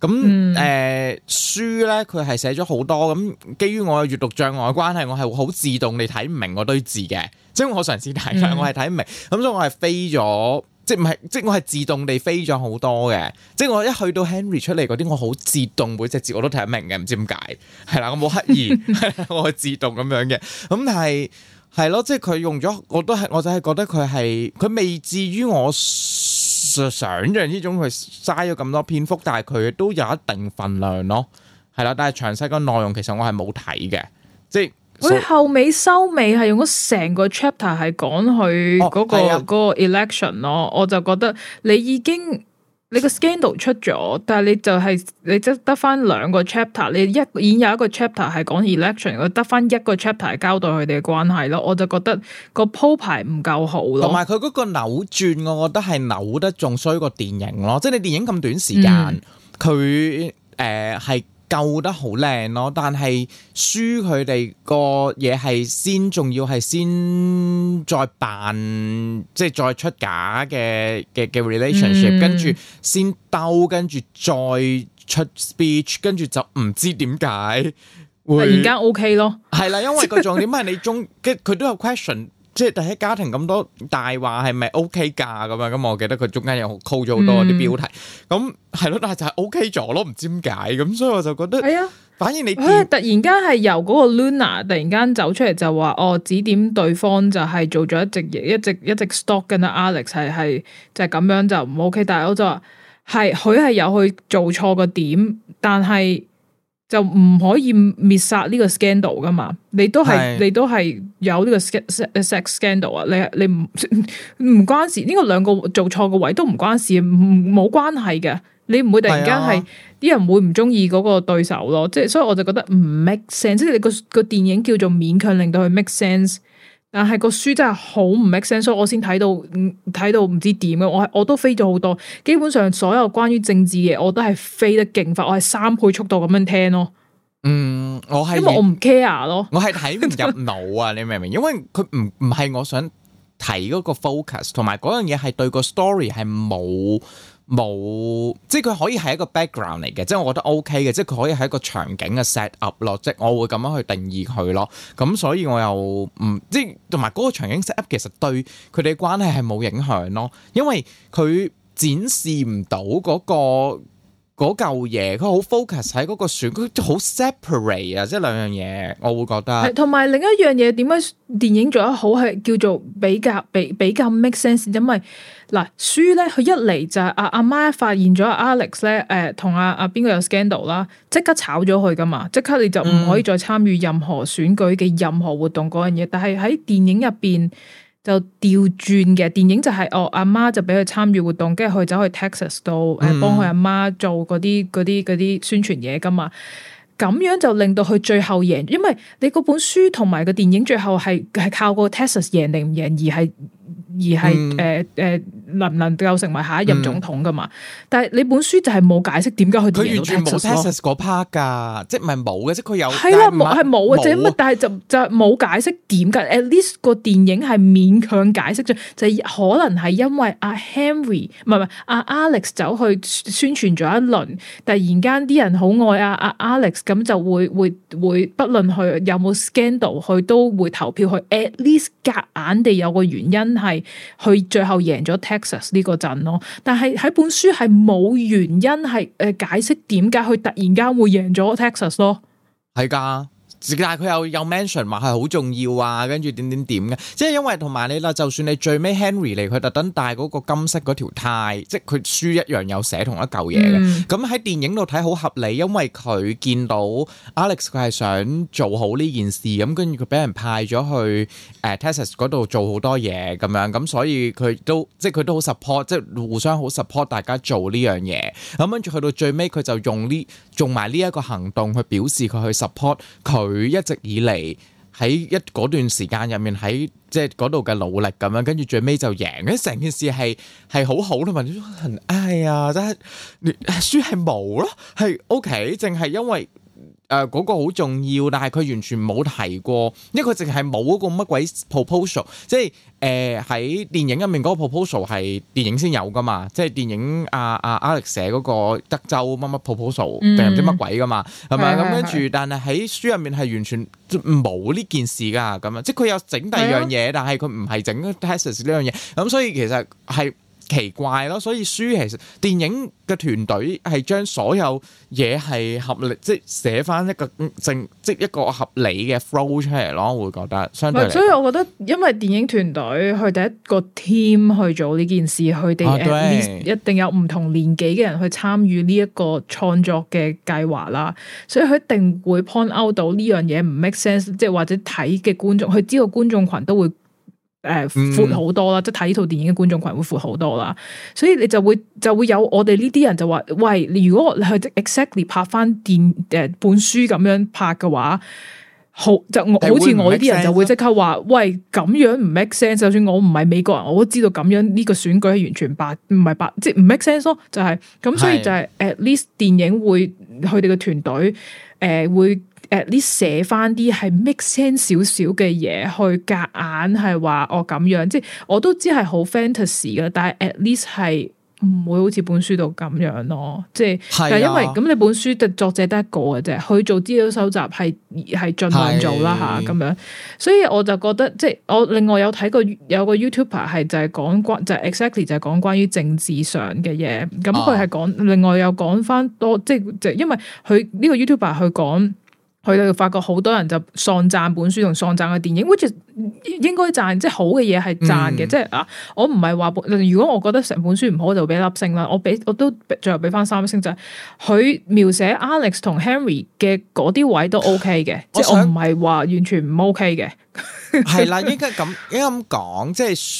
咁誒、嗯呃、書咧，佢係寫咗好多，咁基於我嘅閱讀障礙嘅關係，我係好自動你睇唔明嗰堆字嘅。即係我嘗試睇，是我係睇唔明，咁、嗯、所以我係飛咗。即係唔係，即係我係自動地飛咗好多嘅。即係我一去到 Henry 出嚟嗰啲，我好自動每隻字我都睇得明嘅，唔知點解係啦。我冇刻意， 我係自動咁樣嘅。咁但係係咯，即係佢用咗，我都係，我就係覺得佢係，佢未至於我想象之中佢嘥咗咁多篇幅，但係佢都有一定份量咯。係啦，但係詳細個內容其實我係冇睇嘅，即係。佢 So, 後尾收尾係用咗成個 chapter 係講佢嗰個、oh, 嗰個 election 咯的，我就覺得你已經你個 scandal 出咗，但係你就係、是、你即得翻兩個 chapter，你一已經有一個 chapter 係講 election，我得翻一個 chapter 交代佢哋嘅關係咯，我就覺得個鋪排唔夠好咯，同埋佢嗰個扭轉，我覺得係扭得仲衰過電影咯，即、就、係、是、你電影咁短時間，佢誒係。救得好靚咯，但係輸佢哋個嘢係先，仲要係先再扮，即係再出假嘅嘅嘅 relationship，、嗯、跟住先兜，跟住再出 speech，跟住就唔知點解會突然間 OK 咯，係啦，因為個重點係你中，跟佢都有 question。即係第一家庭咁多大話係咪 OK 㗎咁啊？咁我記得佢中間又 call 咗好多啲標題，咁係咯，但係就係 OK 咗咯，唔知點解咁，所以我就覺得係啊。反而你突然間係由嗰個 Luna 突然間走出嚟就話哦，指點對方就係做咗一直一直一直 stalk 緊阿 Alex 係係就係、是，咁樣就唔 OK，但係我就話係佢係有去做錯個點，但係。就唔可以滅殺呢個 scandal 噶嘛？你都係是的 你都係有呢個 sex scandal 啊？你你唔唔關事，呢個兩個做錯個位都唔關事，唔冇關係嘅。你唔會突然間係啲是的 人會唔中意嗰個對手咯？即係所以我就覺得唔 make sense，即係你個個電影叫做勉強令到佢 make sense。但係個書真係好唔 accessible，我先睇到睇、嗯、到唔知點嘅，我我都飛咗好多。基本上所有關於政治嘅，我都係飛得勁快，我係三倍速度咁樣聽咯。嗯，我係因為我唔 care 咯，我係睇唔入腦啊！ 你明唔明？因為佢唔唔係我想睇嗰個 focus，同埋嗰樣嘢係對個 story 係冇。冇，即係佢可以係一個 background 嚟嘅，即係我覺得 OK 嘅，即係佢可以係一個場景嘅 set up 咯，即係我會咁樣去定義佢咯。咁所以我又唔，即係同埋嗰個場景 set up 其實對佢哋關係係冇影響咯，因為佢展示唔到嗰個嗰嚿嘢，佢好 focus 喺嗰個選，佢好 separate 啊，即係兩樣嘢，我會覺得。同埋另一樣嘢，點解電影做得好係叫做比較比比較 make sense？因為嗱，書咧，佢一嚟就阿阿媽發現咗 Alex 咧，誒、呃，同阿阿邊個有 scandal 啦，即刻炒咗佢噶嘛，即刻你就唔可以再參與任何選舉嘅任何活動嗰樣嘢。嗯、但係喺電影入邊就調轉嘅，電影就係、是、哦，阿媽就俾佢參與活動，跟住佢走去 Texas 度，誒、呃，幫佢阿媽做嗰啲嗰啲嗰啲宣傳嘢噶嘛。咁樣就令到佢最後贏，因為你嗰本書同埋個電影最後係係靠個 Texas 贏定唔贏，而係。而係誒誒能唔能夠成為下一任總統噶嘛？嗯、但係你本書就係冇解釋點解佢完全冇 s u、啊、s、啊、s part 噶，即係唔係冇嘅，即係佢有係啦，係冇或者但係就就冇解釋點噶。At least 個電影係勉強解釋咗，就是、可能係因為阿、啊、Henry 唔係唔係阿、啊、Alex 走去宣傳咗一輪，突然間啲人好愛阿、啊、阿、啊、Alex，咁就會會會，會不論佢有冇 scandal，佢都會投票去。At least 夾硬地有個原因。係佢最後贏咗 Texas 呢個陣咯，但係喺本書係冇原因係誒解釋點解佢突然間會贏咗 Texas 咯，係噶。但係佢又有 mention 話係好重要啊，跟住點點點嘅，即係因為同埋你啦，就算你最尾 Henry 嚟，佢特登帶嗰個金色嗰條 tie，即係佢書一樣有寫同一嚿嘢嘅。咁喺、嗯、電影度睇好合理，因為佢見到 Alex 佢係想做好呢件事咁，跟住佢俾人派咗去誒、呃、Texas 嗰度做好多嘢咁樣，咁所以佢都即係佢都好 support，即係互相好 support 大家做呢樣嘢。咁跟住去到最尾，佢就用呢做埋呢一個行動去表示佢去 support 佢。佢一直以嚟喺一嗰段時間入面喺即係嗰度嘅努力咁樣，跟住最尾就贏，因成件事係係好好啦嘛，你都肯哎呀，真係，你輸係冇咯，係 OK，淨係因為。誒，嗰、呃那個好重要，但係佢完全冇提過，因為佢淨係冇嗰個乜鬼 proposal，即係誒喺電影入面嗰個 proposal 係電影先有噶嘛，即係電影阿、啊、阿、啊、Alex 寫嗰個德州乜乜 proposal 定唔、嗯、知乜鬼噶嘛，係咪咁跟住？但係喺書入面係完全冇呢件事噶，咁啊，即係佢有整第二樣嘢，但係佢唔係整 thesis 呢樣嘢，咁所以其實係。奇怪咯，所以書其實電影嘅團隊係將所有嘢係合理，即係寫翻一個正，即係一個合理嘅 flow 出嚟咯。我會覺得相對嚟，所以我覺得因為電影團隊佢第一個 team 去做呢件事，佢哋一定有唔同年紀嘅人去參與呢一個創作嘅計劃啦，所以佢一定會 point out 到呢樣嘢唔 make sense，即係或者睇嘅觀眾，佢知道觀眾群都會。誒闊好多啦，即係睇呢套電影嘅觀眾群會闊好多啦，所以你就會就會有我哋呢啲人就話，喂，如果你去 exactly 拍翻電誒、呃、本書咁樣拍嘅話，好就好似我呢啲人就會即刻話，喂，咁樣唔 make sense，就算我唔係美國人，我都知道咁樣呢個選舉係完全白，唔係白，即係唔 make sense 咯，就係、是、咁，所以就係 at least 電影會佢哋嘅團隊誒會。at least 誒，你寫翻啲係 make sense 少少嘅嘢去夾硬係話我咁樣，即係我都知係好 fantasy 噶，但係 at least 係唔會好似本書度咁樣咯。即係，是啊、但係因為咁你本書嘅作者得一個嘅啫，去做資料收集係係盡量做啦吓咁樣。所以我就覺得即係我另外有睇過有個 YouTuber 係就係講關就係、是、exactly 就係講關於政治上嘅嘢。咁佢係講另外有講翻多即係就因為佢呢、這個 YouTuber 佢講。佢哋就發覺好多人就喪贊本書同喪贊嘅電影，which 應該贊，即係好嘅嘢係贊嘅，嗯、即係啊，我唔係話如果我覺得成本書唔好，就俾粒星啦，我俾我都最後俾翻三星，就係佢描寫 Alex 同 Henry 嘅嗰啲位都 OK 嘅，即係是我唔係話完全唔 OK 嘅。想 係啦，應該咁應該咁講，即係書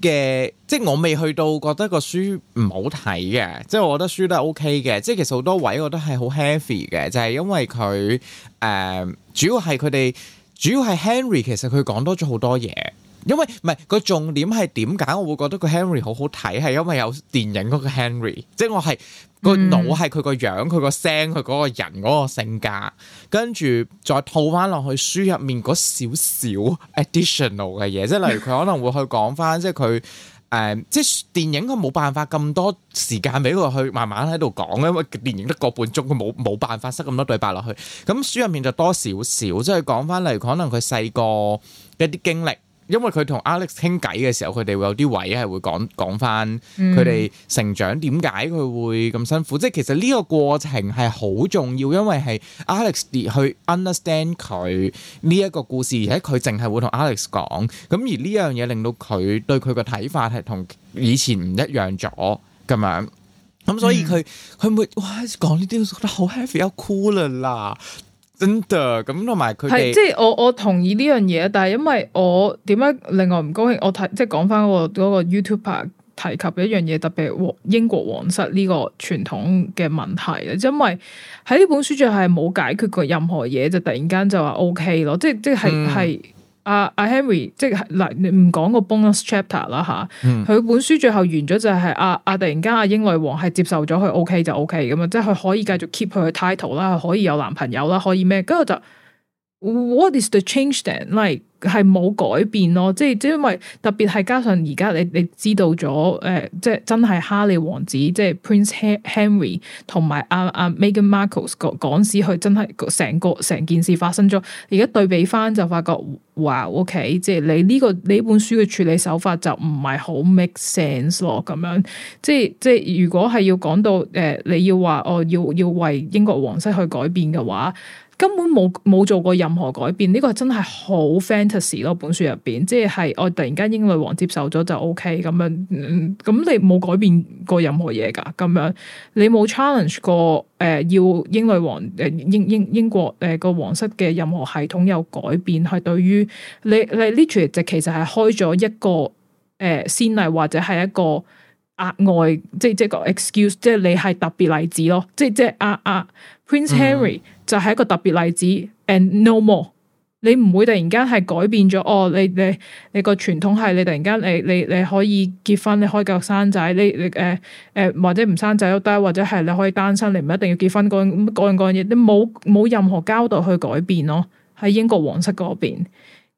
嘅，即係我未去到覺得個書唔好睇嘅，即係我覺得書都係 OK 嘅，即係其實好多位我覺得係好 heavy 嘅，就係因為佢誒、呃，主要係佢哋主要係 Henry，其實佢講多咗好多嘢。因為唔係個重點係點解我會覺得個 Henry 好好睇，係因為有電影嗰個 Henry，即係我係個腦係佢個樣、佢個、mm. 聲、佢嗰個人嗰個性格，跟住再套翻落去書入面嗰少少 additional 嘅嘢，即係例如佢可能會去講翻，即係佢誒，即係電影佢冇辦法咁多時間俾佢去，慢慢喺度講，因為電影得個半鐘，佢冇冇辦法塞咁多對白落去。咁書入面就多少少，即係講翻例如可能佢細個一啲經歷。因為佢同 Alex 傾偈嘅時候，佢哋會有啲位係會講講翻佢哋成長，點解佢會咁辛苦，即係其實呢個過程係好重要，因為係 Alex 去 understand 佢呢一個故事，而且佢淨係會同 Alex 講，咁而呢樣嘢令到佢對佢嘅睇法係同以前唔一樣咗咁樣，咁所以佢佢、嗯、會哇講呢啲都覺得好 heavy，有哭了啦～真的咁，同埋佢係即係我我同意呢樣嘢，但係因為我點解另外唔高興？我睇即係講翻嗰個嗰個 YouTuber 提及一樣嘢，特別英國皇室呢個傳統嘅問題啊，即因為喺呢本書最係冇解決過任何嘢，就突然間就話 OK 咯，即係即係係。嗯阿阿、uh, Henry 即係嗱，你唔講個 bonus chapter 啦吓，佢本書最後完咗就係阿阿突然間阿英女王係接受咗佢，OK 就 OK 咁啊，即係佢可以繼續 keep 佢嘅 title 啦，可以有男朋友啦，可以咩？跟住就。What is the change then？係係冇改變咯，即係因為特別係加上而家你你知道咗誒、呃，即係真係哈利王子，即係 Prince Henry 同埋阿阿 Meghan Markle 講講佢真係成個成件事發生咗。而家對比翻就發覺，哇，OK，即係你呢、這個呢本書嘅處理手法就唔係好 make sense 咯，咁樣即係即係如果係要講到誒、呃，你要話我、呃、要要，要為英國皇室去改變嘅話。根本冇冇做過任何改變，呢個真係好 fantasy 咯。本書入邊，即係我突然間英女王接受咗就 OK 咁樣，咁、嗯、你冇改變過任何嘢噶，咁樣你冇 challenge 過誒、呃，要英女王誒英英英國誒、呃、個皇室嘅任何系統有改變，係對於你你 literally 就其實係開咗一個誒、呃、先例或者係一個額外，即係即個 excuse，即係你係特別例子咯。即即阿、啊、阿、啊、Prince Harry、嗯就係一個特別例子，and no more。你唔會突然間係改變咗哦。你你你個傳統係，你突然間你你你可以結婚，你可以繼續生仔，你你誒誒或者唔生仔都得，或者係你可以單身，你唔一定要結婚。各樣各樣各樣各樣嘢，你冇冇任何交代去改變咯。喺英國皇室嗰邊。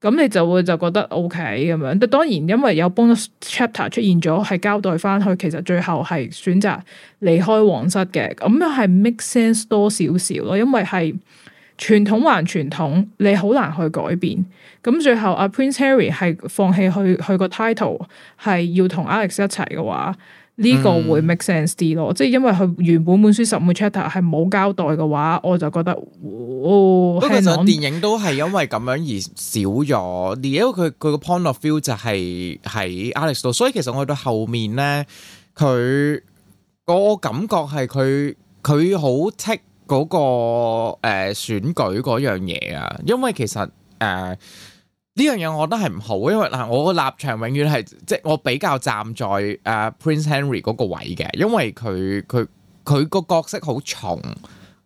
咁你就會就覺得 OK 咁樣，但當然因為有 bonus chapter 出現咗，係交代翻佢其實最後係選擇離開皇室嘅，咁樣係 make sense 多少少咯，因為係傳統還傳統，你好難去改變。咁最後阿、啊、Prince Harry 係放棄去佢個 title，係要同 Alex 一齊嘅話。呢個會 make sense 啲咯，即係因為佢原本本書十五 chapter 係冇交代嘅話，我就覺得哦。不過其實電影都係因為咁樣而少咗而 因為佢佢個 point of view 就係喺 Alex 度，所以其實我去到後面咧，佢個感覺係佢佢好 take 嗰、嗰個、呃、選舉嗰樣嘢啊，因為其實誒。呃呢樣嘢我覺得係唔好，因為嗱、呃，我個立場永遠係即係我比較站在誒、呃、Prince Henry 嗰個位嘅，因為佢佢佢個角色好重，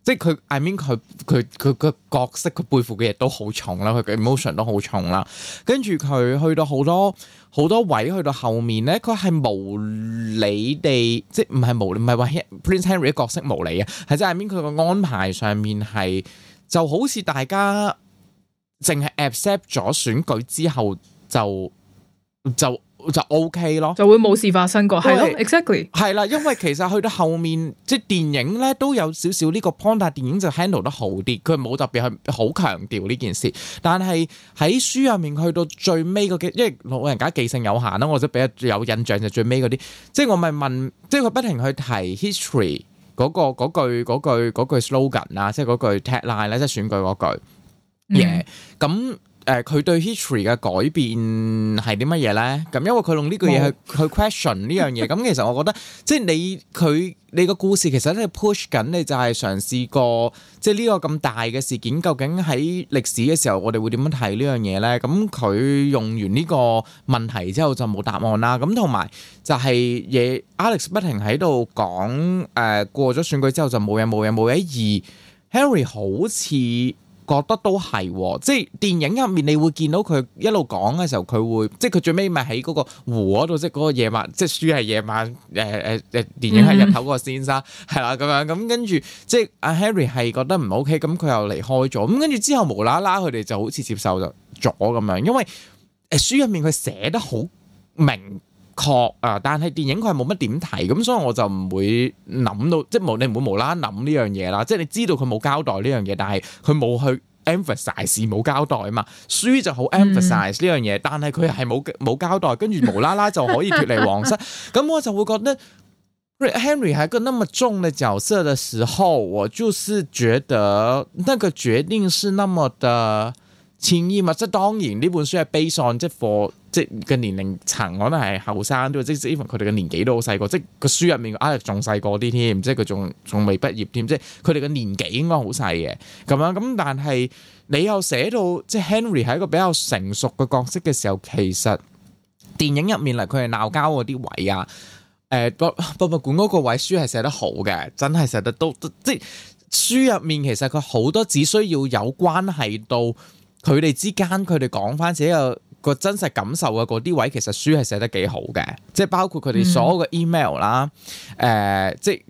即係佢 I mean 佢佢佢佢個角色佢背負嘅嘢都好重啦，佢嘅 emotion 都好重啦，跟住佢去到好多好多位，去到後面咧，佢係無理地，即係唔係無唔係話 Prince Henry 嘅角色無理啊？係即係 I mean 佢個安排上面係就好似大家。淨係 accept 咗選舉之後就就就 OK 咯，就會冇事發生過係、就是、了，exactly 係啦。因為其實去到後面，即係電影咧都有少少呢個 point，但係電影就 handle 得好啲，佢冇特別去好強調呢件事。但係喺書入面，去到最尾嗰，即係老人家記性有限啦。我比較有印象就最尾嗰啲，即係我咪問，即係佢不停去提 history 嗰、嗰個句嗰句嗰句 slogan 啦，an, 即係嗰句 tagline 咧，即係選舉嗰句。嘢咁誒，佢、嗯呃、對 history 嘅改變係啲乜嘢咧？咁因為佢用呢句嘢去、嗯、去 question 呢 樣嘢，咁其實我覺得即係你佢你個故事其實都係 push 緊，你就係嘗試過即係呢個咁大嘅事件，究竟喺歷史嘅時候我哋會點樣睇呢樣嘢咧？咁、嗯、佢用完呢個問題之後就冇答案啦。咁同埋就係嘢 Alex 不停喺度講，誒、呃、過咗選舉之後就冇嘢冇嘢冇嘢，而 Harry 好似。覺得都係，即係電影入面，你會見到佢一路講嘅時候，佢會即係佢最尾咪喺嗰個湖嗰度，即係嗰個夜晚，即係書係夜晚，誒誒誒，電影係日頭嗰個先生，係啦咁樣，咁跟住即係阿 Harry 係覺得唔 OK，咁佢又離開咗，咁跟住之後無啦啦，佢哋就好似接受咗咁樣，因為誒書入面佢寫得好明。確啊，但係電影佢係冇乜點提，咁所以我就唔會諗到，即係冇你唔會無啦啦諗呢樣嘢啦。即係你知道佢冇交代呢樣嘢，但係佢冇去 emphasize 冇交代嘛。書就好 emphasize 呢樣嘢，嗯、但係佢係冇冇交代，跟住無啦啦就可以脫離皇室。咁 我就會覺得 Henry 喺個那麼重嘅角色嘅時候，我就是覺得那個決定是那麼的潛移物即當然呢本書係 based on 即 for。即係嘅年齡層可能係後生都，即係 even 佢哋嘅年紀都好細個，即係個書入面 Alex 仲細個啲添，即係佢仲仲未畢業添，即係佢哋嘅年紀應該好細嘅咁樣。咁但係你又寫到即係 Henry 係一個比較成熟嘅角色嘅時候，其實電影入面嚟佢係鬧交嗰啲位啊，誒、欸、博博物館嗰個位書係寫得好嘅，真係寫得都即係書入面其實佢好多只需要有關係到佢哋之間佢哋講翻自己。個真實感受嘅嗰啲位，其實書係寫得幾好嘅，即係包括佢哋所有嘅 email 啦，誒，即係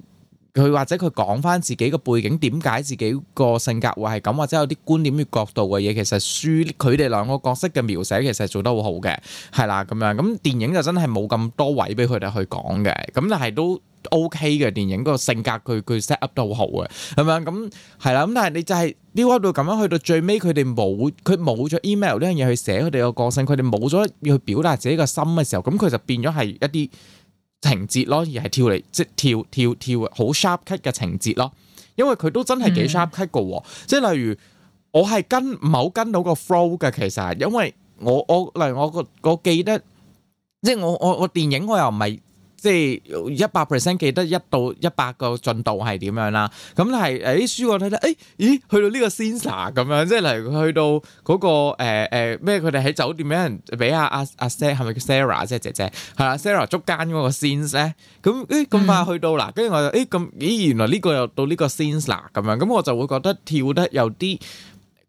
佢或者佢講翻自己個背景，點解自己個性格會係咁，或者有啲觀點嘅角度嘅嘢。其實書佢哋兩個角色嘅描寫，其實係做得好好嘅，係啦咁樣，咁電影就真係冇咁多位俾佢哋去講嘅，咁但係都。O K 嘅電影個性格佢佢 set up 都好好嘅，係咪？咁係啦，咁、嗯、但係你就係呢一度咁樣去到最尾，佢哋冇佢冇咗 email 呢樣嘢去寫佢哋個個性，佢哋冇咗要去表達自己個心嘅時候，咁佢就變咗係一啲情節咯，而係跳嚟即係跳跳跳好 sharp cut 嘅情節咯。因為佢都真係幾 sharp cut 噶、啊，嗯、即係例如我係跟唔好跟到個 flow 嘅，其實，因為我我例如我個我，我記得，即係我我我，我電影我又唔係。即係一百 percent 記得一到一百個進度係點樣啦，咁係誒書我睇睇，誒咦去到呢個 scene 咁樣，即係例如去到嗰個誒誒咩？佢哋喺酒店俾人俾下阿阿 Sarah 係咪叫 Sarah 啫？姐姐係啦，Sarah 捉奸嗰個 scene 咧，咁誒咁快去到啦，跟住我就誒咁咦，原來呢個又到呢個 scene 咁樣，咁我就會覺得跳得有啲，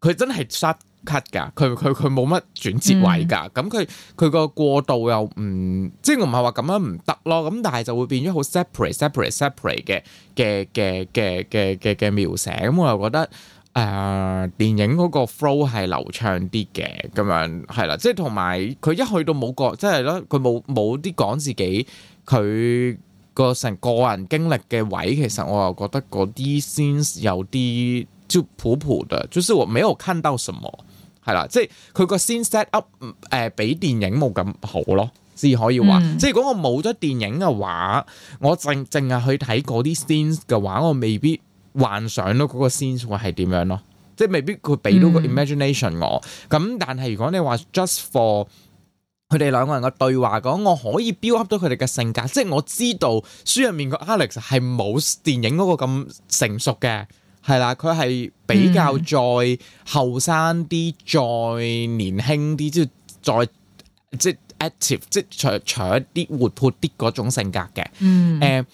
佢真係塞。cut 㗎，佢佢佢冇乜轉折位㗎，咁佢佢個過渡又唔，即係我唔係話咁樣唔得咯，咁但係就會變咗好 separate，separate，separate 嘅嘅嘅嘅嘅嘅嘅描寫，咁我又覺得誒電影嗰個 flow 係流暢啲嘅，咁樣係啦，即係同埋佢一去到冇個，即係咯，佢冇冇啲講自己佢個成個人經歷嘅位，其實我又覺得嗰啲 things 有啲即普普的，就是我沒有看到什麼。係啦，嗯、 即係佢個 scene set up 誒，比電影冇咁好咯，至可以話。即係如果我冇咗電影嘅話，我淨淨係去睇嗰啲 scene 嘅話，我未必幻想到嗰個 scene 會係點樣咯。即係未必佢俾到個 imagination 我。咁、嗯、但係如果你話 just for 佢哋兩個人嘅對話講，我可以 build up 到佢哋嘅性格。即係我知道書入面個 Alex 係冇電影嗰個咁成熟嘅。係啦，佢係比較再後生啲，嗯、再年輕啲，即係再即係 active，即係搶搶啲活潑啲嗰種性格嘅。嗯。誒、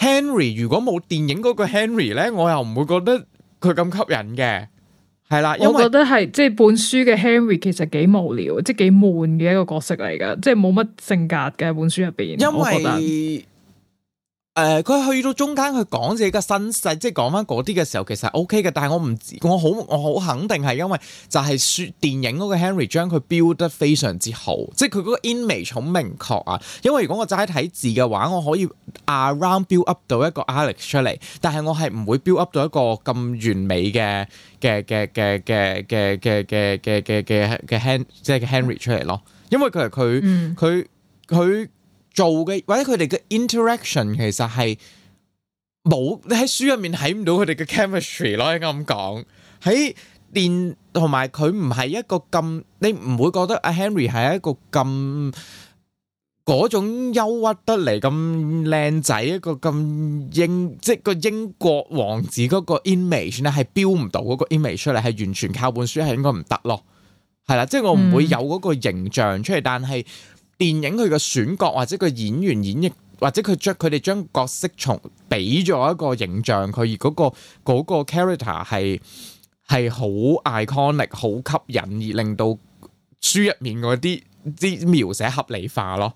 uh，Henry 如果冇電影嗰個 Henry 咧，我又唔會覺得佢咁吸引嘅。係啦，因為我覺得係即係本書嘅 Henry 其實幾無聊，即係幾悶嘅一個角色嚟㗎，即係冇乜性格嘅本書入邊。因為誒，佢去到中間去講自己嘅身世，即係講翻嗰啲嘅時候，其實 O K 嘅。但係我唔，我好，我好肯定係因為就係說電影嗰個 Henry 將佢 build 得非常之好，即係佢嗰個 image 好明確啊。因為如果我齋睇字嘅話，我可以 around build up 到一個 Alex 出嚟，但係我係唔會 build up 到一個咁完美嘅嘅嘅嘅嘅嘅嘅嘅嘅嘅嘅嘅 Henry 即係 Henry 出嚟咯。因為佢係佢，佢，佢。做嘅或者佢哋嘅 interaction 其實係冇，你喺書入面睇唔到佢哋嘅 chemistry 咯，應該咁講，喺電同埋佢唔係一個咁，你唔會覺得阿 Henry 係一個咁嗰種憂鬱得嚟咁靚仔一個咁英，即係個英國王子嗰個 image 咧係標唔到嗰個 image 出嚟，係完全靠本書係應該唔得咯，係啦，即係我唔會有嗰個形象出嚟，但係。電影佢個選角或者佢演員演繹，或者佢着佢哋將角色從俾咗一個形象，佢而嗰、嗰個、嗰個 character 係係好 iconic、好 ic 吸引，而令到書入面嗰啲啲描寫合理化咯。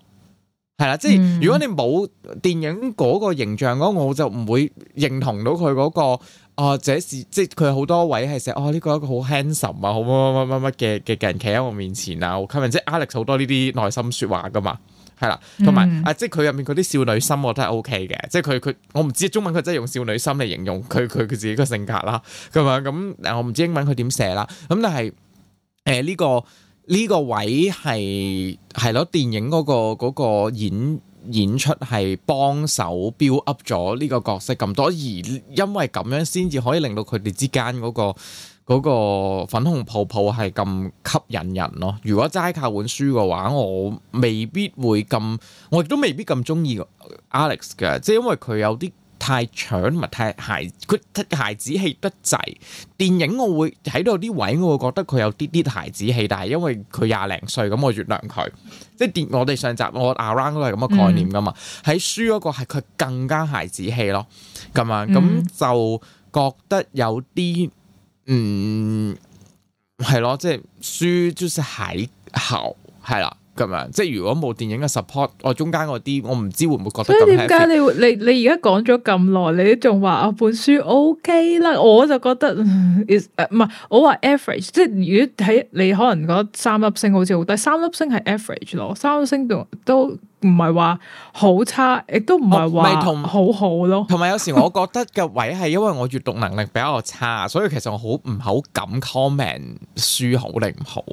係啦，即係、嗯、如果你冇電影嗰個形象，我就唔會認同到佢嗰、嗰個。哦，哦，這個、是即係佢好多位係寫哦，呢個一個好 handsome、嗯、啊，好乜乜乜乜乜嘅嘅人企喺我面前啊，好吸引。即係 Alex 好多呢啲內心說話㗎嘛，係啦，同埋啊，即係佢入面嗰啲少女心，我覺得係 OK 嘅。即係佢佢，我唔知中文佢真係用少女心嚟形容佢佢佢自己個性格啦，咁樣咁。嗯、我唔知英文佢點寫啦。咁但係誒呢個呢個位係係咯，電影嗰個嗰個演。演出係幫手 build up 咗呢個角色咁多，而因為咁樣先至可以令到佢哋之間嗰個嗰個粉紅泡泡係咁吸引人咯。如果齋靠本書嘅話，我未必會咁，我亦都未必咁鍾意 Alex 嘅，即係因為佢有啲。太搶咪太孩，佢太孩子氣得滯。電影我會睇到啲位，我會覺得佢有啲啲孩子氣，但係因為佢廿零歲，咁我原諒佢，即係電我哋上集我 Around 都係咁嘅概念噶嘛。喺、嗯、書嗰個係佢更加孩子氣咯，咁樣咁就覺得有啲嗯係咯，即係書就是喺後係啦。咁啊！即係如果冇電影嘅 support，我中間嗰啲我唔知會唔會覺得咁。點解你你你而家講咗咁耐，你仲話啊本書 OK 啦？我就覺得誒唔係我話 average，即係如果睇你，你可能覺得三粒星好似好低，但三粒星係 average 咯，三粒星都都。唔係話好差，亦都唔係話同好好咯。同埋、哦就是、有，有時我覺得嘅位係因為我閱讀能力比較差， 所以其實我好唔好敢 comment 書好定唔好。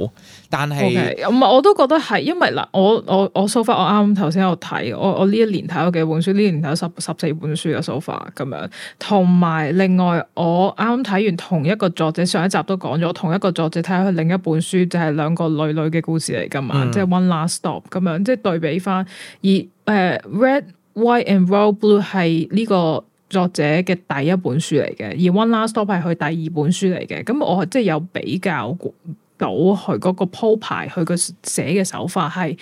但係唔係我都覺得係，因為嗱，我我我 so far 我啱頭先有睇，我我呢一年睇咗幾本書，呢年睇咗十十四本書嘅 so far 咁樣。同埋另外我啱睇完同一個作者上一集都講咗同一個作者睇下佢另一本書，就係、是、兩個女女嘅故事嚟噶嘛，嗯、即係 One Last Stop 咁樣，即係對比翻。而誒 Red, White and Royal Blue 係呢個作者嘅第一本書嚟嘅，而 One Last Stop 係佢第二本書嚟嘅。咁我即係有比較到佢嗰個鋪排，佢個寫嘅手法係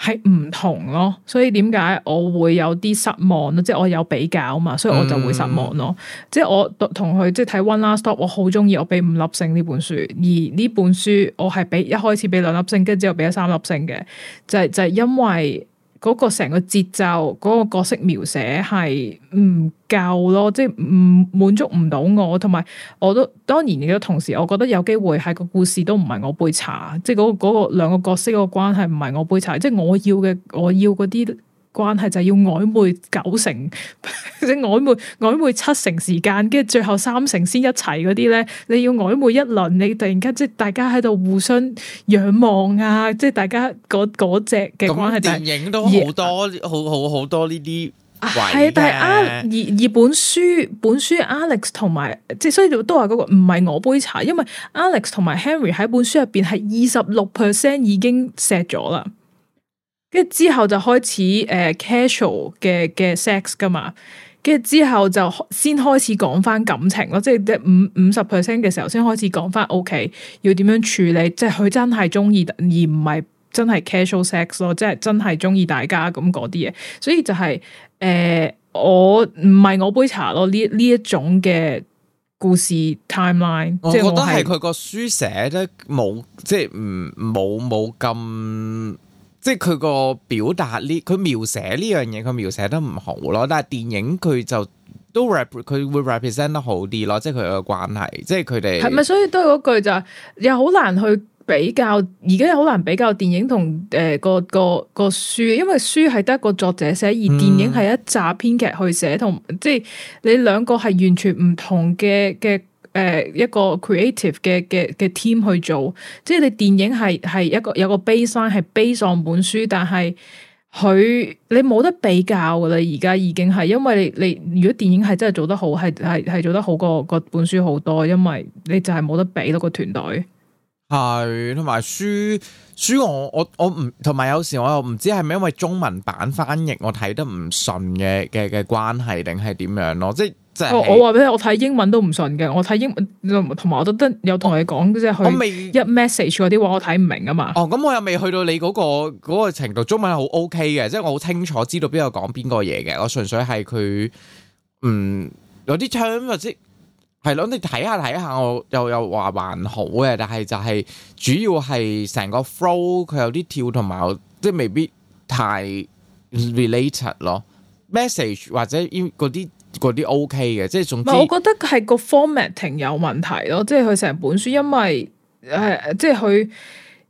係唔同咯。所以點解我會有啲失望咧？即係我有比較嘛，所以我就會失望咯。嗯、即係我同佢即係睇 One Last Stop，我好中意，我俾五粒星呢本書。而呢本書我係俾一開始俾兩粒星，跟住之後又俾咗三粒星嘅，就係、係、就係、係、因為。嗰個成個節奏，嗰個角色描寫係唔夠咯，即係唔滿足唔到我，同埋我都當然都同時，我覺得有機會係個故事都唔係我杯茶，即係嗰嗰個兩個角色個關係唔係我杯茶，即係我要嘅我要嗰啲。關係就係要曖昧九成，即 曖昧曖昧七成時間，跟住最後三成先一齊嗰啲咧，你要曖昧一輪，你突然間即係大家喺度互相仰望啊，即、就、係、是、大家嗰嗰隻嘅關係。電影都好多 yeah, 好,好,好,好多，好好好多呢啲係啊。但係 a 二 e 本書本書 Alex 同埋即係所以都話嗰個唔係我杯茶，因為 Alex 同埋 Henry 喺本書入邊係二十六 percent 已經錫咗啦。跟住之後就開始誒 casual 嘅嘅 sex 噶嘛，跟住之後就先開始講翻感情咯，即係五五十 percent 嘅時候先開始講翻，OK 要點樣處理？即係佢真係中意，而唔係真係 casual sex 咯，即係真係中意大家咁嗰啲嘢。所以就係、是、誒、呃，我唔係我杯茶咯，呢呢一種嘅故事 timeline，即係我覺得係佢個書寫咧冇，即係唔冇冇咁。即係佢個表達呢？佢描寫呢樣嘢，佢描寫得唔好咯。但係電影佢就都 rep，佢會 represent 得好啲咯。即係佢個關係，即係佢哋係咪？是是所以都係嗰句就係、是，又好難去比較。而家又好難比較電影同誒、呃、個個個書，因為書係得一個作者寫，而電影係一堆編劇去寫，同、嗯、即係你兩個係完全唔同嘅嘅。誒、呃，一個 creative 嘅嘅嘅 team 去做，即係你電影係係一個有一個 baseline 係 base on 本書，但係佢你冇得比較㗎喇，而家已經係，因為你，你如果電影係真係做得好，係係係做得好過個本書好多，因為你就係冇得比到，嗰個團隊係，同埋書書我我我唔同埋有時我又唔知係咪因為中文版翻譯我睇得唔順嘅嘅嘅關係，定係點樣咯，即係。就是哦、我我話俾你，我睇英文都唔順嘅，我睇英文，同埋我都得有同你講，即係我未一 message 嗰啲話我睇唔明啊嘛。哦，咁、嗯嗯、我又未去到你嗰、嗰個嗰個程度，中文好 OK 嘅，即係我好清楚知道邊個講邊個嘢嘅。我純粹係佢嗯有啲 term 或者係咯，你睇下睇下，我又又話還好嘅，但係就係主要係成個 flow 佢有啲跳，同埋即係未必太 related 咯。message 或者嗰啲。嗰啲 OK 嘅，即係總之，我覺得係個 formatting 有問題咯，即係佢成本書因為誒、呃，即係佢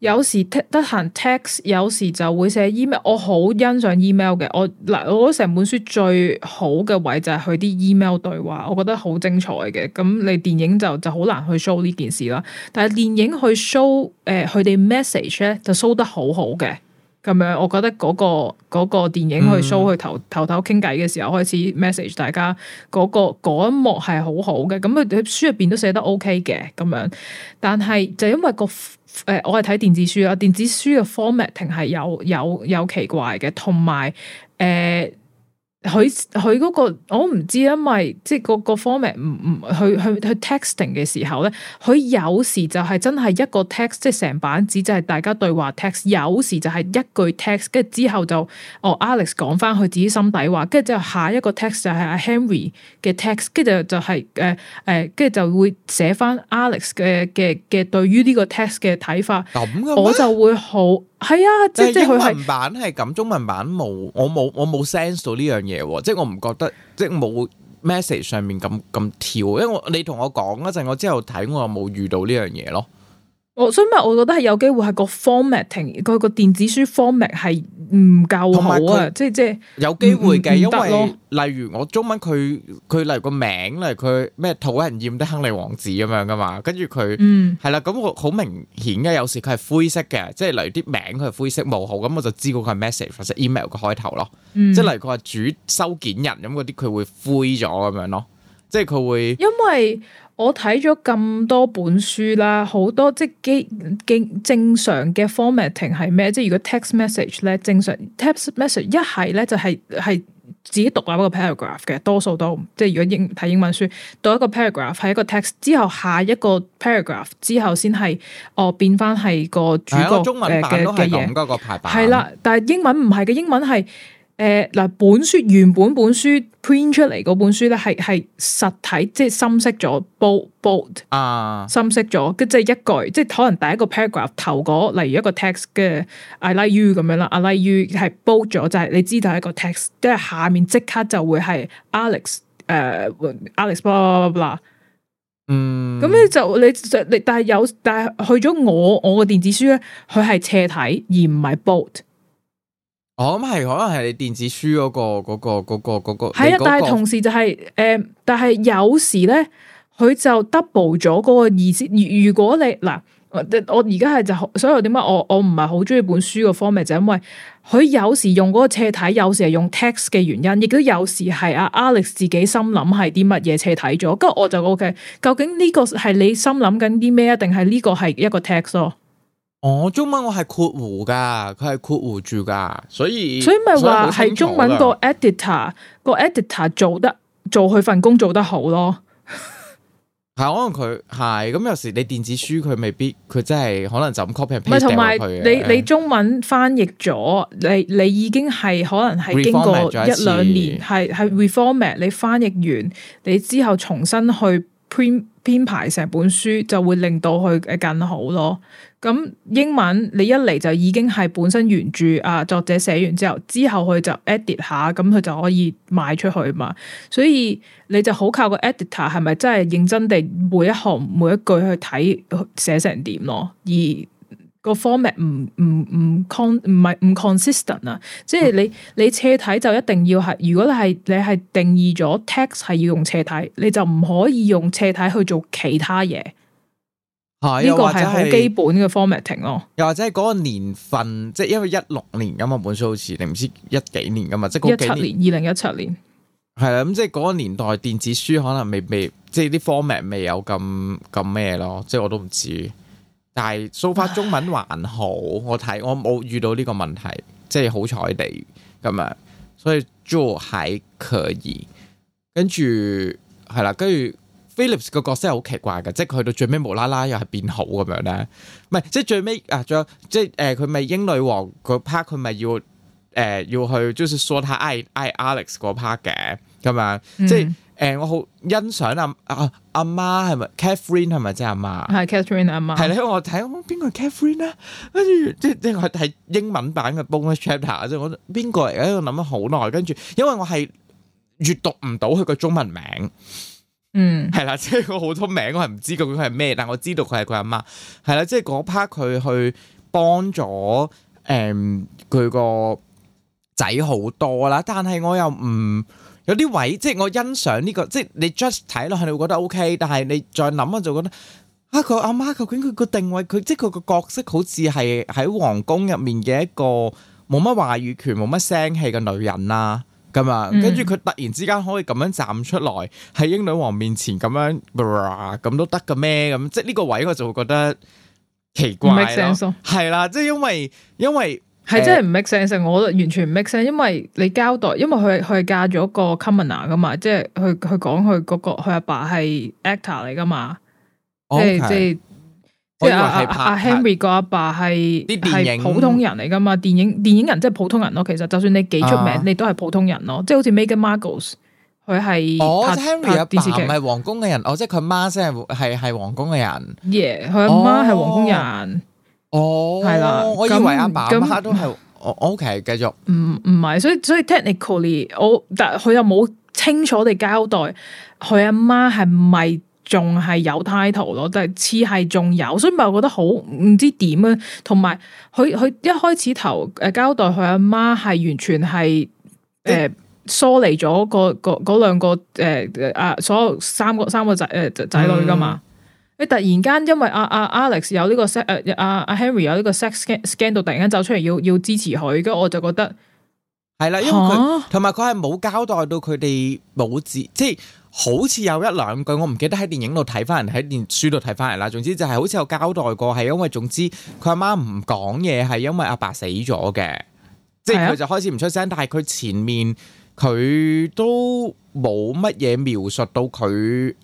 有時得閒 text，有時就會寫 email。我好欣賞 email 嘅，我嗱、呃、我成本書最好嘅位就係佢啲 email 對話，我覺得好精彩嘅。咁、嗯、你電影就就好難去 show 呢件事啦，但係電影去 show 誒、呃、佢哋 message 咧就 show 得好好嘅。咁樣，我覺得嗰個嗰個電影去 show 去頭頭頭傾偈嘅時候開始 message 大家嗰個嗰一幕係好好嘅，咁佢喺書入邊都寫得 OK 嘅咁樣，但係就因為個誒、呃，我係睇電子書啦，電子書嘅 formatting 係有有有奇怪嘅，同埋誒。呃佢佢嗰個我唔知，因為即係個個 format 唔唔去去去 texting 嘅時候咧，佢有時就係真係一個 text，即係成版紙就係大家對話 text，有時就係一句 text，跟住之後就哦 Alex 講翻佢自己心底話，跟住之後下一個 text 就係阿 Henry 嘅 text，跟住就就係誒誒，呃、跟住就會寫翻 Alex 嘅嘅嘅對於呢個 text 嘅睇法，咁我就會好。係啊，即係英文版係咁，中文版冇， 我冇，我冇 sense 到呢樣嘢，即係我唔覺得，即係冇 message 上面咁咁跳，因為我你同我講一陣，我之後睇我又冇遇到呢樣嘢咯。我所以咪，我覺得係有機會係個 formatting 佢個電子書 format 係唔夠好啊！即係即係有機會嘅，因為例如我中文佢佢例如個名例如佢咩討人厭的亨利王子咁，嗯，樣噶嘛，跟住佢嗯，係啦，咁我好明顯嘅，有時佢係灰色嘅，即係例如啲名佢係灰色冇號，咁我就知個佢係 message 或者 email 嘅開頭咯，即係，嗯，例如佢話主收件人咁嗰啲，佢會灰咗咁樣咯，即係佢會因為。我睇咗咁多本書啦，好多即係基基正常嘅 formatting 係咩？即係如果 text message 咧，正常 text message 一係咧就係、係、係自己讀下一個 paragraph 嘅，多數都即係如果英睇英文書，讀一個 paragraph 係一個 text 之後，下一個 paragraph 之後先係哦變翻係個主角嘅嘅嘢。係啦，但係英文唔係嘅，英文係。誒、嗱、呃，本書原本本書 print 出嚟嗰本書咧，係係實體，即係深色咗，bold bold 啊，深色咗，即係一句，即係可能第一個 paragraph 頭嗰，例如一個 text 嘅 I like you 咁樣啦，I like you 係 bold 咗，就係、是、你知道一個 text，即係下面即刻就會係 Alex 誒、uh, Alex，blah blah blah 嗯，咁咧就你你但係有但係去咗我我嘅電子書咧，佢係斜體而唔係 bold。我諗係可能係你電子書嗰個嗰個嗰個嗰個係啊，但係同時就係誒，但係有時咧，佢就 double 咗嗰個意思。如果你嗱，我而家係就，所以我點解我我唔係好中意本書個 format，r m 就因為佢有時用嗰個斜體，有時係用 text 嘅原因，亦都有時係阿 Alex 自己心諗係啲乜嘢斜體咗。咁我就 O K。究竟呢個係你心諗緊啲咩，定係呢個係一個 text 咯？哦，中文我係括弧噶，佢係括弧住噶，所以所以咪話係中文個 editor 個 editor 做得做佢份工做得好咯 。係可能佢係咁有時你電子書佢未必佢真係可能就咁 copy 唔係同埋你你中文翻譯咗你你已經係可能係經過一,一,一兩年係係 reformat 你翻譯完你之後重新去編編排成本書就會令到佢誒更好咯。咁英文你一嚟就已經係本身原著啊作者寫完之後之後佢就 edit 下咁佢就可以賣出去嘛所以你就好靠個 editor 係咪真係認真地每一行每一句去睇寫成點咯而個 format 唔唔唔唔係唔 consistent 啊即係你你斜體就一定要係如果你係你係定義咗 text 係要用斜體你就唔可以用斜體去做其他嘢。呢個係好基本嘅 formatting 咯，又或者係嗰你個年份，即係因為一六年噶嘛，本書好似定唔知一幾年噶嘛，即係一七年二零一七年，係啦。咁即係嗰個年代電子書可能未未，即係啲 format 未有咁咁咩咯，即係我都唔知。但係掃法中文還好，唉 我睇我冇遇到呢個問題，即係好彩地咁樣。所以做喺可以，跟住係啦，跟住。Phillips 個角色係好奇怪嘅，即係佢去到最尾無啦啦又係變好咁樣咧，唔係即係最尾啊，仲有即係誒佢咪英女王個 part 佢咪要誒、呃、要去就是 show 下 I 愛 Alex 嗰 part 嘅咁樣，即係誒、呃、我好欣賞阿阿阿媽係咪 Catherine 係咪即係阿媽？係 Catherine 阿媽。係咧、啊啊，我睇我邊個 Catherine 咧，跟住即即係睇英文版嘅 Bonus、er、Chapter 啫、啊，我邊個而家我諗咗好耐，跟住因為我係閱讀唔到佢個中文名。 嗯，係 啦，即係好多名我係唔知究竟佢係咩，但我知道佢係佢阿媽，係啦、嗯，即係嗰 part 佢去幫咗誒佢個仔好多啦，但係我又唔有啲位，即係我欣賞呢、這個，即係你 just 睇落去你會覺得 OK，但係你再諗下，就覺得啊佢阿媽究竟佢個定位，佢即係佢個角色好似係喺皇宮入面嘅一個冇乜話語權、冇乜聲氣嘅女人啦、啊。噶嘛，跟住佢突然之間可以咁樣站出來喺英女王面前咁樣，咁、呃、都得嘅咩？咁即係呢個位，我就會覺得奇怪啦。係啦，即係的因為因為係真係唔 make sense，我完全唔 make sense，因為你交代，因為佢佢嫁咗個 commoner 㗎嘛，即係佢佢講佢嗰個佢阿爸係 actor 嚟㗎嘛，即係即係。阿 Henry 個阿爸係啲電影普通人嚟噶嘛？電影電影人即係普通人咯。其實就算你幾出名，你都係普通人咯。即係好似 Meghan Markle 佢係我 Henry 有阿爸唔係皇宮嘅人，哦，即係佢媽先係係係皇宮嘅人。耶，佢阿媽係皇宮人。哦，係啦，我以為阿爸咁媽都係我。我 OK，繼續。唔唔係，所以所以 technically 我但佢又冇清楚地交代佢阿媽係咪？仲係有 title 咯，但係似係仲有，所以咪我覺得好唔知點啊。同埋佢佢一開始頭誒交代佢阿媽係完全係誒、呃、疏離咗個嗰兩個誒啊、呃、所有三個三個仔誒仔女噶嘛。你、嗯、突然間因為阿、啊、阿、啊、Alex 有呢、這個啊啊、個 sex 誒阿阿 Henry 有呢個 sex scandal，突然間走出嚟要要支持佢，跟住我就覺得係啦，因為佢同埋佢係冇交代到佢哋冇字即係。好似有一兩句我唔記得喺電影度睇翻人喺電書度睇翻嚟啦。總之就係好似有交代過，係因為總之佢阿媽唔講嘢，係因為阿爸死咗嘅。即係佢就開始唔出聲。但係佢前面佢都冇乜嘢描述到佢，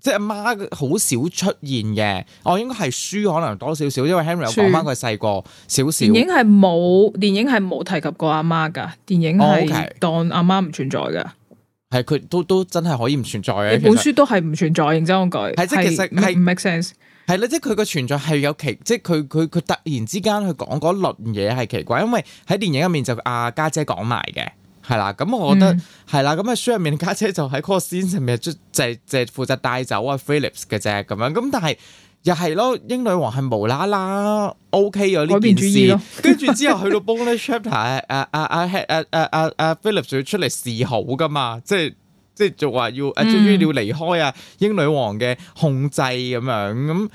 即係阿媽好少出現嘅。我、哦、應該係書可能多少少，因為 Henry 有講翻佢細個少少。電影係冇，電影係冇提及過阿媽噶。電影係當阿媽唔存在嘅。係佢都都真係可以唔存在嘅，本書都係唔存在，認真講句。係即係其實係唔是是 make sense。係啦，即係佢個存在係有奇，即係佢佢佢突然之間去講嗰輪嘢係奇怪，因為喺電影入面就阿家、啊、姐講埋嘅，係啦。咁我覺得係、嗯、啦。咁喺書入面，家姐，姐就喺嗰個線上面就就就負責帶走啊，Phillips 嘅啫咁樣。咁但係。又係咯，英女王係無啦啦 OK 有呢件事，跟住之後去到 Bonus Chapter，阿阿阿阿阿阿阿 Philip 要出嚟示好噶嘛，即係即係就話要終於要離開啊、嗯、英女王嘅控制咁樣咁，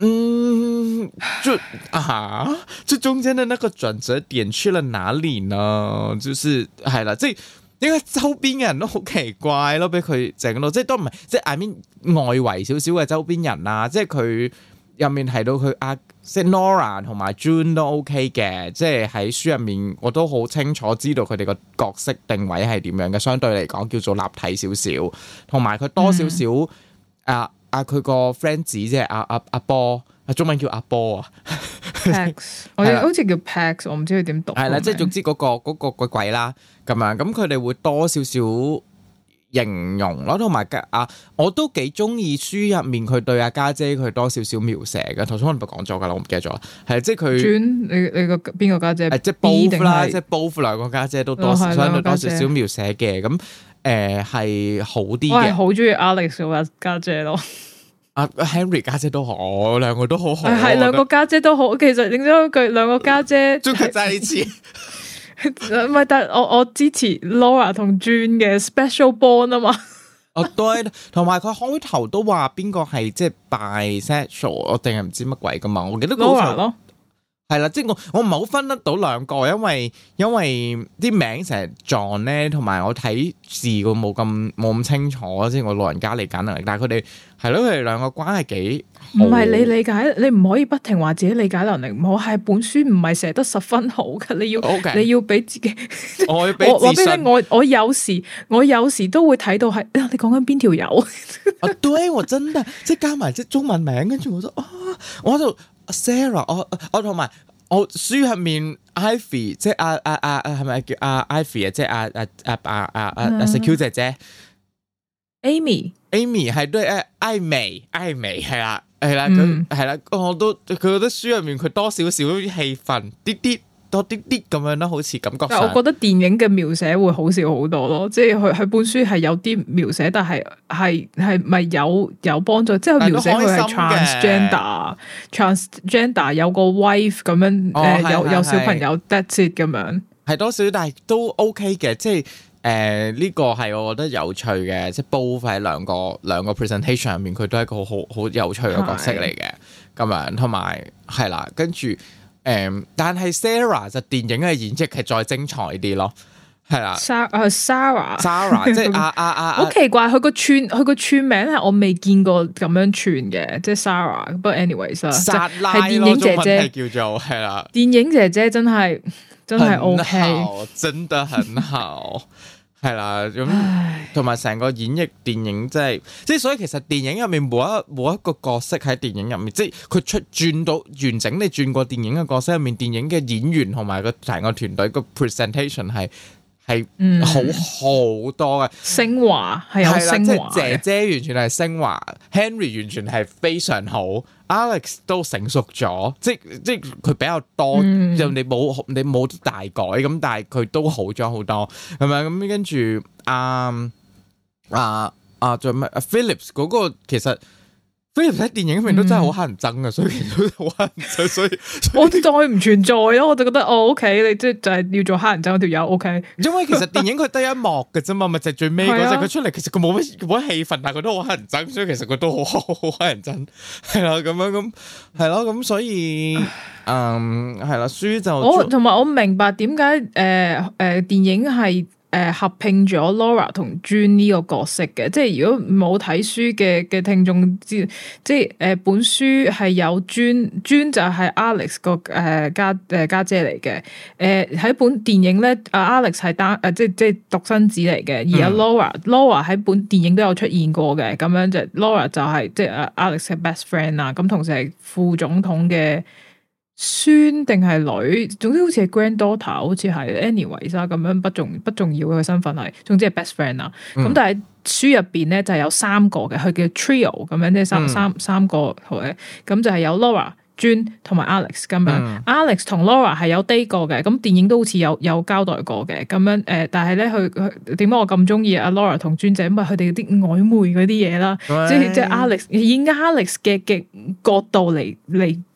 嗯，即，啊，即中間的那個轉折點去了哪裏呢？就是係啦，這。即點解周邊嘅人都好奇怪咯，俾佢整咯，即係都唔係，即係外邊外圍少少嘅周邊人啦、啊。即係佢入面提到佢阿即係 Nora 同埋 June 都 OK 嘅，即係喺書入面我都好清楚知道佢哋個角色定位係點樣嘅，相對嚟講叫做立體少少，同埋佢多少少、mm hmm. 啊啊佢個 friend 即係阿阿阿波。啊！中文叫阿波啊，我哋好似叫 Pax 我唔知佢點讀。係啦，即係總之嗰、嗰個、嗰個鬼鬼啦咁啊，咁佢哋會多少少形容咯，同埋啊，我都幾中意書入面佢對阿家姐佢多少少描寫嘅。頭先我唔係講咗噶啦，我唔記得咗。係即係佢，你你個邊個家姐？即係、就是、both 啦，即係 both 兩個家姐，姐都多少少多少少描寫嘅。咁誒係好啲嘅，好中意 Alex 嘅家姐咯。阿 Henry 家姐都好，兩個都好好。係兩的個家姐都好，其實影咗句兩個家姐、姐，就是。中國再唔係，但係我我支持 Laura 同 June 嘅 Special Born 啊嘛。 哦，對，同埋佢開頭都話邊個係即係 bisexual，我定係唔知乜鬼噶嘛？我記得 Laura 咯。 係啦，即係我我唔係好分得到兩個，因為因為啲名成日撞咧，同埋我睇字個冇咁冇咁清楚，即係我老人家理解能力，但係佢哋係咯，佢哋兩個關係幾唔係你理解，你唔可以不停話自己理解能力。我係本書唔係寫得十分好嘅，你要你要俾自己。我我我我有時我有時都會睇到係，你講緊邊條友？啊，對我真係，即係加埋即係中文名，跟住我就啊，我就。Sarah，我我同埋我書入面，Ivy，即係阿阿阿阿係咪叫阿、啊、Ivy 啊？即係阿阿阿阿阿阿 Siu 姐姐，Amy，Amy 係都係艾薇，艾薇、uh. Amy.，係啦係啦佢係啦，我都佢覺得書入面佢多少少氣氛啲啲。多啲啲咁樣啦，好似感覺。但係我覺得電影嘅描寫會好少好多咯，即係佢佢本書係有啲描寫，但係係係咪有有幫助？即係描寫佢係 transgender，transgender 有個 wife 咁樣，誒有有小朋友 that's it 咁樣。係多少，但係都 OK 嘅，即係誒呢個係我覺得有趣嘅，即係 both 喺兩個兩個 presentation 入面，佢都係一個好好好有趣嘅角色嚟嘅。咁樣同埋係啦，跟住。跟誒、嗯，但係 Sarah 就，電影嘅演繹係再精彩啲咯，係啦，沙誒 Sarah，Sarah 即係阿 阿阿、啊，好、 啊、奇怪，佢個 串佢個串名係我未見過咁樣串嘅，即係 Sarah，不過 anyways 啦，係電影姐姐叫做係啦，電影姐姐真係 真係 OK，真得很好。 係啦，咁同埋成個演繹電影，即係即係，所以其實電影入面冇一冇一個角色喺電影入面，即係佢出轉到完整你轉過電影嘅角色入面，電影嘅演員同埋個成個團隊個 presentation 係。係、嗯，好好多嘅升華，係有升華。即係姐姐完全係升華，Henry 完全係非常好，Alex 都成熟咗，即即佢比較多，嗯、就你冇你冇大改咁，但係佢都好咗好多，係咪咁？跟住，阿阿阿仲有咩啊？Phillips 嗰個其實。所以喺電影嗰邊都真係好乞人憎啊、嗯，所以其實我所以我再唔存在咯，我就覺得哦、oh, OK，你即係就係要做乞人憎嗰條友 OK。因為其實電影佢得一幕嘅啫嘛，咪 就係最尾嗰隻佢、啊、出嚟，其實佢冇乜冇乜氣氛，但係佢都好乞人憎，所以其實佢都好好乞人憎係啦，咁、啊、樣咁係咯，咁、啊、所以嗯係啦，啊、書就我同埋我明白點解誒誒電影係。誒，合拼咗 Laura 同 June 呢個角色嘅，即係如果冇睇書嘅嘅聽眾知，即係誒、呃、本書係有 June，June 就係 Alex 個誒、呃、家誒家姐嚟嘅。誒、呃、喺本電影咧，阿 Alex 係單誒、呃、即係即係獨生子嚟嘅，而阿 Laura，Laura 喺本電影都有出現過嘅，咁樣就是、Laura 就係、是、即係阿 Alex 嘅 best friend 啊，咁同時係副總統嘅。孫定係女，總之好似係 granddaughter，好似係 anyway，生、啊、咁樣不重不重要嘅身份係，總之係 best friend 啦、嗯。咁但係書入邊咧就係、是、有三個嘅，佢叫 trio 咁樣，即、就、係、是、三、嗯、三三個同誒，咁就係、是、有 Laura、Jane 同埋 Alex 咁樣。嗯、Alex 同 Laura 係有 date 過嘅，咁電影都好似有有交代過嘅，咁樣誒、呃。但係咧，佢佢點解我咁中意阿 Laura 同 Jane？因為佢哋啲曖昧嗰啲嘢啦，即係即係 Alex 以 Alex 嘅嘅角度嚟嚟。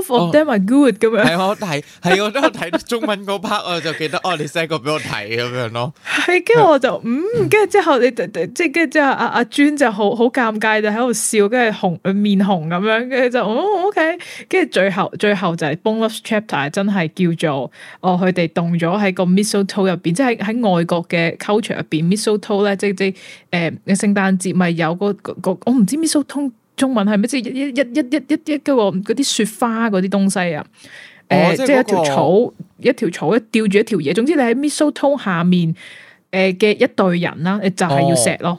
For them, I good 咁樣。係我睇，係我都睇中文嗰 part，我就記得哦，你 send 個俾我睇咁樣咯。係，跟住我就嗯，跟住之後你即係跟住之後阿阿尊就好好尷尬就喺度笑，跟住紅面紅咁樣，跟住就我 OK。跟住最後最後就係 bonus chapter，真係叫做哦，佢哋動咗喺個 Mistletoe 入邊，即係喺外國嘅 culture 入邊，Mistletoe 咧即係即係誒，聖誕節咪有嗰個我唔知 Mistletoe。中文係咩？即係一、一、一、一、一、一嗰個嗰啲雪花嗰啲東西啊？誒、呃哦，即係一條草，一條草吊一吊住一條嘢。總之你喺 mistletoe 下面誒嘅一隊人啦，就係要錫咯。哦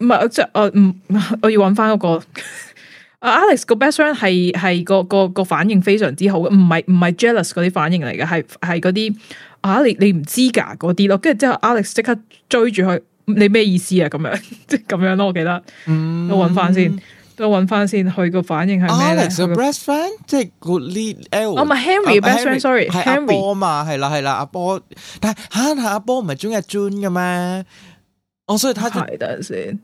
唔係、oh, 即係唔、哦嗯，我要揾翻嗰個 Alex 個 best friend 係係個個個反應非常之好，唔係唔係 jealous 嗰啲反應嚟嘅，係係嗰啲啊你你唔知噶嗰啲咯，跟住之後 Alex 即刻追住佢，你咩意思啊？咁 樣即係咁樣咯，我記得，嗯，我揾翻先，我揾翻先，佢個反應係 Alex 個 best friend 即係 Good Lead，我咪 Henry best friend，sorry、啊、Henry 啊嘛，係 啦係啦，阿波，但係吓阿波唔係中意 June 嘅咩？哦，所以睇住，等先，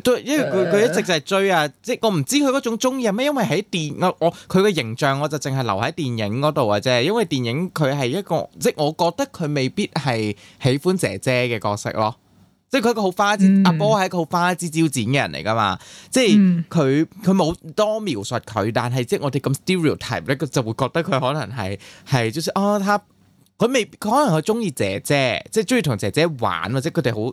對，因為佢佢一直就係追啊，即係我唔知佢嗰種中意係咩，因為喺電我我佢個形象我就淨係留喺電影嗰度啊，啫，因為電影佢係一個即係我覺得佢未必係喜歡姐姐嘅角色咯，即係佢一個好花、嗯、花枝阿波係一個好花枝招展嘅人嚟噶嘛，即係佢佢冇多描述佢，但係即係我哋咁 stereotype 咧，佢就會覺得佢可能係係就是哦，他佢未佢可能佢中意姐姐，即係中意同姐姐玩或者佢哋好。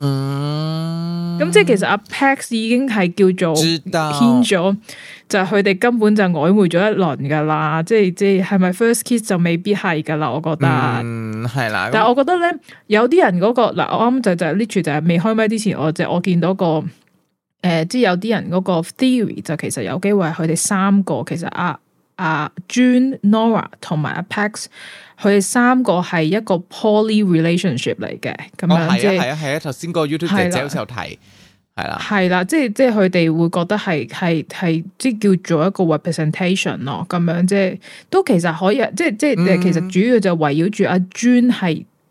嗯，咁即係其實阿 Pax 已經係叫做偏咗，道就佢哋根本就曖昧咗一輪噶啦，即係即係係咪 first kiss 就未必係噶啦？我覺得，嗯係啦。但係我覺得咧，有啲人嗰、那個嗱、嗯，我啱就就 literally 就未開咪之前，我就我見到個誒、呃，即係有啲人嗰個 theory 就其實有機會係佢哋三個其實阿、啊。阿、uh, June Nora, ax,、Nora 同埋阿 Pax，佢哋三個係一個 poly relationship 嚟嘅咁樣，即、yes. 係、yes, so mm。係、hmm. 啊、mm，係啊，係啊，頭先個 YouTube 姐姐有提，係啦。係啦，即係即係佢哋會覺得係係係，即係叫做一個 representation 咯，咁樣即係都其實可以，即係即係其實主要就圍繞住阿 June 係。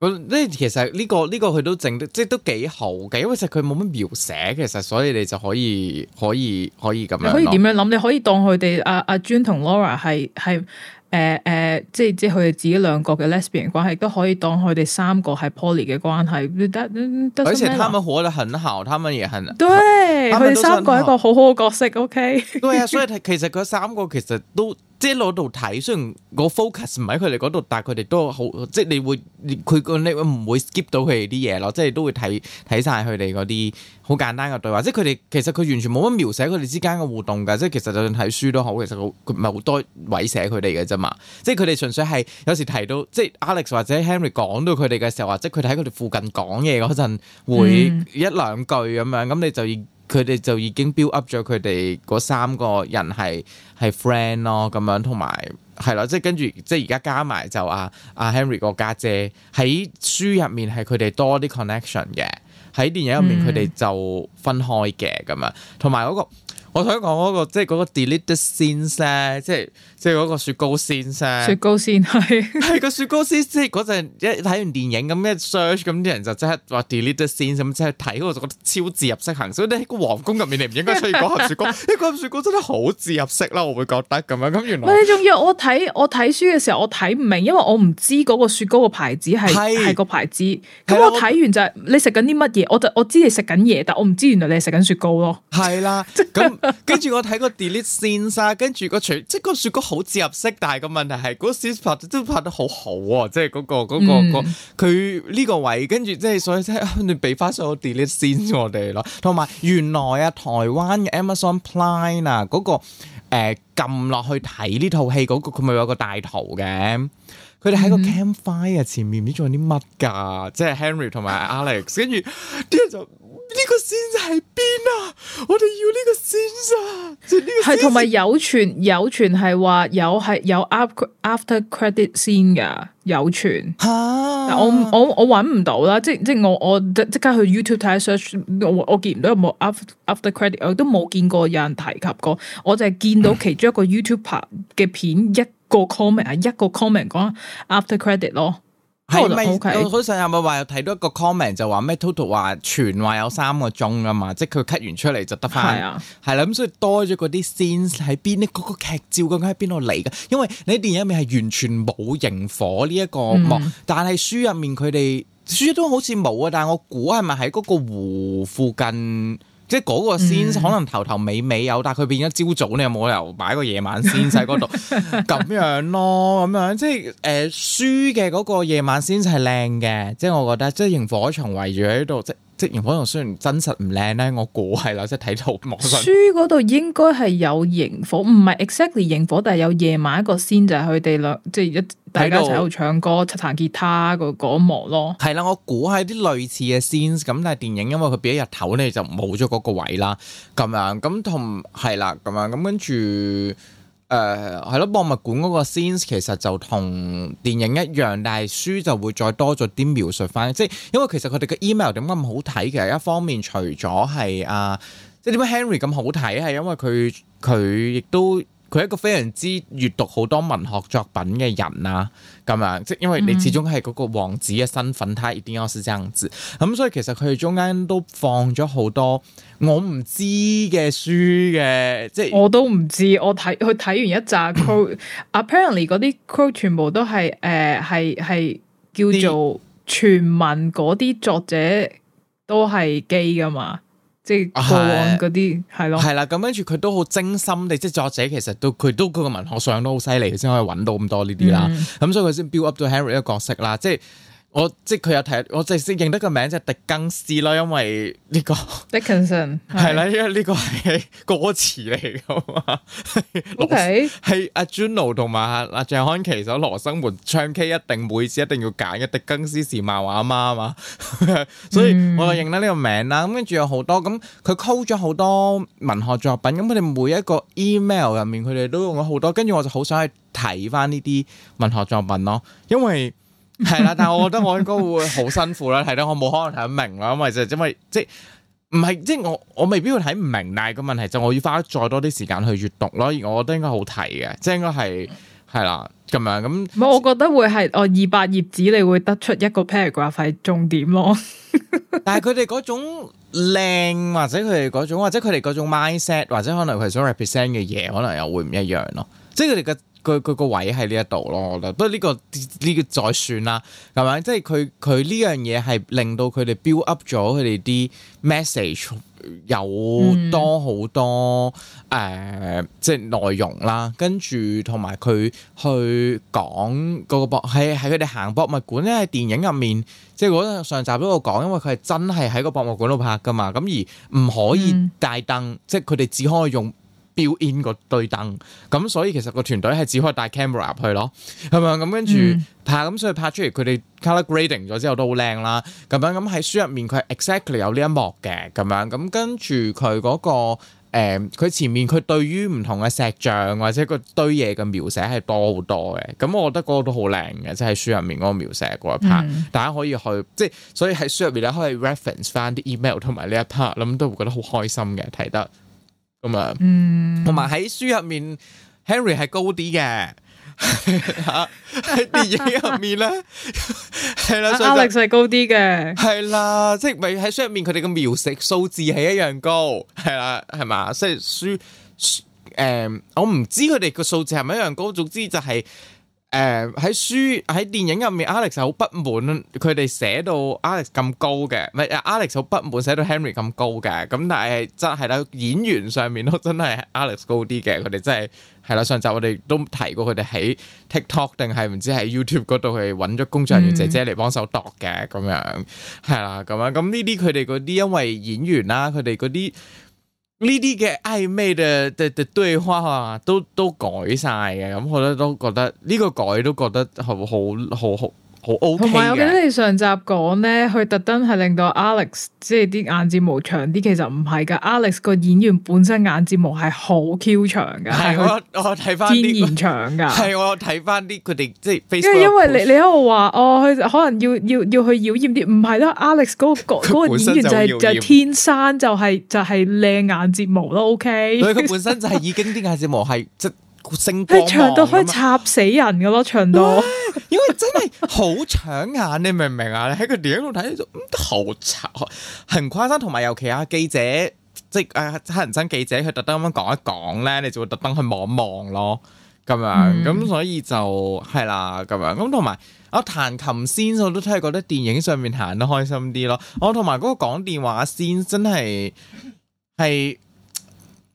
咁呢？其實呢、呢個呢、呢個佢都整，得，即係都幾好嘅。因為其實佢冇乜描寫，其實所以你就可以可以可以咁樣。可以點樣諗？你可以當佢哋阿阿 j 同 Laura 係係誒誒，即係即係佢哋自己兩個嘅 lesbian 關，關係，都可以當佢哋三個係 Poly 嘅關係。得得。而且他們活得很好，很好他們也很對。佢哋三個係一個好好嘅角色，OK。 對啊，所以其實佢三個其實都。即係攞到睇，雖然個 focus 唔喺佢哋嗰度，但係佢哋都好，即係你會佢個你唔會 skip 到佢哋啲嘢咯，即係都會睇睇晒佢哋嗰啲好簡單嘅對話。即係佢哋其實佢完全冇乜描寫佢哋之間嘅互動㗎。即係其實就算睇書都好，其實佢唔係好多位寫佢哋嘅啫嘛。即係佢哋純粹係有時提到，即係 Alex 或者 Henry 講到佢哋嘅時候，或者佢哋喺佢哋附近講嘢嗰陣，會一、嗯、一兩句咁樣，咁你就。佢哋就已經 build up 咗佢哋嗰三個人係係 friend 咯，咁樣同埋係咯，即係跟住即係而家加埋就阿阿 Henry 個家姐喺書入面係佢哋多啲 connection 嘅，喺電影入面佢哋就分開嘅咁樣，同埋嗰個我想講嗰個即係嗰個 delete the scenes 咧，即係。即係嗰個雪糕 scene 啫，雪糕 scene 係係個雪糕 scene，即係嗰陣一睇完電影咁一 search，咁啲人就即係話 delete the scene 咁即係睇，我就覺得超置入式行，所以你喺個皇宮入面，你唔應該出現嗰盒雪糕。呢盒、 欸那個、雪糕真係好置入式啦，我會覺得咁樣。咁原來，唔你仲要我睇我睇書嘅時候，我睇唔明，因為我唔知嗰個雪糕個牌子係係是個牌子。咁的我睇完就係你食緊啲乜嘢，我就我知你食緊嘢，但我唔知原來你食緊雪糕咯。係啦，咁跟住我睇個 delete scene 跟住個除即個雪糕。好接合式，但係個問題係嗰個視都拍得，拍得好好、啊、喎，即係嗰、那個嗰、那個佢呢、嗯、個位，跟住即係所以即係你俾翻所有 delete 先，我哋咯。同埋原來啊，台灣嘅 Amazon Prime 啊，嗰、那個誒撳落去睇呢套戲，嗰、那個佢咪有個大圖嘅，佢哋喺個 campfire 前面唔知做啲乜噶，嗯、即係 Henry 同埋 Alex， 跟住啲人就。呢個先係邊啊，我哋要呢個先啊，係同埋有傳有傳係話有係有 after credit scene 噶，有傳吓、啊、我我我搵唔到啦，即係即係我我即即刻去 YouTube 睇下 search 我我見唔到有冇 after credit after 我都冇見過有人提及過，我就係見到其中一個 YouTuber 嘅片一個 comment 啊一個 comment 講 after credit 咯。係咪我嗰陣、OK、有咪話有睇到一個 comment 就話咩 total 話全話有三個鐘噶嘛？即係佢 cut 完出嚟就得返係啊，係啦，咁所以多咗嗰啲 scene 喺邊呢？嗰個劇照究竟喺邊度嚟噶？因為你電影入面係完全冇螢火呢一、呢個幕，嗯、但係書入面佢哋書都好似冇啊。但係我估係咪喺嗰個湖附近？即係嗰個 scene、嗯、可能頭頭尾尾有，但係佢變咗朝早，早，你有冇理由擺個夜晚 scene 喺嗰度咁樣咯？咁樣即係誒，書嘅嗰個夜晚 scene 係靚嘅，即係我覺得，即係螢火蟲圍住喺度即。即螢火蟲雖然真實唔靚咧，我估係啦，即睇到陌生。 書嗰度應該係有螢火，唔係 exactly 螢火，但係有夜晚一個 scene 就係佢哋兩即一大家一齊喺度唱歌、七彈到吉他嗰幕咯。係啦，我估係啲類似嘅 scene 咁，但係電影因為佢變咗日頭咧，就冇咗嗰個位啦。咁樣咁同係啦，咁樣咁跟住。誒係咯，博物館嗰個 scenes 其實就同電影一樣，但係書就會再多咗啲描述返。即係因為其實佢哋嘅 email 點解咁好睇？其實一方面除咗係啊，即係點解 Henry 咁好睇？係因為佢佢亦都佢係一個非常之閲讀好多文學作品嘅人啊。咁樣，即係因為你始終係嗰個王子嘅身份，佢一定要係咁樣。咁、嗯、所以其實佢哋中間都放咗好多我唔知嘅書嘅，即係我都唔知。我睇佢睇完一集 ，Apparently 嗰啲全部都係誒，係、呃、係叫做全文嗰啲作者都係基㗎嘛。即係過往嗰啲係咯，係啦，咁的了跟住佢都好精心地，即係作者其實都佢都佢個文學上都好犀利先可以揾到咁多呢啲啦，咁、嗯、所以佢先 build up 到 Harry 一個角色啦，嗯、即係。我即係佢有睇，我就先認得個名，就係狄更斯啦，因為呢、這個 Dickinson 係啦 因為呢個係歌詞嚟噶嘛。O K，係阿 Juno 同埋阿謝安琪首羅生門唱 K 一定每次一定要揀嘅，狄更斯是漫畫啊嘛，係嘛，所以我就認得呢個名啦。咁跟住有好多咁，佢 call 咗好多文學作品，咁佢哋每一個 email 入面，佢哋都用咗好多。跟住我就好想去睇翻呢啲文學作品咯，因為。係啦， 但係我覺得我應該會好辛苦啦，係啦， 我冇可能睇得明啦，因為就因為即係唔係即係我我未必會睇唔明，但係個問題就我要花再多啲時間去閱讀咯，而我覺得應該好睇嘅，即係應該係係啦咁樣咁。我覺得會係哦，二百頁紙你會得出一個 paragraph 係重點咯。但係佢哋嗰種靚或者佢哋嗰種或者佢哋嗰種 mindset 或者可能佢想 represent 嘅嘢，可能又會唔一樣咯。即係佢哋嘅。佢佢個位喺呢一度咯，我覺得、這個，不過呢個呢個再算啦，係咪？即係佢佢呢樣嘢係令到佢哋 build up 咗佢哋啲 message 有多好多誒、嗯呃，即係內容啦。跟住同埋佢去講嗰個博係係佢哋行博物館咧，喺電影入面，即係我上集都有講，因為佢係真係喺個博物館度拍噶嘛，咁而唔可以帶燈，嗯、即係佢哋只可以用。調 in 個堆燈，咁所以其實個團隊係只可以帶 camera 入去咯，係咪啊？咁跟住拍，咁所以拍出嚟佢哋 color grading 咗之後都好靚啦。咁樣咁喺書入面佢 exactly 有呢一幕嘅，咁樣咁跟住佢嗰個誒，佢、呃、前面佢對於唔同嘅石像或者個堆嘢嘅描寫係多好多嘅。咁我覺得嗰個都好靚嘅，即係書入面嗰個描寫嗰一 part，、mm. 大家可以去即係，所以喺書入面咧可以 reference 翻啲 email 同埋呢一 part，咁都會覺得好開心嘅睇得。咁啊，同埋喺書入面、嗯、，Henry 係高啲嘅，喺 電影入面咧，係啦 ，Alex 係高啲嘅，係啦，即係咪喺書入面佢哋嘅描寫數字係一樣高，係啦，係嘛，所以書，誒、呃，我唔知佢哋嘅數字係咪一樣高，總之就係、是。誒，喺、呃、書喺電影入面，Alex 好不滿佢哋寫到 Alex 咁高嘅，唔係 Alex 好不滿寫到 Henry 咁高嘅。咁但係真係啦，演員上面都真係 Alex 高啲嘅。佢哋、嗯、真係係啦，上集我哋都提過佢哋喺 TikTok 定係唔知喺 YouTube 嗰度去揾咗工作人員姐姐嚟幫手度嘅咁樣，係啦咁樣。咁呢啲佢哋嗰啲因為演員啦，佢哋嗰啲。呢啲嘅曖昧嘅嘅嘅對話啊，都都改曬嘅，咁好多都覺得呢個改都覺得好好好好。好同埋我記得你上集講咧，佢特登係令到 Alex 即係啲眼睫毛長啲，其實唔係噶。Alex 個演員本身眼睫毛係好 Q 長噶，係我我睇翻啲，天然長噶。係我睇翻啲佢哋即係 Facebook，因為你你一路話哦，佢可能要要要去妖艷啲，唔係啦 Alex 嗰、嗰個、嗰個演員就係、是、 就,就天生就係、是、就係、是、靚眼睫毛咯。O K，所以佢本身就係已經啲眼睫毛係即。係長到可以插死人噶咯，長到， 因為真係好搶眼，你明唔明啊？你喺個電影度睇，好醜。好誇張同埋，尤其阿記者，即係誒，黑、啊、人真記者，佢特登咁樣講一講咧，你就會特登去望一望咯。咁樣咁，嗯、所以就係啦。咁樣咁，同埋我彈琴先，我，scene，我都都係覺得電影上面彈得開心啲咯。我同埋嗰個講電話先，真係係。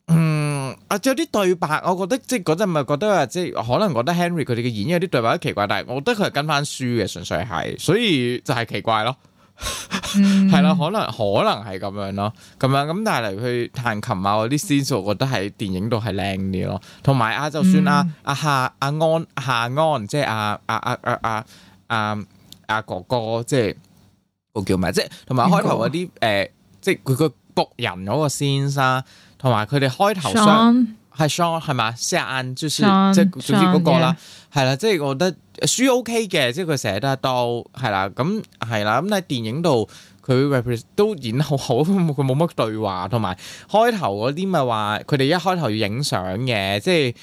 嗯，啊，仲有啲對白，我覺得即係嗰陣咪覺得啊，即係可能覺得 Henry 佢哋嘅演繹有啲對白都奇怪，但係我覺得佢係跟翻書嘅，純粹係，所以就係奇怪咯。係 啦， 可能可能係咁樣咯，咁樣咁，但係嚟去彈琴啊嗰啲先生，我覺得喺電影度係靚啲咯。同埋啊，就算啊、嗯、啊夏啊安夏安，即係啊啊啊啊啊啊,啊哥哥，即係我叫咩？即係同埋開頭嗰啲誒，即係佢個僕人嗰個先生。同埋佢哋開頭商係商係嘛，寫眼珠線即係總之嗰、那個啦，係啦 yeah.，即係我覺得書 OK 嘅，即係佢寫得多係啦，咁係啦，咁、嗯、喺電影度佢都演得好好，佢冇乜對話，同埋開頭嗰啲咪話佢哋一開頭要影相嘅，即係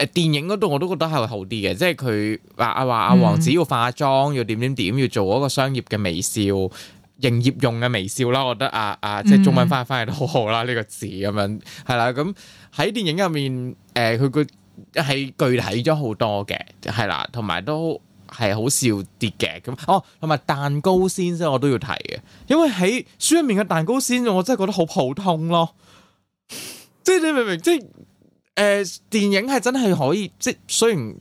誒電影嗰度我都覺得係好啲嘅，即係佢話啊話阿王子要化妝要點點點要做一個商業嘅微笑。營業用嘅微笑啦，我覺得啊啊，即係中文翻譯翻譯都好好啦，呢、嗯、個字咁樣係啦，咁喺電影入面，誒佢個係具體咗好多嘅，係啦，同埋都係好笑啲嘅咁。哦，同埋蛋糕先生我都要提嘅，因為喺書入面嘅蛋糕先生我真係覺得好普通咯，即係你明唔明？即係誒、呃、電影係真係可以，即係雖然。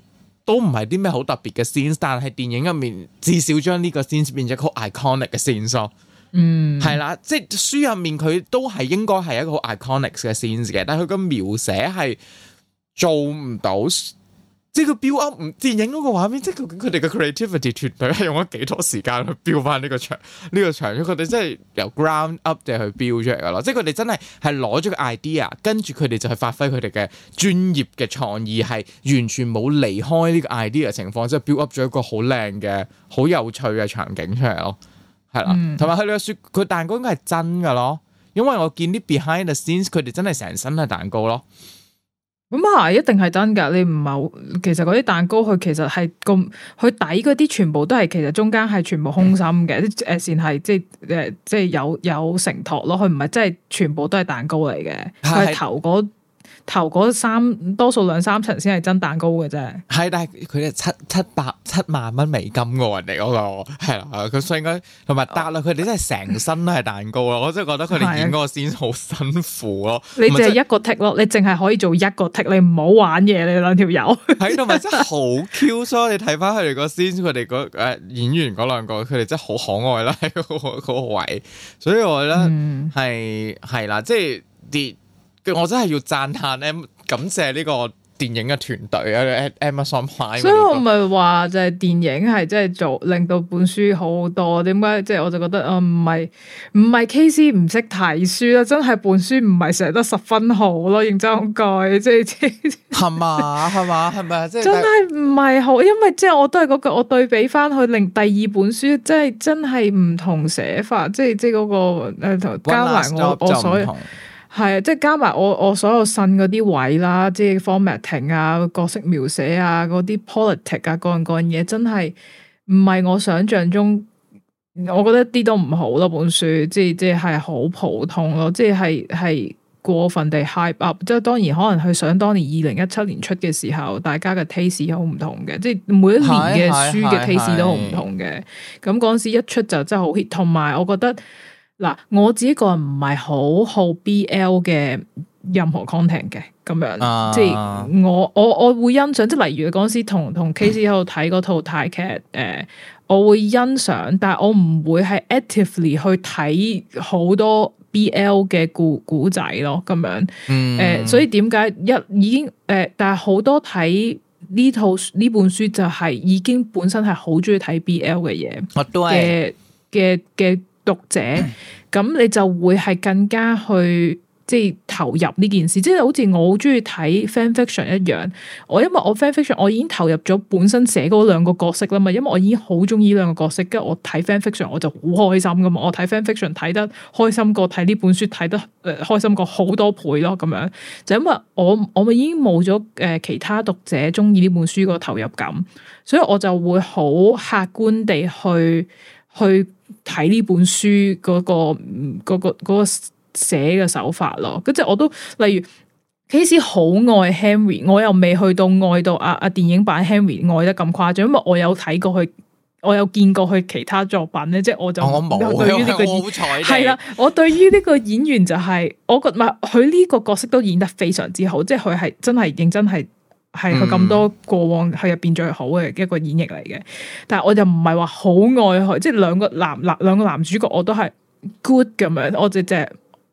都唔係啲咩好特別嘅 scene 但係電影入面至少將呢個 scene、嗯變咗一個 iconic 嘅 scene 咯。嗯，係啦，即係書入面佢都係應該係一個好 iconic 嘅 scene 嘅，但係佢嘅描寫係做唔到。即係佢 build up 唔電影嗰個畫面，即係佢哋嘅 creativity 團隊係用咗幾多時間去 build 翻，呢個場呢個場，佢哋真係由 ground up 即係去 build 出嚟噶咯。即係佢哋真係係攞咗個 idea，跟住佢哋就係發揮佢哋嘅專業嘅創意，係完全冇離開呢個 idea 嘅情況，即係 build up 咗一個好靚嘅、好有趣嘅場景出嚟咯。係啦，同埋佢哋嘅雪佢蛋糕應該係真噶咯，因為我見啲 behind the scenes 佢哋真係成身係蛋糕咯。咁、嗯、啊，一定係真㗎！你唔係，其實嗰啲蛋糕佢其實係咁，佢底嗰啲全部都係其實中間係全部空心嘅，啲誒、嗯呃、線係即係誒、呃、即係有有承托咯，佢唔係真係全部都係蛋糕嚟嘅，佢是頭嗰。頭嗰三多數兩三層先係真蛋糕嘅啫，係但係佢哋七七百七萬蚊美金嘅人哋嗰個，係啦佢應該同埋搭啦，佢哋真係成身都係蛋糕咯，我真係覺得佢哋演嗰個先好辛苦咯的。你淨係一個剔 a 咯，你淨係可以做一個剔。你唔好玩嘢，你兩條友喺度咪真係好 Q so 你睇翻佢哋個先，佢哋嗰誒演員嗰兩個，佢哋真係好可愛啦，喺嗰個位，所以我覺得係係啦，即係跌。我真係要讚嘆咧，感謝呢個電影嘅團隊啊 Amazon 所以，我唔係話就係電影係真係做令到本書好好多。點解？即係我就覺得啊，唔係唔係 K.C. 唔識睇書啦，真係本書唔係寫得十分好咯。認真講，即係真係真係係嘛？係嘛？係咪？即係真係唔係好？因為即係我都係嗰句，我對比翻佢令第二本書，即係真係唔同寫法。即係即係嗰個誒，加埋我，last 我，我所有。係啊，即係加埋我我所有信嗰啲位啦，即係 formatting 啊，角色描寫啊，嗰啲 politic 啊，各樣各樣嘢，真係唔係我想象中，我覺得一啲都唔好咯。本書即係即係好普通咯，即係係過分地 hype up。即係當然可能佢想當年二零一七年出嘅時候，大家嘅 taste 又好唔同嘅，即係每一年嘅書嘅 taste 都好唔同嘅。咁嗰陣時一出就真係好 hit，同埋我覺得。嗱，我自己個人唔係好好 BL 嘅任何 content 嘅，咁樣、uh、即係我我我會欣賞，即係例如你嗰時同同 Case 喺度睇嗰套泰劇，誒、呃，我會欣賞，但係我唔會係 actively 去睇好多 BL 嘅故故仔咯，咁樣，誒、um 呃，所以點解一已經誒、呃，但係好多睇呢套呢本書就係已經本身係好中意睇 BL 嘅嘢，我都係嘅嘅嘅。讀者，咁你就會係更加去即係投入呢件事，即係好似我好中意睇 fan fiction 一樣。我因為我 fan fiction 我已經投入咗本身寫嗰兩個角色啦嘛，因為我已經好中意呢兩個角色，跟住我睇 fan fiction 我就好開心噶嘛。我睇 fan fiction 睇得開心過睇呢本書睇得誒開心過好多倍咯，咁樣就因為我我咪已經冇咗誒其他讀者中意呢本書個投入感，所以我就會好客觀地去去。睇呢本書嗰、嗰個嗰、嗰個、嗰個寫嘅手法咯，即係我都例如，即使好愛 Henry，我又未去到愛到阿阿電影版 Henry 愛得咁誇張，因為我有睇過佢，我有見過佢其他作品咧，即係我就我冇，對於呢個好彩係啦，我對於呢個演員就係、係、我覺唔係佢呢個角色都演得非常之好，即係佢係真係認真係。係佢咁多過往佢入邊最好嘅一個演繹嚟嘅，但係我就唔係話好愛佢，即係兩個男男兩個男主角我都係 good 咁樣，我就就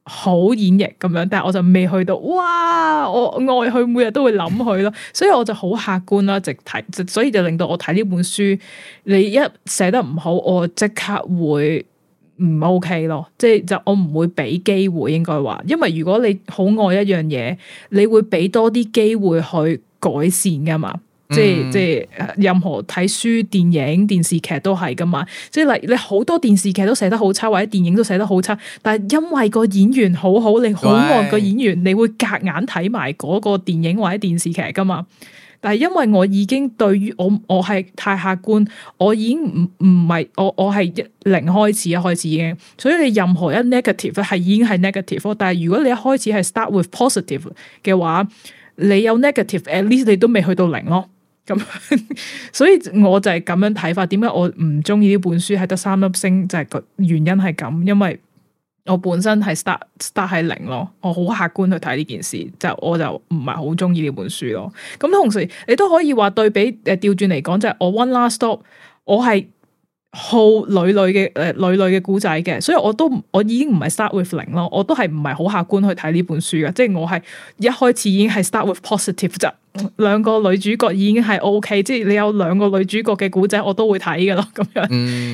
好演繹咁樣，但係我就未去到哇，我愛佢每日都會諗佢咯，所以我就好客觀啦，直睇，所以就令到我睇呢本書，你一寫得唔好，我即刻會唔 OK 咯，即係就我唔會俾機會應該話，因為如果你好愛一樣嘢，你會俾多啲機會去改善噶嘛，嗯、即係即係任何睇書、電影、電視劇都係噶嘛。即係例如你好多電視劇都寫得好差，或者電影都寫得好差，但係因為個演員好好，你好愛個演員，喂你會隔硬睇埋嗰個電影或者電視劇噶嘛。但係因為我已經對於我我係太客觀，我已經唔唔係我我係零開始一開始嘅，所以你任何一 negative 係已經係 negative，但係如果你一開始係 start with positive 嘅話，你有 negative，at least 你都未去到零咯，咁 所以我就係咁樣睇法。點解我唔中意呢本書係得三粒星？就係個原因係咁，因為我本身係 start start 喺零咯，我好客觀去睇呢件事，就是、我就唔係好中意呢本書咯。咁同時你都可以話對比誒調轉嚟講，就係、是、我 one last stop，我係。好女女嘅誒女女嘅古仔嘅，所以我都我已經唔係 start with 零咯，我都係唔係好客觀去睇呢本書嘅，即係我係一開始已經係 start with positive 啫。兩個女主角已經係 ok，即係你有兩個女主角嘅古仔，我都會睇嘅咯，咁樣。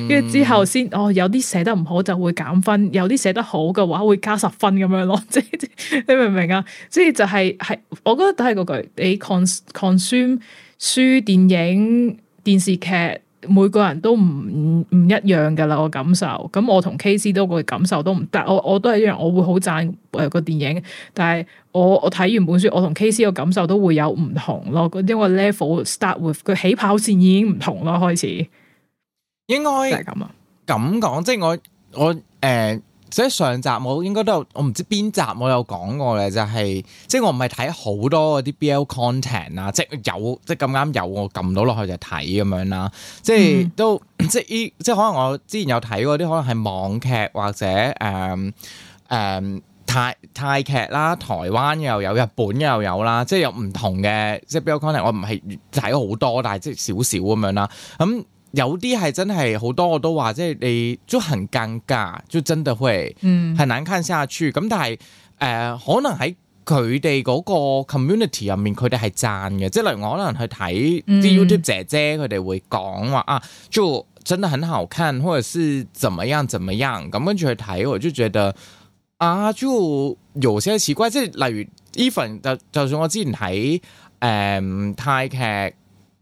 跟住、嗯、之後先哦，有啲寫得唔好就會減分，有啲寫得好嘅話會加十分咁樣咯。即係你明唔明啊？即係就係、是、係，我覺得都係嗰句，你 con consume 書、電影、電視劇。每個人都唔唔唔一樣噶啦，我感受咁我同 K C 都個感受都唔得，但係我我都係一樣，我會好讚誒個電影。但係我我睇完本書，我同 K C 個感受都會有唔同咯。因為 level start with 佢起跑線已經唔同啦，開始應該係咁啊咁講，即係我我誒。呃所以上集我應該都有，我唔知邊集我有講過嘅，就係、是、即係我唔係睇好多嗰啲 BL content 啊，即係有即係咁啱有我撳到落去就睇咁樣啦，即係都、嗯、即係依即係可能我之前有睇過啲可能係網劇或者誒誒、呃呃、泰泰劇啦，台灣又有日本又有啦，即係有唔同嘅即係 BL content，我唔係睇好多，但係即係少少咁樣啦，咁、嗯。有啲係真係好多我都話，即係你都很尷尬，就真的會，嗯，難看下去。咁、嗯、但係誒、呃，可能喺佢哋嗰個 community 入面，佢哋係讚嘅。即係例如我可能去睇啲 YouTube 姐姐，佢哋、嗯、會講話啊，就真係很好看，或者是怎麼樣怎麼樣。咁跟住去睇我就覺得啊，就有些奇怪。即係例如 even，就就算我之前喺誒、呃、泰劇。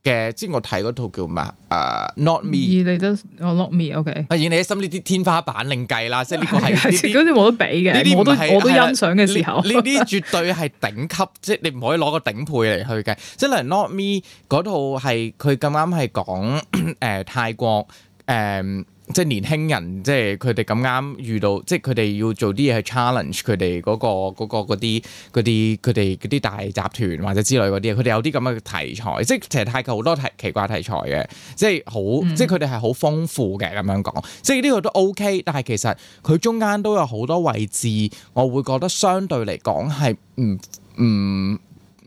誒，即係我睇嗰套叫咩？誒，uh, Not Me。二都我 Not Me，OK。阿二，你心呢啲天花板另計啦， 即係呢個係，好似冇得比嘅。呢啲係我都欣賞嘅時候。呢啲絕對係頂級，即係你唔可以攞個頂配嚟去嘅。即係例如 Not Me 嗰套係佢咁啱係講誒泰國誒。即係年輕人，即係佢哋咁啱遇到，即係佢哋要做啲嘢去 challenge 佢哋嗰個、嗰、嗰個、啲、嗰啲、佢哋嗰啲大集團或者之類嗰啲佢哋有啲咁嘅題材，即係其實泰國好多奇怪題材嘅，即係好、嗯，即係佢哋係好豐富嘅咁樣講。即係呢個都 OK，但係其實佢中間都有好多位置，我會覺得相對嚟講係唔唔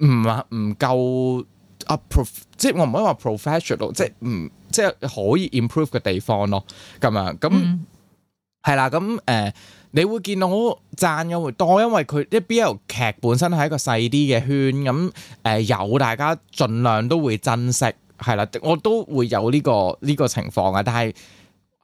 唔啊唔夠 pro，即係我唔可以話 professional，即係唔。嗯即係可以 improve 嘅地方咯，咁樣咁係啦，咁誒、嗯呃，你會見到讚咗會多，因為佢啲 BL 劇本身係一個細啲嘅圈，咁誒、呃、有大家盡量都會珍惜，係啦，我都會有呢、呢個呢、呢個情況嘅，但係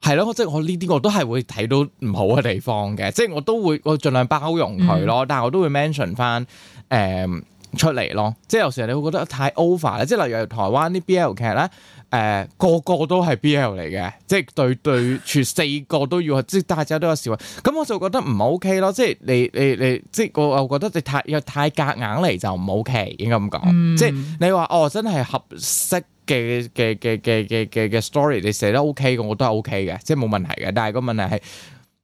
係咯，即係我呢啲我都係會睇到唔好嘅地方嘅，即係我都會我盡量包容佢咯，但係我都會 mention 翻、呃、誒出嚟咯，即係有時候你會覺得太 over 咧，即係例如台灣啲 BL 劇咧。誒、呃、個個都係 BL 嚟嘅，即係對對全四個都要，即係大家都有小嘅。咁我就覺得唔 OK 咯，即係你你你，即係我覺得你太太夾硬嚟就唔 OK，應該咁講。嗯、即係你話哦，真係合適嘅嘅嘅嘅嘅嘅嘅 story 你寫得 OK 嘅，我覺得 OK 嘅，即係冇問題嘅。但係個問題係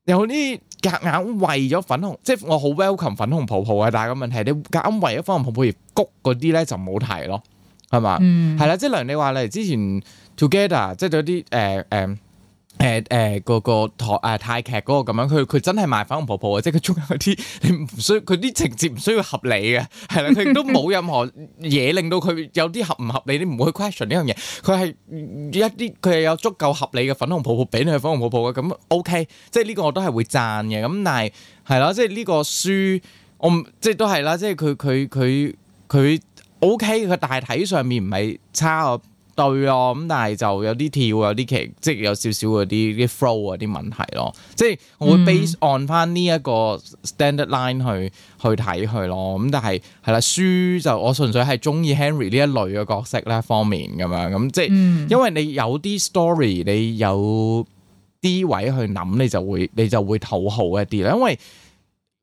有啲夾硬為咗粉紅，即係我好 welcome 粉紅泡泡嘅。但係個問題你夾硬為咗粉紅泡泡而谷嗰啲咧就冇提咯。係嘛？係啦， 即係例如你話嚟之前 Together，即係有啲誒誒誒誒個誒、啊、泰劇嗰個咁樣，佢佢真係賣粉紅泡泡嘅，即係佢中有啲唔需佢啲情節唔需要合理嘅，係啦，佢亦都冇任何嘢令到佢有啲合唔合理，你唔會去 question 呢樣嘢。佢係一啲佢係有足夠合理嘅粉紅泡泡俾你去粉紅泡泡嘅，咁 OK，即係呢個我都係會讚嘅。咁但係係啦，即係呢個書，我即係都係啦，即係佢佢佢佢。O K，佢大體上面唔係差哦，對哦，咁但係就有啲跳，有啲劇，即係有少少嗰啲啲 flow 嗰啲問題咯。即係我會 base on 翻呢一個 standard line 去去睇佢咯。咁但係係啦，書就我純粹係中意 Henry 呢一類嘅角色咧方面咁樣咁，即係、嗯、因為你有啲 story，你有啲位去諗，你就會你就會討好一啲啦。因為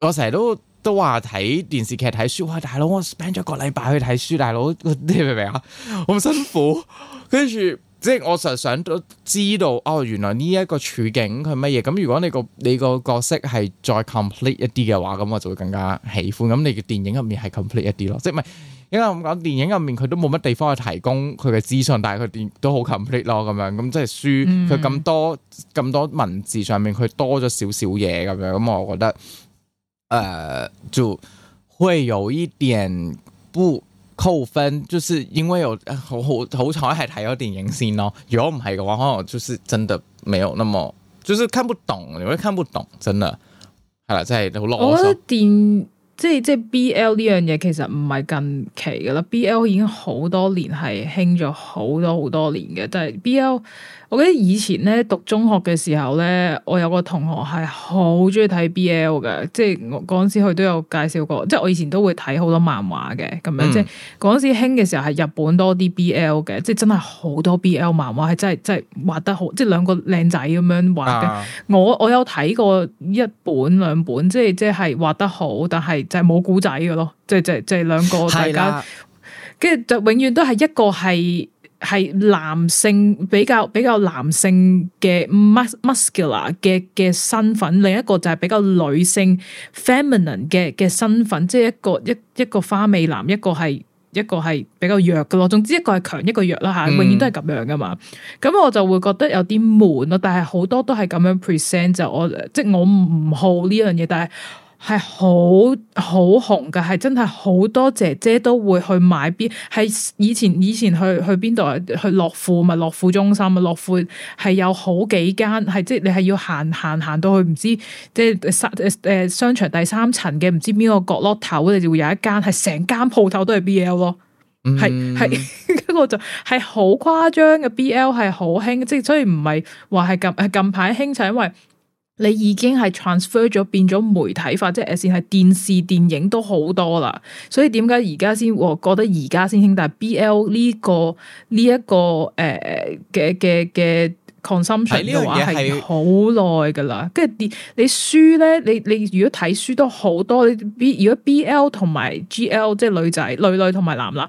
我成日都。都話睇電視劇睇書，哇！大佬，我 spend 咗個禮拜去睇書，大佬，你明唔明啊？好辛苦。跟 住即係我實想都知道哦，原來呢一個處境佢乜嘢？咁如果你個你個角色係再 complete 一啲嘅話，咁我就會更加喜歡。咁你嘅電影入面係 complete 一啲咯，即係因為我講電影入面佢都冇乜地方去提供佢嘅資訊，但係佢電都好 complete 咯，咁樣咁即係書佢咁、嗯嗯、多咁多文字上面佢多咗少少嘢咁樣，咁我覺得。誒、呃，就會有一點不扣分，就是因為有、啊、好好彩係睇咗電影先咯。如果唔係嘅話可能就是真的沒有那麼，就是看不懂，你會看不懂，真的。好、啊、了，在都落。我覺得即係即係 B L 呢樣嘢，其實唔係近期噶啦，B L 已經好多年係興咗好多好多年嘅，但、就、係、是、B L。我記得以前呢讀中學嘅時候呢，我有個同學係好鍾意睇 BL 嘅，即係我嗰陣時佢都有介紹過。即係我以前都會睇好多漫畫嘅咁樣，嗯、即係嗰陣時興嘅時候係日本多啲 BL 嘅，即係真係好多 BL 漫畫係真係真係畫得好，即係兩個靚仔咁樣畫嘅、啊。我我有睇過一本兩本，即係即係畫得好，但係就係冇故仔嘅咯，即係即係即係兩個大家，跟住的就永遠都係一個係。係男性比較比較男性嘅 muscular 嘅嘅身份，另一個就係比較女性 feminine 嘅嘅身份，即係一個一一個花美男，一個係一個係比較弱嘅咯。總之一個係強，一個弱啦吓，嗯、永遠都係咁樣噶嘛。咁我就會覺得有啲悶咯。但係好多都係咁樣 present 就我即係我唔好呢樣嘢，但係。係好好紅噶，係真係好多姐姐都會去買 B。係以前以前去去邊度？去樂富咪樂富中心啊？樂富係有好幾間，係即係你係要行行行到去唔知即係商誒商場第三層嘅唔知邊個角落頭，你就會有一間係成間鋪頭都係 B L 咯。係係、嗯，跟住我就係好誇張嘅 B L，係好興，即係所以唔係話係近係近排興，就因為。你已經係 transfer 咗，變咗媒體化，即係誒，先係電視、電影都好多啦。所以點解而家先？我覺得而家先興，但係 BL 呢、這個呢一、這個誒嘅嘅嘅 consumption，喺呢樣嘢係好耐㗎啦。跟、呃、住你你書咧，你你如果睇書都好多。你 B 如果 BL 同埋 GL 即係女仔女女同埋男男。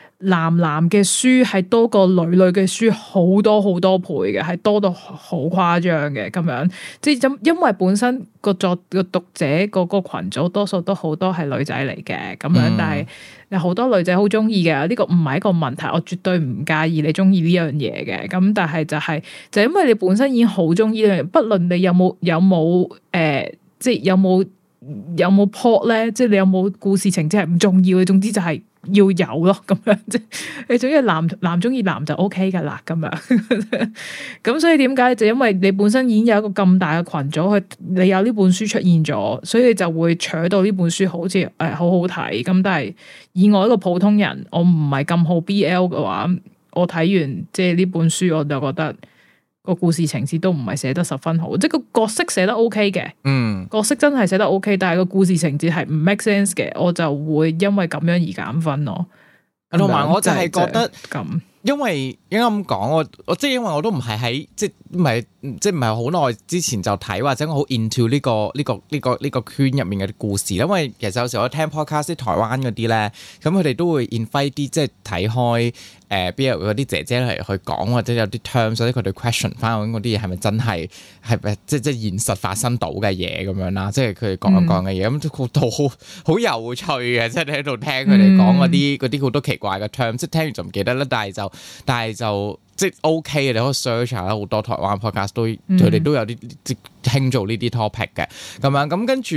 男男嘅書係多過女女嘅書好多好多倍嘅，係多到好誇張嘅咁樣。即係因因為本身個作個讀者嗰個，個群組多數都好多係女仔嚟嘅咁樣，但係有好多女仔好中意嘅，呢個唔係一個問題，我絕對唔介意你中意呢樣嘢嘅。咁但係就係、是、就因為你本身已經好中意呢樣嘢，不論你有冇有冇誒、呃，即係有冇有冇 plot 咧，即係、呃呃、你有冇故事情節係唔重要嘅。總之就係、是。要有咯咁樣，即係總之男男中意男就 O K 噶啦咁樣，咁 所以點解？就因為你本身已經有一個咁大嘅群組，佢你有呢本書出現咗，所以你就會取到呢本書好似誒、呃、好好睇，咁但係以我一個普通人，我唔係咁好 B L 嘅話，我睇完即係呢本書我就覺得。個故事情節都唔係寫得十分好，即係個角色寫得 O K 嘅，嗯，角色真係寫得 OK，但係個故事情節係唔 make sense 嘅，我就會因為咁樣而減分咯。同埋，我就係覺得咁，因為應該咁講，我我即係因為我都唔係喺即係唔係。即係唔係好耐之前就睇或者我好 into 呢、這個呢、這個呢、這個呢、這個圈入面嘅故事，因為其實有時我聽 podcast 台灣嗰啲咧，咁佢哋都會 invite 啲即係睇開誒邊度啲姐姐嚟去講，或者有啲 terms 所以佢哋 question 翻嗰啲嘢係咪真係係咪即係即係現實發生到嘅嘢咁樣啦，即係佢哋講一講嘅嘢，咁、嗯、都好好有趣嘅，即係喺度聽佢哋講嗰啲嗰啲好多奇怪嘅 term，即係聽完就唔記得啦，但係就但係就。即係 OK 嘅，你可以 search 下啦，好多台灣 podcast 都佢哋、嗯、都有啲即係傾做呢啲 topic 嘅，咁樣咁跟住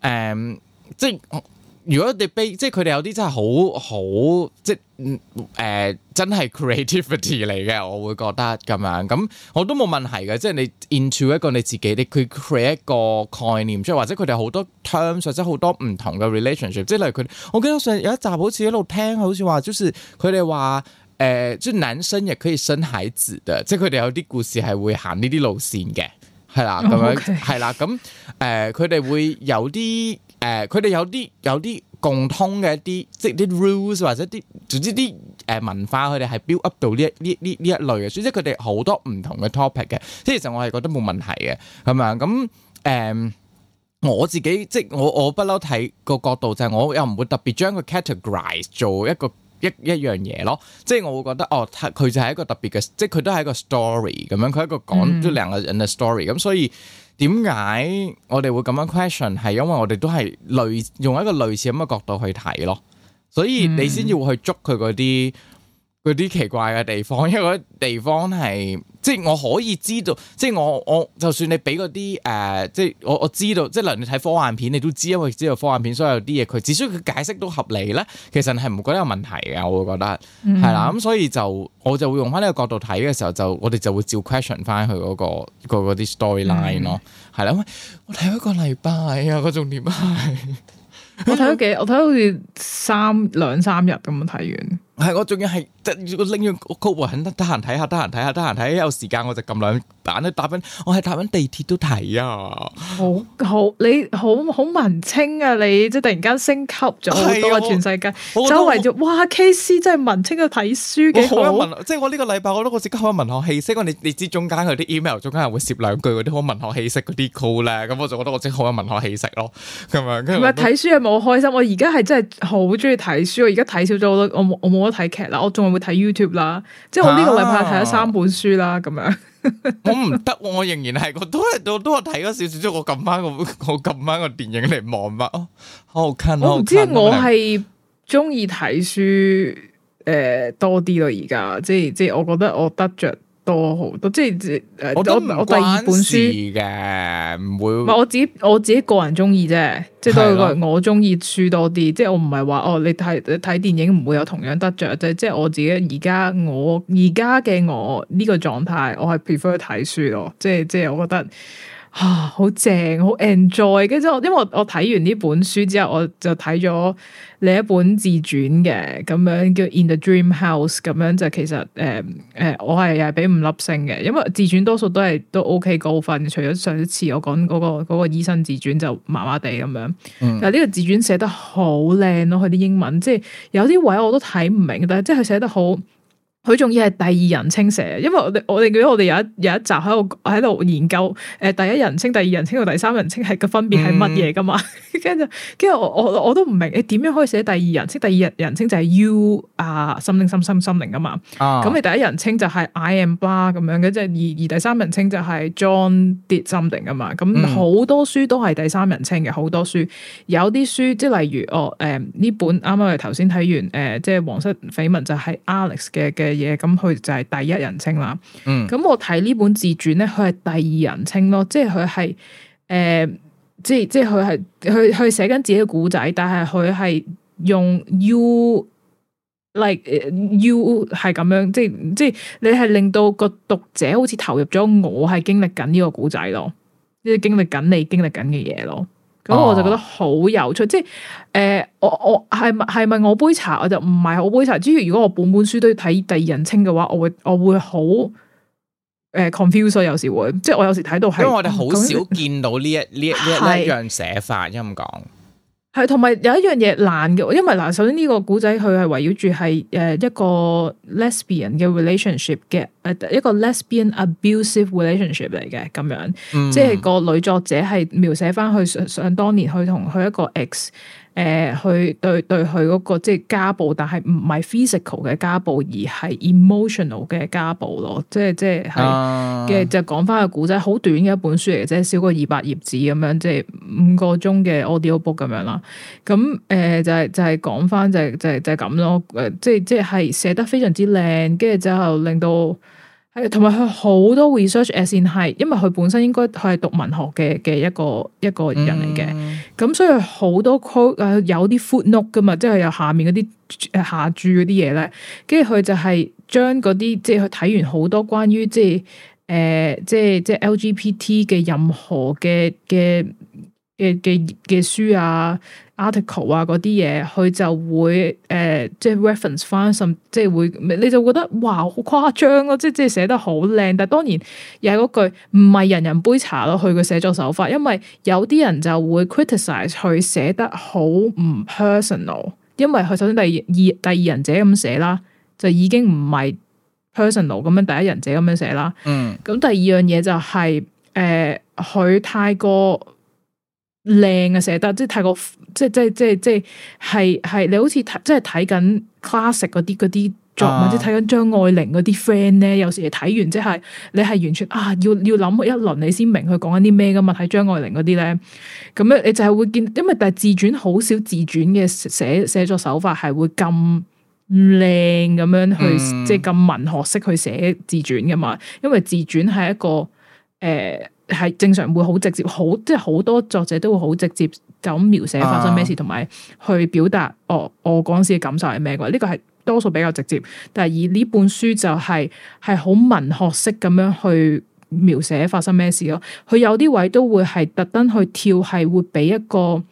誒，即係、嗯、如果你即係佢哋有啲真係好好，即係、嗯呃、真係 creativity 嚟嘅，我會覺得咁樣咁我都冇問題嘅，即係你 into 一個你自己，你佢 create 一個概念，即係或者佢哋好多 terms，或者好多唔同嘅 relationship，即係例如佢，我記得上有一集好似喺度聽，好似話就是佢哋話。誒，即係、呃、男生亦可以生孩子嘅，即係佢哋有啲故事係會行呢啲路線嘅，係啦、啊，咁樣係啦，咁誒、oh, okay. 啊，呃、佢哋會有啲誒，佢、呃、哋有啲有啲共通嘅一啲，即係啲 rules 或者啲總之啲誒文化，佢哋係 build up 到呢一呢呢呢一類嘅，所以即佢哋好多唔同嘅 topic 嘅，即係其實我係覺得冇問題嘅，係咪？咁誒，我自己即係我我不嬲睇個角度就係，我又唔會特別將佢 categorize 做一個。一一樣嘢咯，即係我會覺得哦，佢就係一個特別嘅，即係佢都係一個 story 咁樣，佢係一個講兩、嗯、個、嗯、兩個人嘅 story 咁，所以點解我哋會咁樣 question，係因為我哋都係類用一個類似咁嘅角度去睇咯，所以你先要去捉佢嗰啲。嗯嗰啲奇怪嘅地方，因為啲地方係即係我可以知道，即係我我就算你俾嗰啲誒，即係我我知道，即係，無論你睇科幻片你都知，因為知道科幻片所有啲嘢，佢只需要佢解釋都合理咧，其實係唔覺得有問題嘅。我會覺得係啦，咁、嗯、所以就我就會用翻呢個角度睇嘅時候，就我哋就會照 question 翻佢嗰、嗰個、嗰個嗰啲 storyline 咯，係啦、嗯，我睇咗個禮拜啊， 我仲點啊？我睇咗幾，我睇好似三兩三日咁樣睇完。係我仲要係，我拎住我高云得得閒睇下，得閒睇下，得閒睇，有時間我就撳兩版咧，搭緊我係搭緊地鐵都睇啊！好好你好好文青啊！你即係突然間升級咗好多啊！全世界周圍就哇，K C 真係文青嘅睇書，幾好！即係我呢個禮拜我覺得我自己好有文學氣息。我你你知中間有啲 email，中間係會攝兩句嗰啲好文學氣息嗰啲 call 咧，咁我就覺得我真好有文學氣息咯，咁樣跟住。唔係睇書係冇開心，我而家係真係好中意睇書。我而家睇少咗好多，我我冇。睇劇啦，我仲係會睇 YouTube 啦，即係我呢個禮拜睇咗三本書啦，咁樣、啊。 我唔得，我仍然係，我都係，我都係睇咗少少，即係我撳翻個，我撳翻個電影嚟望翻哦，好睇，好我唔知近我係中意睇書誒、呃、多啲咯，而家即係即係，我覺得我得着。多好多，即都我係誒，我我第二本書嘅唔會，唔係我自己我自己個人中意啫，即係都係是的 我中意書多啲，即係我唔係話哦，你睇睇電影唔會有同樣得着，即係即係我自己而家我而家嘅，我呢、呢個狀態，我係 prefer 去睇書咯，即係即係我覺得。啊，好正，好 enjoy，跟住我，因為我我睇完呢本書之後，我就睇咗另一本自傳嘅，咁樣叫 In the Dream House，咁樣就其實誒誒，我係又係俾五粒星嘅，因為自傳多數都係都 OK 高分，除咗上一次我講嗰個嗰個醫生自傳就麻麻地咁樣，但係呢個自傳寫得好靚咯，佢啲英文即係有啲位我都睇唔明，但係即係佢寫得好。佢仲要係第二人稱寫，因為我我哋記得我哋有一有一集喺度喺度研究誒、呃，第一人稱、第二人稱同第三人稱係個分別係乜嘢噶嘛？跟住跟住我我我都唔明，你、哎、點樣可以寫第二人稱？第二人稱就係 you、uh, something, something, something, 啊 something 啊嘛。咁你第一人稱就係 I am blah 咁樣，嘅，即係而而第三人稱就係 John did something 啊嘛。咁好、嗯、多書都係第三人稱嘅，好多書有啲書即係例如哦誒呢、呃、本啱啱我頭先睇完誒、呃呃，即係皇室緋聞就係、是、Alex 嘅嘅。嘅嘢，咁佢就係第一人稱啦。嗯，咁我睇呢本自傳咧，佢係第二人稱咯，即係佢係，誒、呃，即係即係佢係，佢佢寫緊自己嘅古仔，但係佢係用 you like you 係咁樣，即係即係你係令到個讀者好似投入咗我係經歷緊呢個古仔咯，即係經歷緊你經歷緊嘅嘢咯。咁、哦、我就覺得好有趣，即係誒、呃，我我係係咪我杯茶？我就唔係我杯茶。至於如果我本本書都要睇第二人稱嘅話，我會我會好誒、呃、confuse，有時會，即係我有時睇到係。因為我哋好少見到呢一呢呢、嗯、一樣寫法，咁講。係，同埋有一樣嘢難嘅，因為嗱，首先呢個古仔佢係圍繞住係誒一個 lesbian 嘅 relationship 嘅，一個 lesbian abusive relationship 嚟嘅，咁樣，嗯、即係個女作者係描寫翻佢想上當年去同佢一個 ex，誒、呃，去對對佢嗰、嗰個即係家暴，但係唔係 physical 嘅家暴，而係 emotional 嘅家暴咯。即係、啊、即係，嘅就講翻個古仔，好短嘅一本書嚟，即係少過二百頁紙咁樣，即係五個鐘嘅 audio book 咁樣啦。咁、呃、誒，就係就係講翻，就係、係、就係、係、就係、係、咁、就係、咯。誒，即係即係寫得非常之靚，跟住之後就令到。係，同埋佢好多 research，a 先係，因為佢本身應該係讀文學嘅嘅一個一個人嚟嘅，咁、mm hmm. 所以好多 quote 有啲 footnote 噶嘛，即係有下面嗰啲下注嗰啲嘢咧，跟住佢就係將嗰啲，即係佢睇完好多關於即係誒、呃，即係即係 LGBT 嘅任何嘅嘅。嘅嘅嘅書啊、article 啊嗰啲嘢，佢就會誒、呃、即係 reference 翻，甚即係會你就覺得哇好誇張咯、啊！即即係寫得好靚，但係當然又係嗰句唔係人人杯茶咯。佢嘅寫作手法，因為有啲人就會 criticise 佢寫得好唔 personal，因為佢首先第二第二人者咁寫啦，就已經唔係 personal 咁樣第一人者咁樣寫啦。嗯，咁第二樣嘢就係誒佢太過。靚啊，寫得即係太過，即係即係即係即係係係你好似睇即係睇緊 classic 嗰啲嗰啲作，或者睇緊張愛玲嗰啲 friend 咧，有時你睇完即係你係完全啊要要諗一輪你先明佢講緊啲咩噶嘛睇張愛玲嗰啲咧，咁樣你就係會見，因為但係自傳好少自傳嘅寫寫作手法係會咁靚咁樣去、嗯、即係咁文學式去寫自傳噶嘛因為自傳係一個誒。呃係正常會好直接，好即係好多作者都會好直接就咁描寫發生咩事，同埋、啊、去表達哦，我嗰時嘅感受係咩嘅。呢、這個係多數比較直接，但係以呢本書就係係好文學式咁樣去描寫發生咩事咯。佢有啲位都會係特登去跳，係會俾一個誒、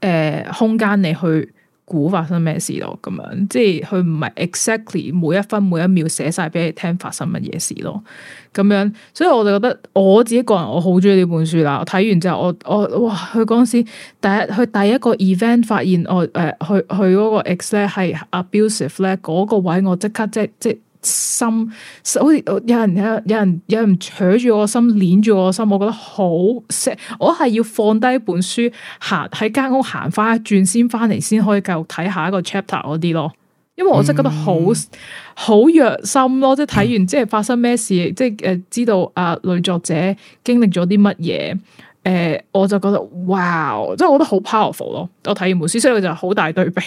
呃、空間你去。估發生咩事咯，咁樣即係佢唔係 exactly 每一分每一秒寫晒俾你聽發生乜嘢事咯，咁樣所以我就覺得我自己個人我好中意呢本書啦，睇完之後我我哇，佢嗰陣時第一佢第一個 event 發現我誒、呃、去去嗰個 ex 咧係 abusive 咧嗰個位我即刻即即。心好似有人有人有人扯住我心，捻住我心，我覺得好蝕，我係要放低本書，行喺間屋行翻一轉先翻嚟，先可以繼續睇下一個 chapter 嗰啲咯。因為我真係覺得好好虐心咯，即係睇完即係發生咩事，即係誒知道阿女作者經歷咗啲乜嘢。誒，我就覺得哇，即係我覺得好 powerful 咯。我睇完本書，所以佢就好大對比，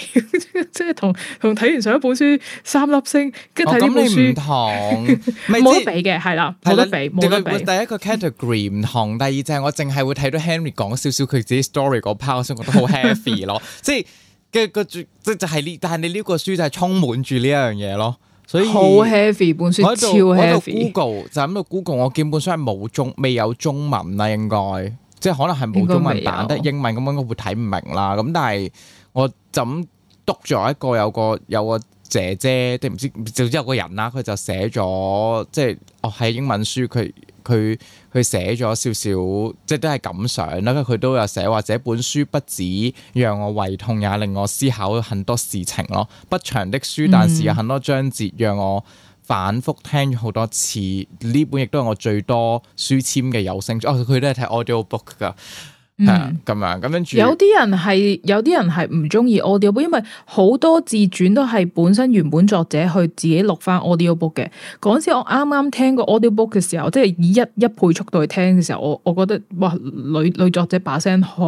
即係同同睇完上一本書三粒星，跟住睇到本唔同，冇、哦嗯嗯嗯、 得比嘅係啦，冇得比，冇得比，這個。第、這、一個 category 唔同，第二就係我淨係會睇到 Henry 講少少佢自己 story 嗰 part，所以覺得好 happy 咯。即係嘅個即就係、是、但係你呢個書就係充滿住呢一樣嘢咯。所以好 happy 本書超，超 happy。Google 就喺度 Google，我見本書係冇中未有中文啦，應該。即係可能係冇中文版，得英文咁應該會睇唔明啦。咁但係我就咁篤咗一個有個有個姐姐定唔知，總之有個人啦，佢就寫咗即係我喺英文書，佢佢佢寫咗少少，即係都係感想啦。佢都有寫話，或者這本書不止讓我胃痛，也令我思考很多事情咯。不長的書，但是有很多章節讓我。嗯反覆聽咗好多次呢本，亦都係我最多書籤嘅有聲哦。佢都係睇 audio book 噶，咁、嗯啊、咁樣咁跟住有啲人係有啲人係唔中意 audio book，因為好多自傳都係本身原本作者去自己錄翻 audio book 嘅。嗰時我啱啱聽個 audio book 嘅時候，即係以一一倍速度去聽嘅時候，我我覺得哇，女女作者把聲好。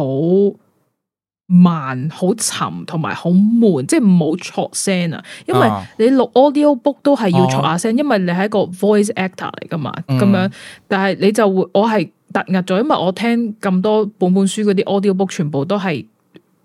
慢、好沉同埋好悶，即係唔好 chok 聲啊！因為你錄 audio book 都係要 chok 下聲，哦、因為你係一個 voice actor 嚟㗎嘛，咁、嗯、樣。但係你就會，我係突壓咗，因為我聽咁多本本書嗰啲 audio book，全部都係。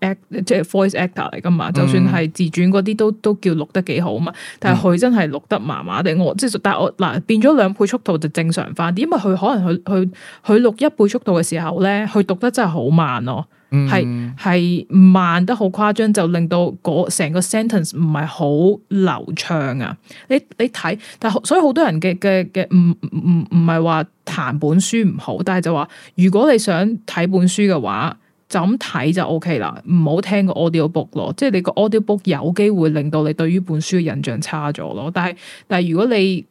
即係 Act, voice actor 嚟噶嘛，就算係自傳嗰啲都都叫錄得幾好嘛，但係佢真係錄得麻麻地，嗯、我即係但係我嗱變咗兩倍速度就正常翻啲，因為佢可能佢佢佢錄一倍速度嘅時候咧，佢讀得真係好慢咯，係係、嗯、慢得好誇張，就令到成個 sentence 唔係好流暢啊。你你睇，但係所以好多人嘅嘅嘅唔唔唔唔係話彈本書唔好，但係就話如果你想睇本書嘅話。就咁睇就 OK 啦，唔好聽個 audio book 咯，即係你個 audio book 有機會令到你對於本書嘅印象差咗咯。但係但係如果你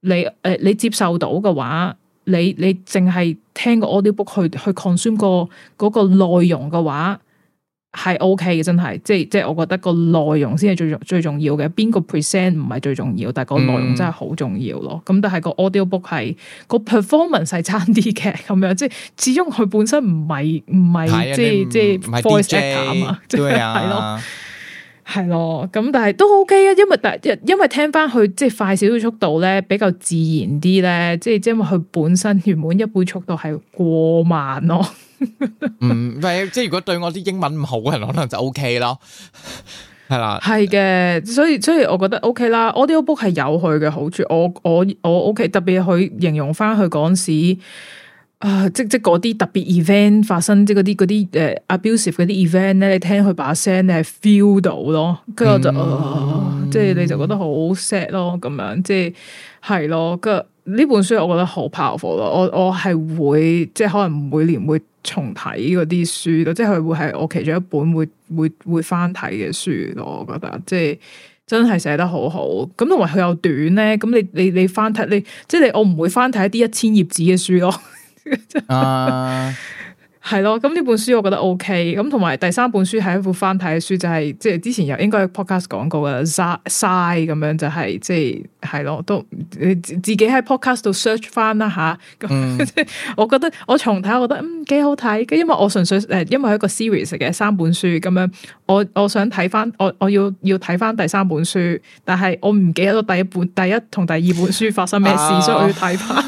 你誒、呃、你接受到嘅話，你你淨係聽個 audio book 去去 consume 個嗰個內容嘅話。係 O K 嘅，真係，即係即係，我覺得個內容先係最重最重要嘅，邊個 percent 唔係最重要，但係個內容真係好重要咯。咁、嗯、但係個 audio book 係、個 performance 係差啲嘅，咁樣即係，始終佢本身唔係唔係，即係即係。唔係 DJ 啊嘛，即，DJ，即啊，係 咯，係咯。咁但係都 O K 啊，因為但係因為聽翻佢即係快少少速度咧，比較自然啲咧，即係因為佢本身原本一般速度係過慢咯。唔、 嗯，即係如果對我啲英文唔好嘅人，可能就 O、OK、K 咯，係 啦的，係嘅， 所以所以我覺得 O、OK、K 啦。Audio book 係有佢嘅好處，我我我屋、OK, 企特別去形容翻佢陣時，啊、呃，即即嗰啲特別 event 發生，即嗰啲嗰啲誒 abusive 嗰啲 event 咧，你聽佢把聲咧係 feel 到咯，跟住我就、呃嗯、即係你就覺得好 sad 咯，咁樣即係係咯，跟。呢本書我覺得好 powerful 咯，我我係會即係可能每年會重睇嗰啲書咯，即係佢會係我其中一本會會會翻睇嘅書咯，我覺得即係真係寫得好好，咁同埋佢又短咧，咁你你你翻睇你即係你我唔會翻睇一啲一千頁紙嘅書咯。 uh 係咯，咁呢本書我覺得 OK，咁同埋第三本書係一副翻睇嘅書，就係即係之前又應該 podcast 講過嘅嘥嘥咁樣，就係即係係咯，都自己喺 podcast 度 search 翻啦吓。咁即係我覺得我重睇，我覺得嗯幾好睇嘅，因為我純粹係因為一個 series 嘅三本書咁樣，我我想睇翻，我我要要睇翻第三本書，但係我唔記得到第一本、第一同第二本書發生咩事，所以我要睇翻。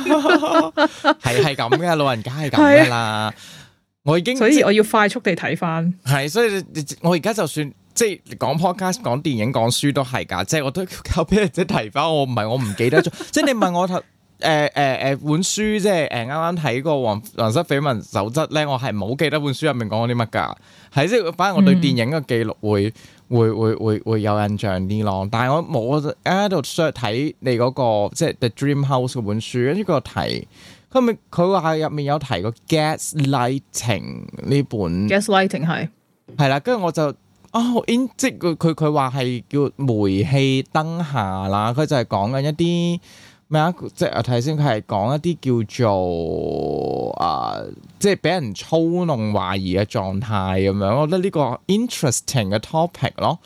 係係咁嘅，老人家係咁噶啦。我已經，所以我要快速地睇翻。係，所以我而家就算即係講 podcast、講 Pod 電影、講書都係噶，即係我都靠俾你仔提翻。我唔係我唔記得咗。 即係你問我頭誒誒誒本書即係誒啱啱睇過《皇室色緋聞守則》咧，我係唔好記得本書入面講啲乜噶。係即係，反而我對電影嘅記錄會、嗯、會會會會有印象啲咯。但係我冇啱啱喺度 search 睇你嗰、嗰個，即係《The Dream House》嗰本書跟住、那個題。咁佢話入面有提過 gas lighting 呢本 gas lighting 係係啦。跟住我就哦，in 即佢佢佢話係叫煤氣燈下啦，佢就係講緊一啲咩啊？即我睇先，佢係講一啲叫做啊、呃，即俾人操弄懷疑嘅狀態咁樣，我覺得呢個 interesting 嘅 topic 咯。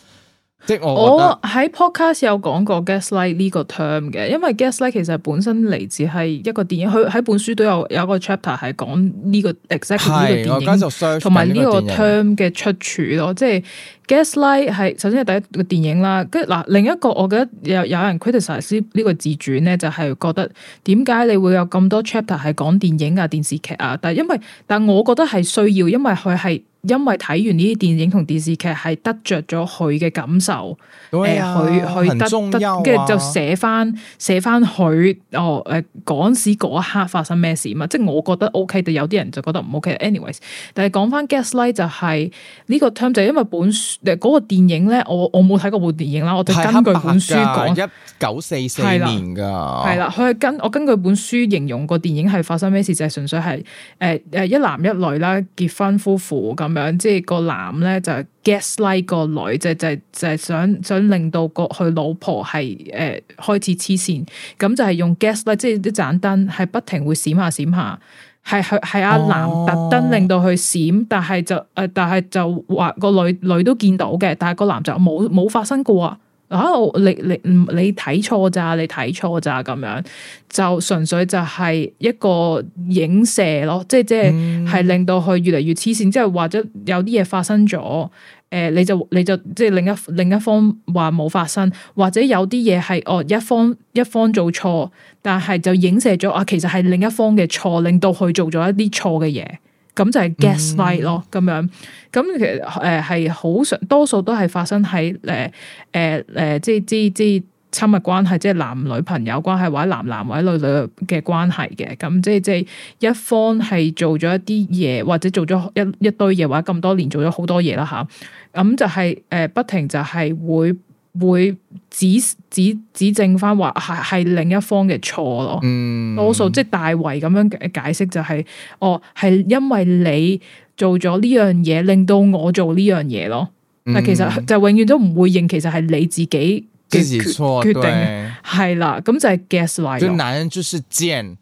即我，喺 podcast 有講過 gaslight 呢個 term 嘅，因為 gaslight 其實本身嚟自係一個電影，佢喺本書都有有個 chapter 係講呢個 exactly 呢個電影，同埋呢個 term 嘅出處咯，即係。Gaslight 係，首先係第一個電影啦，跟住嗱，另一個我覺得有有，有人 criticize 呢個自傳咧，就係覺得點解你會有咁多 chapter 係講電影啊、電視劇啊？但係因為但係我覺得係需要，因為佢係因為睇完呢啲電影同電視劇係得着咗佢嘅感受，誒，佢佢得得跟住就寫翻寫翻佢，哦誒講史嗰一刻發生咩事啊嘛？即係我覺得 OK 嘅，有啲人就覺得唔 OK。Anyways，但係講翻 Gaslight 就係呢個 term 就係因為本書。嗰個電影咧，我我冇睇過部電影啦，我哋根據本書講。一九四四年噶，係啦，佢係根我根據本書形容，個電影係發生咩事，就係、是、純粹係誒誒一男一女啦，結婚夫婦咁樣，即係個男咧就 gaslight 個女，就是、就是、就係、是、想想令到個佢老婆係誒、呃、開始黐線，咁就係用 gaslight 即係啲盞燈係不停會閃下閃下。係係係阿男、哦、特登令到佢閃，但係就誒、呃，但係就話個女女都見到嘅，但係個男就冇冇發生過啊！吓、啊，你你你睇錯咋？你睇錯咋咁樣？就純粹就係一個影射咯，即係即係係令到佢越嚟越黐線，嗯、即係或者有啲嘢發生咗。誒、呃，你就你就即係另一另一方話冇發生，或者有啲嘢係哦一方一方做錯，但係就影射咗啊，其實係另一方嘅錯，令到佢做咗一啲錯嘅嘢，咁就係 gaslight 咯，咁、嗯、樣。咁其實誒係好常多數都係發生喺誒誒誒，即係即係親密關係，即係男女朋友關係，或者男男或者女女嘅關係嘅，咁即係即係一方係做咗一啲嘢，或者做咗一一堆嘢，或者咁多年做咗好多嘢啦吓，咁就係、是、誒、呃、不停就係會會指指指、指正翻話係係另一方嘅錯咯，嗯、多數即係大圍咁樣解釋就係、是，哦係因為你做咗呢樣嘢，令到我做呢樣嘢咯，嗯、但係其實就永遠都唔會認，其實係你自己。自己錯決定係啦，咁就係 gaslight。就男人就是賤，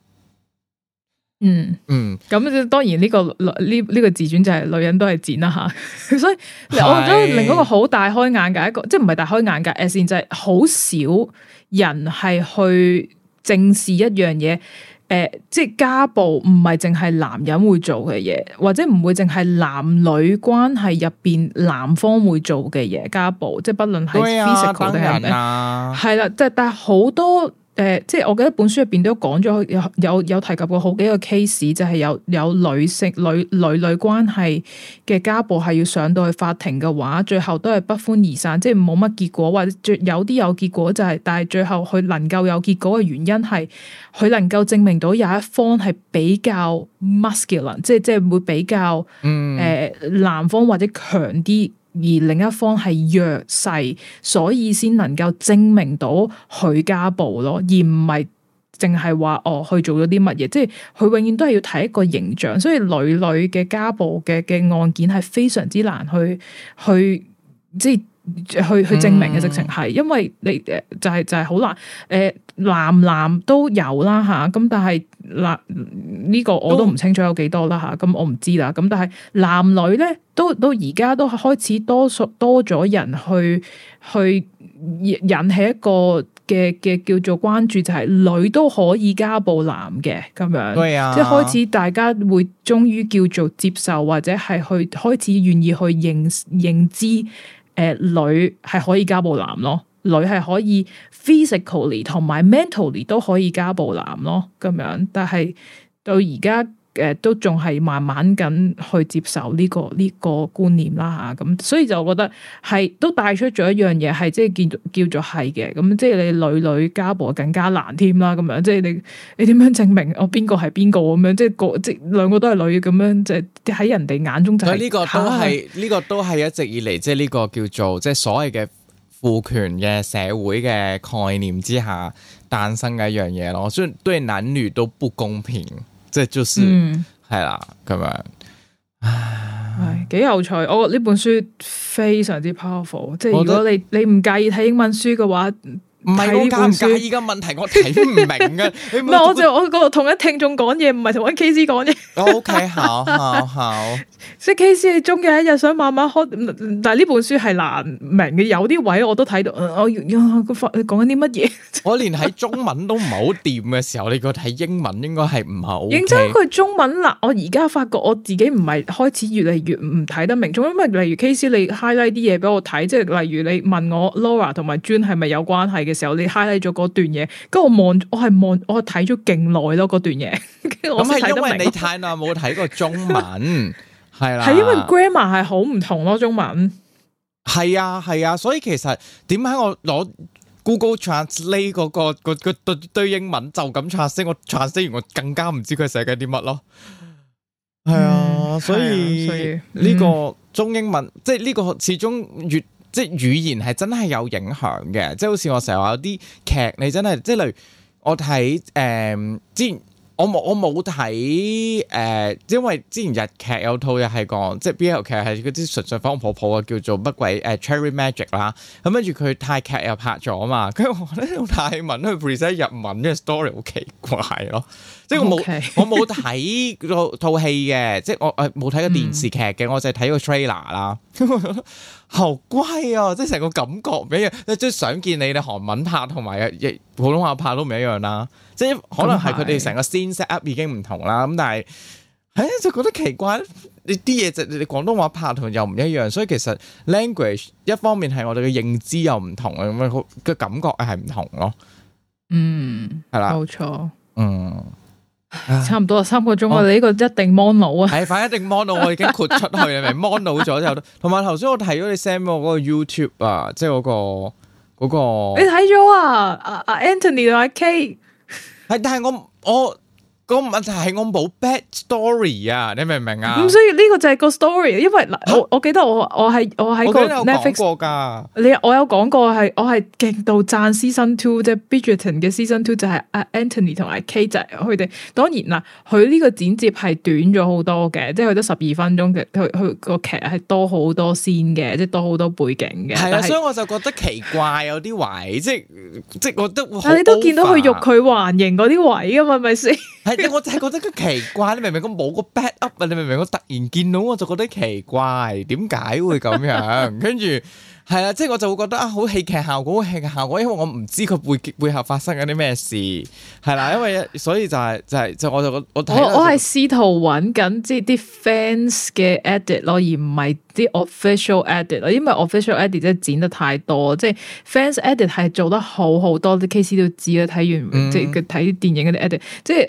嗯嗯，咁、嗯、當然呢、這個呢呢、這個這個自傳就係女人都係賤啦吓， 所以是我覺得另一個好大開眼界一個，即係唔係大開眼界，As in，即係好少人係去正視一樣嘢。誒、呃，即家暴唔係淨係男人會做嘅嘢，或者唔會淨係男女關係入邊男方會做嘅嘢。家暴即係不論係 physical 定係咩，係啦，即係但係好多。誒、呃，即係我記得本書入邊都講咗有有，有提及過好幾個 case，就係、係、有有女性女女女，女關係嘅家暴係要上到去法庭嘅話，最後都係不歡而散，即係冇乜結果，或者最有啲有結果就係、係，但係最後佢能夠有結果嘅原因係佢能夠證明到有一方係比較 muscular，即係即係會比較誒、嗯呃、男方或者強啲。而另一方係弱勢，所以先能夠證明到佢家暴咯，而唔係淨係話哦去做咗啲乜嘢，即係佢永遠都係要睇一個形象，所以女女嘅家暴嘅嘅案件係非常之難去去即係。去去證明嘅直情係，嗯、因為你誒就係、是、就係、是、好難誒、呃、男男都有啦嚇，咁但係男呢個我都唔清楚有幾多啦嚇，咁我唔知啦。咁都但係男女咧，都都而家都開始多數多咗人去去引起一個嘅嘅叫做關注，就係、是、女都可以家暴男嘅咁樣，啊、即係開始大家會終於叫做接受或者係去開始願意去認認知。誒、呃、女係可以家暴男咯，女係可以 physically 同埋 mentally 都可以家暴男咯，咁樣，但係到而家。誒，都仲係慢慢咁去接受呢、這個呢、這個觀念啦吓，咁、嗯、所以就我覺得係都帶出咗一樣嘢，係即係叫叫做係嘅，咁、嗯、即係你女女家婆更加難添啦，咁樣即係你你點樣證明我邊個係邊個咁樣？即係個即兩個都係女咁樣，即係喺人哋眼中就呢、是、個都係呢、啊、個都係一直以嚟即係呢個叫做即係、就是、所謂嘅父權嘅社會嘅概念之下誕生嘅一樣嘢咯，所以對男女都不公平。即係就是係、嗯、啦咁樣，唉，幾、哎、有趣。我覺得呢本書非常之 powerful，即係如果你你唔介意睇英文書嘅話。唔係我介唔介意嘅問題， 我睇唔明嘅。唔係 我就我嗰度同一聽眾講嘢，唔係同 K C 講嘢。 o、okay, K，好，好，好。即係 K C，你終於終有一日想慢慢開，但係呢本書係難明嘅，有啲位我都睇到、嗯。我，我發，你講緊啲乜嘢？我、嗯、我， 我連喺中文都唔係好掂嘅時候，你覺得睇英文應該係唔好。認真講句中文啦，我而家發覺我自己唔係開始越嚟越唔睇得明。仲因為例如 K C 你 highlight 啲嘢俾我睇，即係例如你問我 Laura 同埋 June 係咪有關係嘅？時候你 highlight 咗嗰段嘢，跟住我望我係望我係睇咗勁耐咯嗰段嘢，咁 係因為你太耐冇睇過中文，係 啦，係因為 grammar 係好唔同咯中文，係啊係啊，所以其實點解我攞 Google Translate 嗰、那個、那個、那個堆堆、那個那個那個那個、英文就咁 translate，我 translate 完我更加唔知佢寫緊啲乜咯，係啊，、嗯、以啊，所以呢個中英文、嗯、即係呢個始終越。即係語言係真係有影響嘅，即係好似我成日話有啲劇你真係，即係例如我睇誒、呃、之前我冇我冇睇誒，因為之前日劇有套又係講即係邊套劇 BL 劇係嗰啲純粹粉紅泡泡啊，叫做乜鬼誒、呃、Cherry Magic 啦，咁跟住佢泰劇又拍咗嘛，跟住我咧用泰文去 present 日文嘅 story 好奇怪咯。即係我冇 Okay. 我冇睇套套戲嘅，即係我誒冇睇過電視劇嘅，我就係睇個 trailer 啦。好乖啊！即係成個感覺唔一樣，即係想見你哋韓文拍同埋普通話拍都唔一樣啦。即係可能係佢哋成個 scene set up 已經唔同啦。咁、嗯、但係誒就覺得奇怪，你啲嘢就你哋廣東話拍同又唔一樣，所以其實 language 一方面係我哋嘅認知又唔同嘅，咁嘅感覺係唔同咯。嗯，係啦吧，冇錯錯，嗯。差唔多三個鐘，我哋呢個一定 mono 啊，係反正一定 mono 我已經豁出去啦，咪 mono 咗之後，同埋頭先我睇咗你 send 我嗰 you、嗰個 YouTube、嗰個、啊，即係嗰個個，你睇咗啊？阿阿、啊、Anthony 同阿 K，係但係我我。我個問題係我冇 bad story 啊，你明唔明啊？咁所以呢個就係個 story，因為我我記得我咦我係我喺度 Netflix 過㗎。你我有講過係我係勁到讚 season two 啫，Bridgerton 嘅 season two 就係阿 Anthony 同阿 Kate，就係佢哋。當然啦，佢呢個剪接係短咗好多嘅，即係佢得十二分鐘嘅。佢佢個劇係多好多先嘅，即係多好多背景嘅。係的是所以我就覺得奇怪有啲位，即係即係我都會。但你都見到佢肉佢還形嗰啲位啊嘛，咪先。 我就係覺得佢奇怪，你明唔明？冇個 backup 啊！你明唔明？我突然見到我就覺得奇怪，點解會咁樣？ 跟住係啦，即係、就係、我就會覺得啊，好戲劇效果，戲劇效果，因為我唔知佢背背後發生緊啲咩事，係啦，因為所以就係、是、就係、是、就係、我覺得我就係、 我我我係試圖揾緊即係 fans 嘅 edit 咯，而唔係啲 official edit 咯，因為 official edit 即係剪得太多，即係 fans edit 係做得好好多，啲 Case 都知啦，睇完、嗯、即係佢睇電影嗰啲 edit，即係。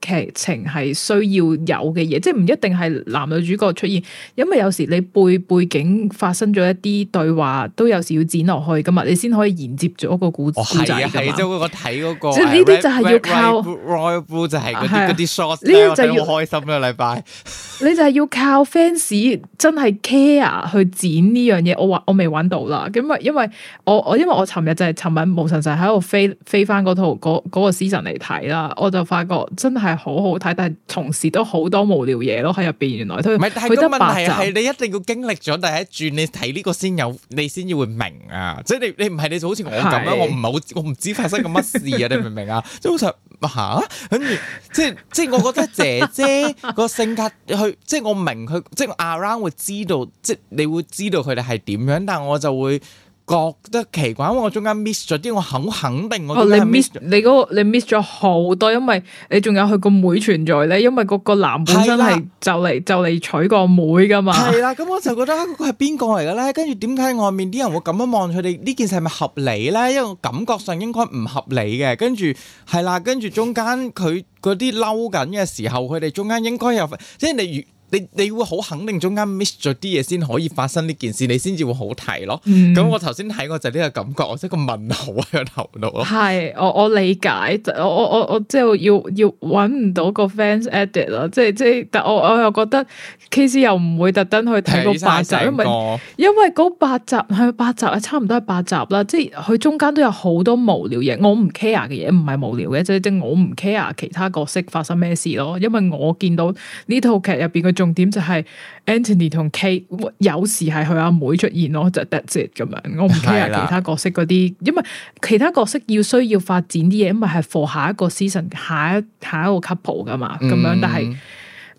劇情係需要有嘅嘢，即係唔一定係男女主角出現，因為有時你背背景發生咗一啲對話，都有時要剪落去噶嘛，你先可以連接咗嗰個故事仔噶，即係嗰個睇個，即係呢啲就係要靠、Royal Blue、就係啲啲 source。呢個、啊、就要開心啦，禮拜。你就係要靠 fans 真係 care 去剪呢樣嘢。我話我未揾到啦，咁啊，因為我我因為我尋日就係尋晚無神神喺度飛飛翻套、嗰個 season 嚟睇啦，我就發覺真係。係好好睇，但係同時都好多無聊嘢咯喺入邊。原來都唔係，但係個問題係你一定要經歷咗第一轉，你睇呢個先有，你先會明啊！即係你你唔係你就好似我咁樣是！我唔係我我唔知發生緊乜事啊！ 你明唔明啊？即係好似吓，跟住即係即係，我覺得姐姐個性格去， 即係我明佢，即係阿 round 會知道，即係你會知道佢哋係點樣，但係我就會。覺得奇怪，因為我中間 miss 咗啲，我好肯定我。哦、那個，你 miss 你嗰你 miss 咗好多，因為你仲有佢個妹，妹存在咧，因為個個男本身係就嚟就嚟娶個妹噶嘛。係啦，咁我就覺得佢係邊個嚟嘅咧？跟住點解外面啲人會咁樣望佢哋呢件事係咪合理咧？因為我感覺上應該唔合理嘅。跟住係啦，跟住中間佢嗰啲嬲緊嘅時候，佢哋中間應該有即係你。你你會好肯定中間 miss 咗啲嘢先可以發生呢件事，你先至會好睇咯。咁、嗯、我頭先睇過就呢個感覺，我即係個問號喺個頭度咯。係，我我理解，我我我我即係要要揾唔到個 fans edit 咯，即係即係，但我我又覺得 K C 又唔會特登去睇個八集，因為因為嗰八集係八集係差唔多係八集啦，即係佢中間都有好多無聊嘢，我唔 care 嘅嘢唔係無聊嘅，即係即我唔 care 其他角色發生咩事咯，因為我見到呢套劇入邊嘅。重點就係 Anthony 同 Kate 有時係佢阿妹出現咯，就 that's it 咁樣。我唔 care 其他角色嗰啲。是的 因為其他角色要需要發展啲嘢，因為係 for 下一個 season 下一下一個 couple 噶嘛，咁樣。但係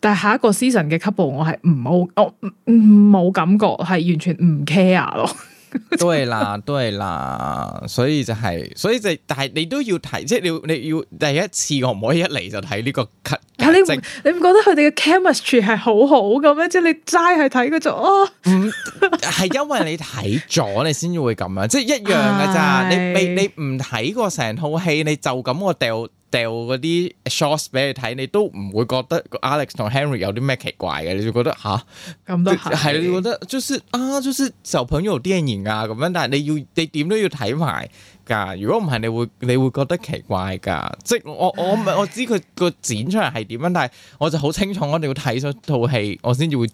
但係下一個 season 嘅 couple 我係唔我我冇感覺係完全唔 care 咯。都係啦，都係啦，所以就係、是，所以就是，但係你都要睇，即係你你要第一次我唔可以一嚟就睇呢個 c u 你唔你唔覺得佢哋嘅 chemistry 係好好嘅咩？即係你齋係睇佢就哦，係 因為你睇咗你先會咁樣，即係一樣嘅咋？ 你你你唔睇過成套戲，你就咁我掉。掉嗰啲 shots 俾你睇，你都唔會覺得 Alex 同 Henry 有啲咩奇怪嘅，你就覺得吓，嚇、啊，係，你覺得就算、是、啊，就算、是、就朋友啲人言啊咁樣，但係你要你點都要睇埋㗎，如果唔係你會，你會覺得奇怪㗎。即係我我唔係，我知佢個剪出嚟係點樣，但係我就好清楚我哋要睇咗套戲，我先至會。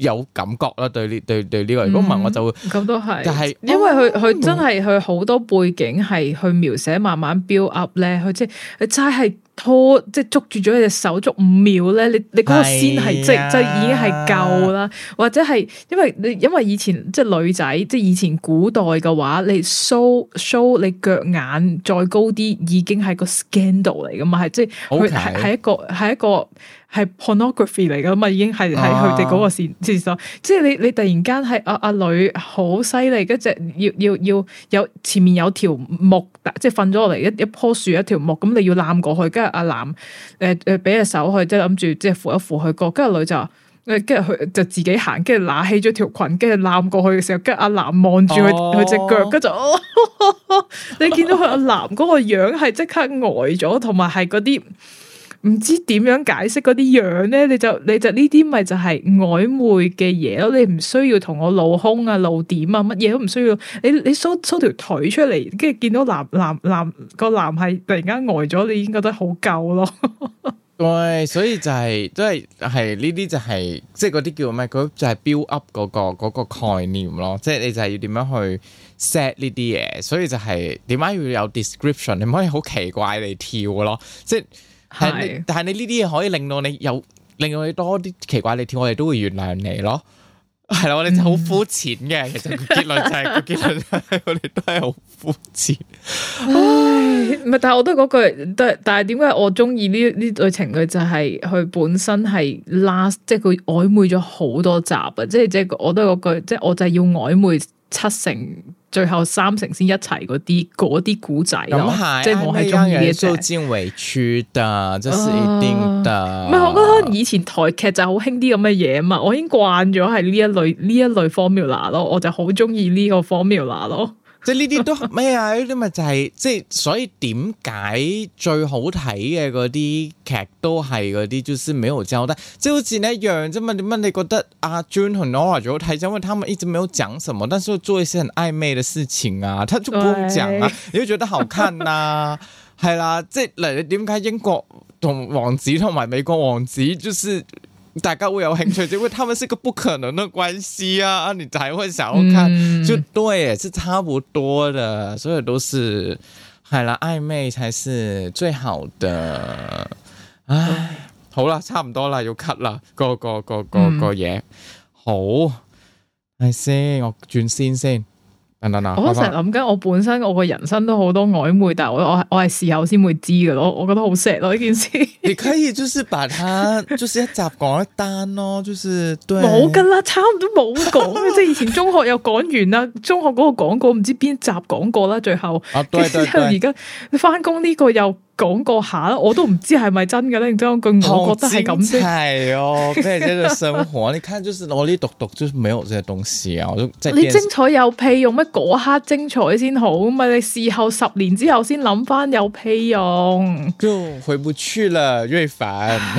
有感覺啦，對呢對對呢個，如果唔係我就會咁都係，嗯、但係是因為佢佢真係佢好多背景係去描寫，慢慢 build up 咧、就是，佢即係齋係拖即係捉住咗佢隻手捉五秒咧，你你嗰個先係即係已經係夠啦，或者係因為你因為以前即係女仔即係以前古代嘅話，你 show show 你腳眼再高啲，已經係個 scandal 嚟噶嘛，係即係係一個係 Okay 一個。係 pornography 嚟噶嘛？已經係喺佢哋嗰個線線上，啊、即係你你突然間係阿阿女好犀利，跟住要要要有前面有條木，即係瞓咗落嚟一一棵樹一條木，咁你要攬過去。跟住阿男誒誒俾隻手去，即係諗住即係扶一扶佢個。跟住女就，跟住佢就自己行，跟住拿起咗條裙，跟住攬過去嘅時候，跟住阿男望住佢佢隻腳，跟住哦，哦 你見到佢阿男嗰個樣係即刻呆咗，同埋係嗰啲。唔知點樣解釋嗰啲樣咧，你就你就呢啲咪就係曖昧嘅嘢咯，你唔需要同我露胸啊露點啊，乜嘢都唔需要。你你 show 條腿出嚟，跟住見到男男男個男係突然間呆咗，你已經覺得好夠咯。係， 所以就係即係係呢啲就係即係嗰啲叫咩？佢就係 build up 嗰個個概念咯，即係你就係要點樣去 set 呢啲嘢。所以就係點解要有 description？你唔可以好奇怪地跳咯，即係。係，是但係你呢啲嘢可以令到你有，令到你多啲奇怪你跳，我哋都會原諒你咯。係啦，我哋就好膚淺嘅，嗯、其實結論就係、是、 結論係、就是，我哋都係好膚淺。 唉，唔係，但係我都嗰句，但係點解我中意呢呢對情侶就係佢本身係拉，即係佢曖昧咗好多集啊！即係即係，就是、我都嗰句，即、就、係、是、我就係要曖昧。七成最後三成先一齊嗰啲嗰啲古仔，咁係 即係我係中意嘅。做人受盡委屈的，這、就是一定的。唔係、啊， 我覺得以前台劇就係好興啲咁嘅嘢啊嘛，我已經慣咗係呢一類呢一類 formula 咯，我就好中意呢個 formula 咯。即係呢啲都咩啊？呢啲咪就係即係，所以點解最好睇嘅嗰啲劇都係嗰啲？就是冇交代，即係好似你一樣啫嘛。點解你覺得阿 June 同 Nora 就好睇，他們一直沒有講什麼，但是做一些很曖昧嘅事情啊，他就不用講啊，你會對覺得好看啊，係啦、 啊，即係例如，你點解英國同王子同埋美國王子就是？大家會有興趣，因為他們是一個不可能的關係啊，你才會想要看，就對、欸，是差不多的，所以都是係啦，曖昧才是最好的。唉，好啦，差唔多啦，要 cut 啦，個個個個個嘢，好，係先，我轉先先。嗯嗯嗯，我成日諗緊，我本身我個人生都好多曖昧，但係我我我係事後先會知嘅咯，我覺得好錫咯呢件事。你可以就是把它 就是一集講一單咯，就是冇噶啦，差唔多冇講， 即係以前中學又講完啦，中學嗰個講過唔知邊集講過啦，最後，之，啊，後而家翻工呢個又。講過下啦，我都唔知係咪真嘅咧。然之後我覺得係咁先。係哦，睇下啲生活，你睇就是我呢讀讀就是冇這些東西啊。我都你精彩有屁用？乜嗰刻精彩先好嘛？你事後十年之後先諗翻有屁用？都、哦、回不去了，瑞凡。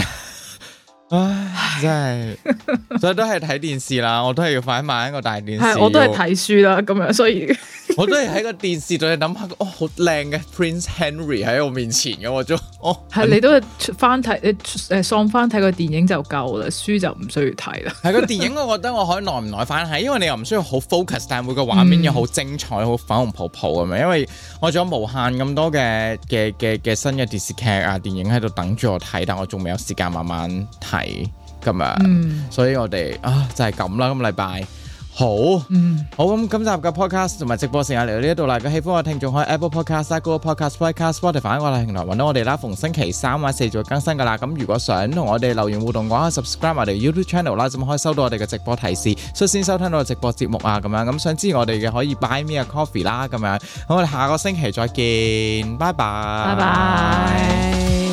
唉，唉真係所以都係睇電視啦，我都係要快買一個大電視。 我都係睇書啦，咁樣所以。 我都係喺個電視度諗下，哦，好靚嘅 Prince Henry 喺我面前嘅我就，哦，係你都係翻睇誒誒，上翻睇個電影就夠啦，書就唔需要睇啦。係 個電影，我覺得我可以耐唔耐翻睇，係因為你又唔需要好 focus，但每個畫面又好精彩、好、嗯、粉紅泡泡咁嘛。因為我仲有無限咁多嘅嘅嘅嘅新嘅電視劇啊、電影喺度等住我睇，但我仲未有時間慢慢睇噶嘛。樣嗯、所以我哋啊就係咁啦，今個禮拜。好，嗯，好咁，今集嘅 podcast 同埋直播時間嚟到呢一度啦。咁喜歡我聽眾可以 Apple Podcast、Google Podcast、Spotify 訂閱我哋啦。平台，搵到我哋啦，逢星期三或者四就會更新噶啦。咁如果想同我哋留言互動嘅話，subscribe 我哋 YouTube channel 啦，咁可以收到我哋嘅直播提示，率先收聽到直播節目啊。咁樣咁想知我哋嘅可以 buy me a coffee 啦。咁樣，好，我哋下個星期再見，拜拜，拜拜。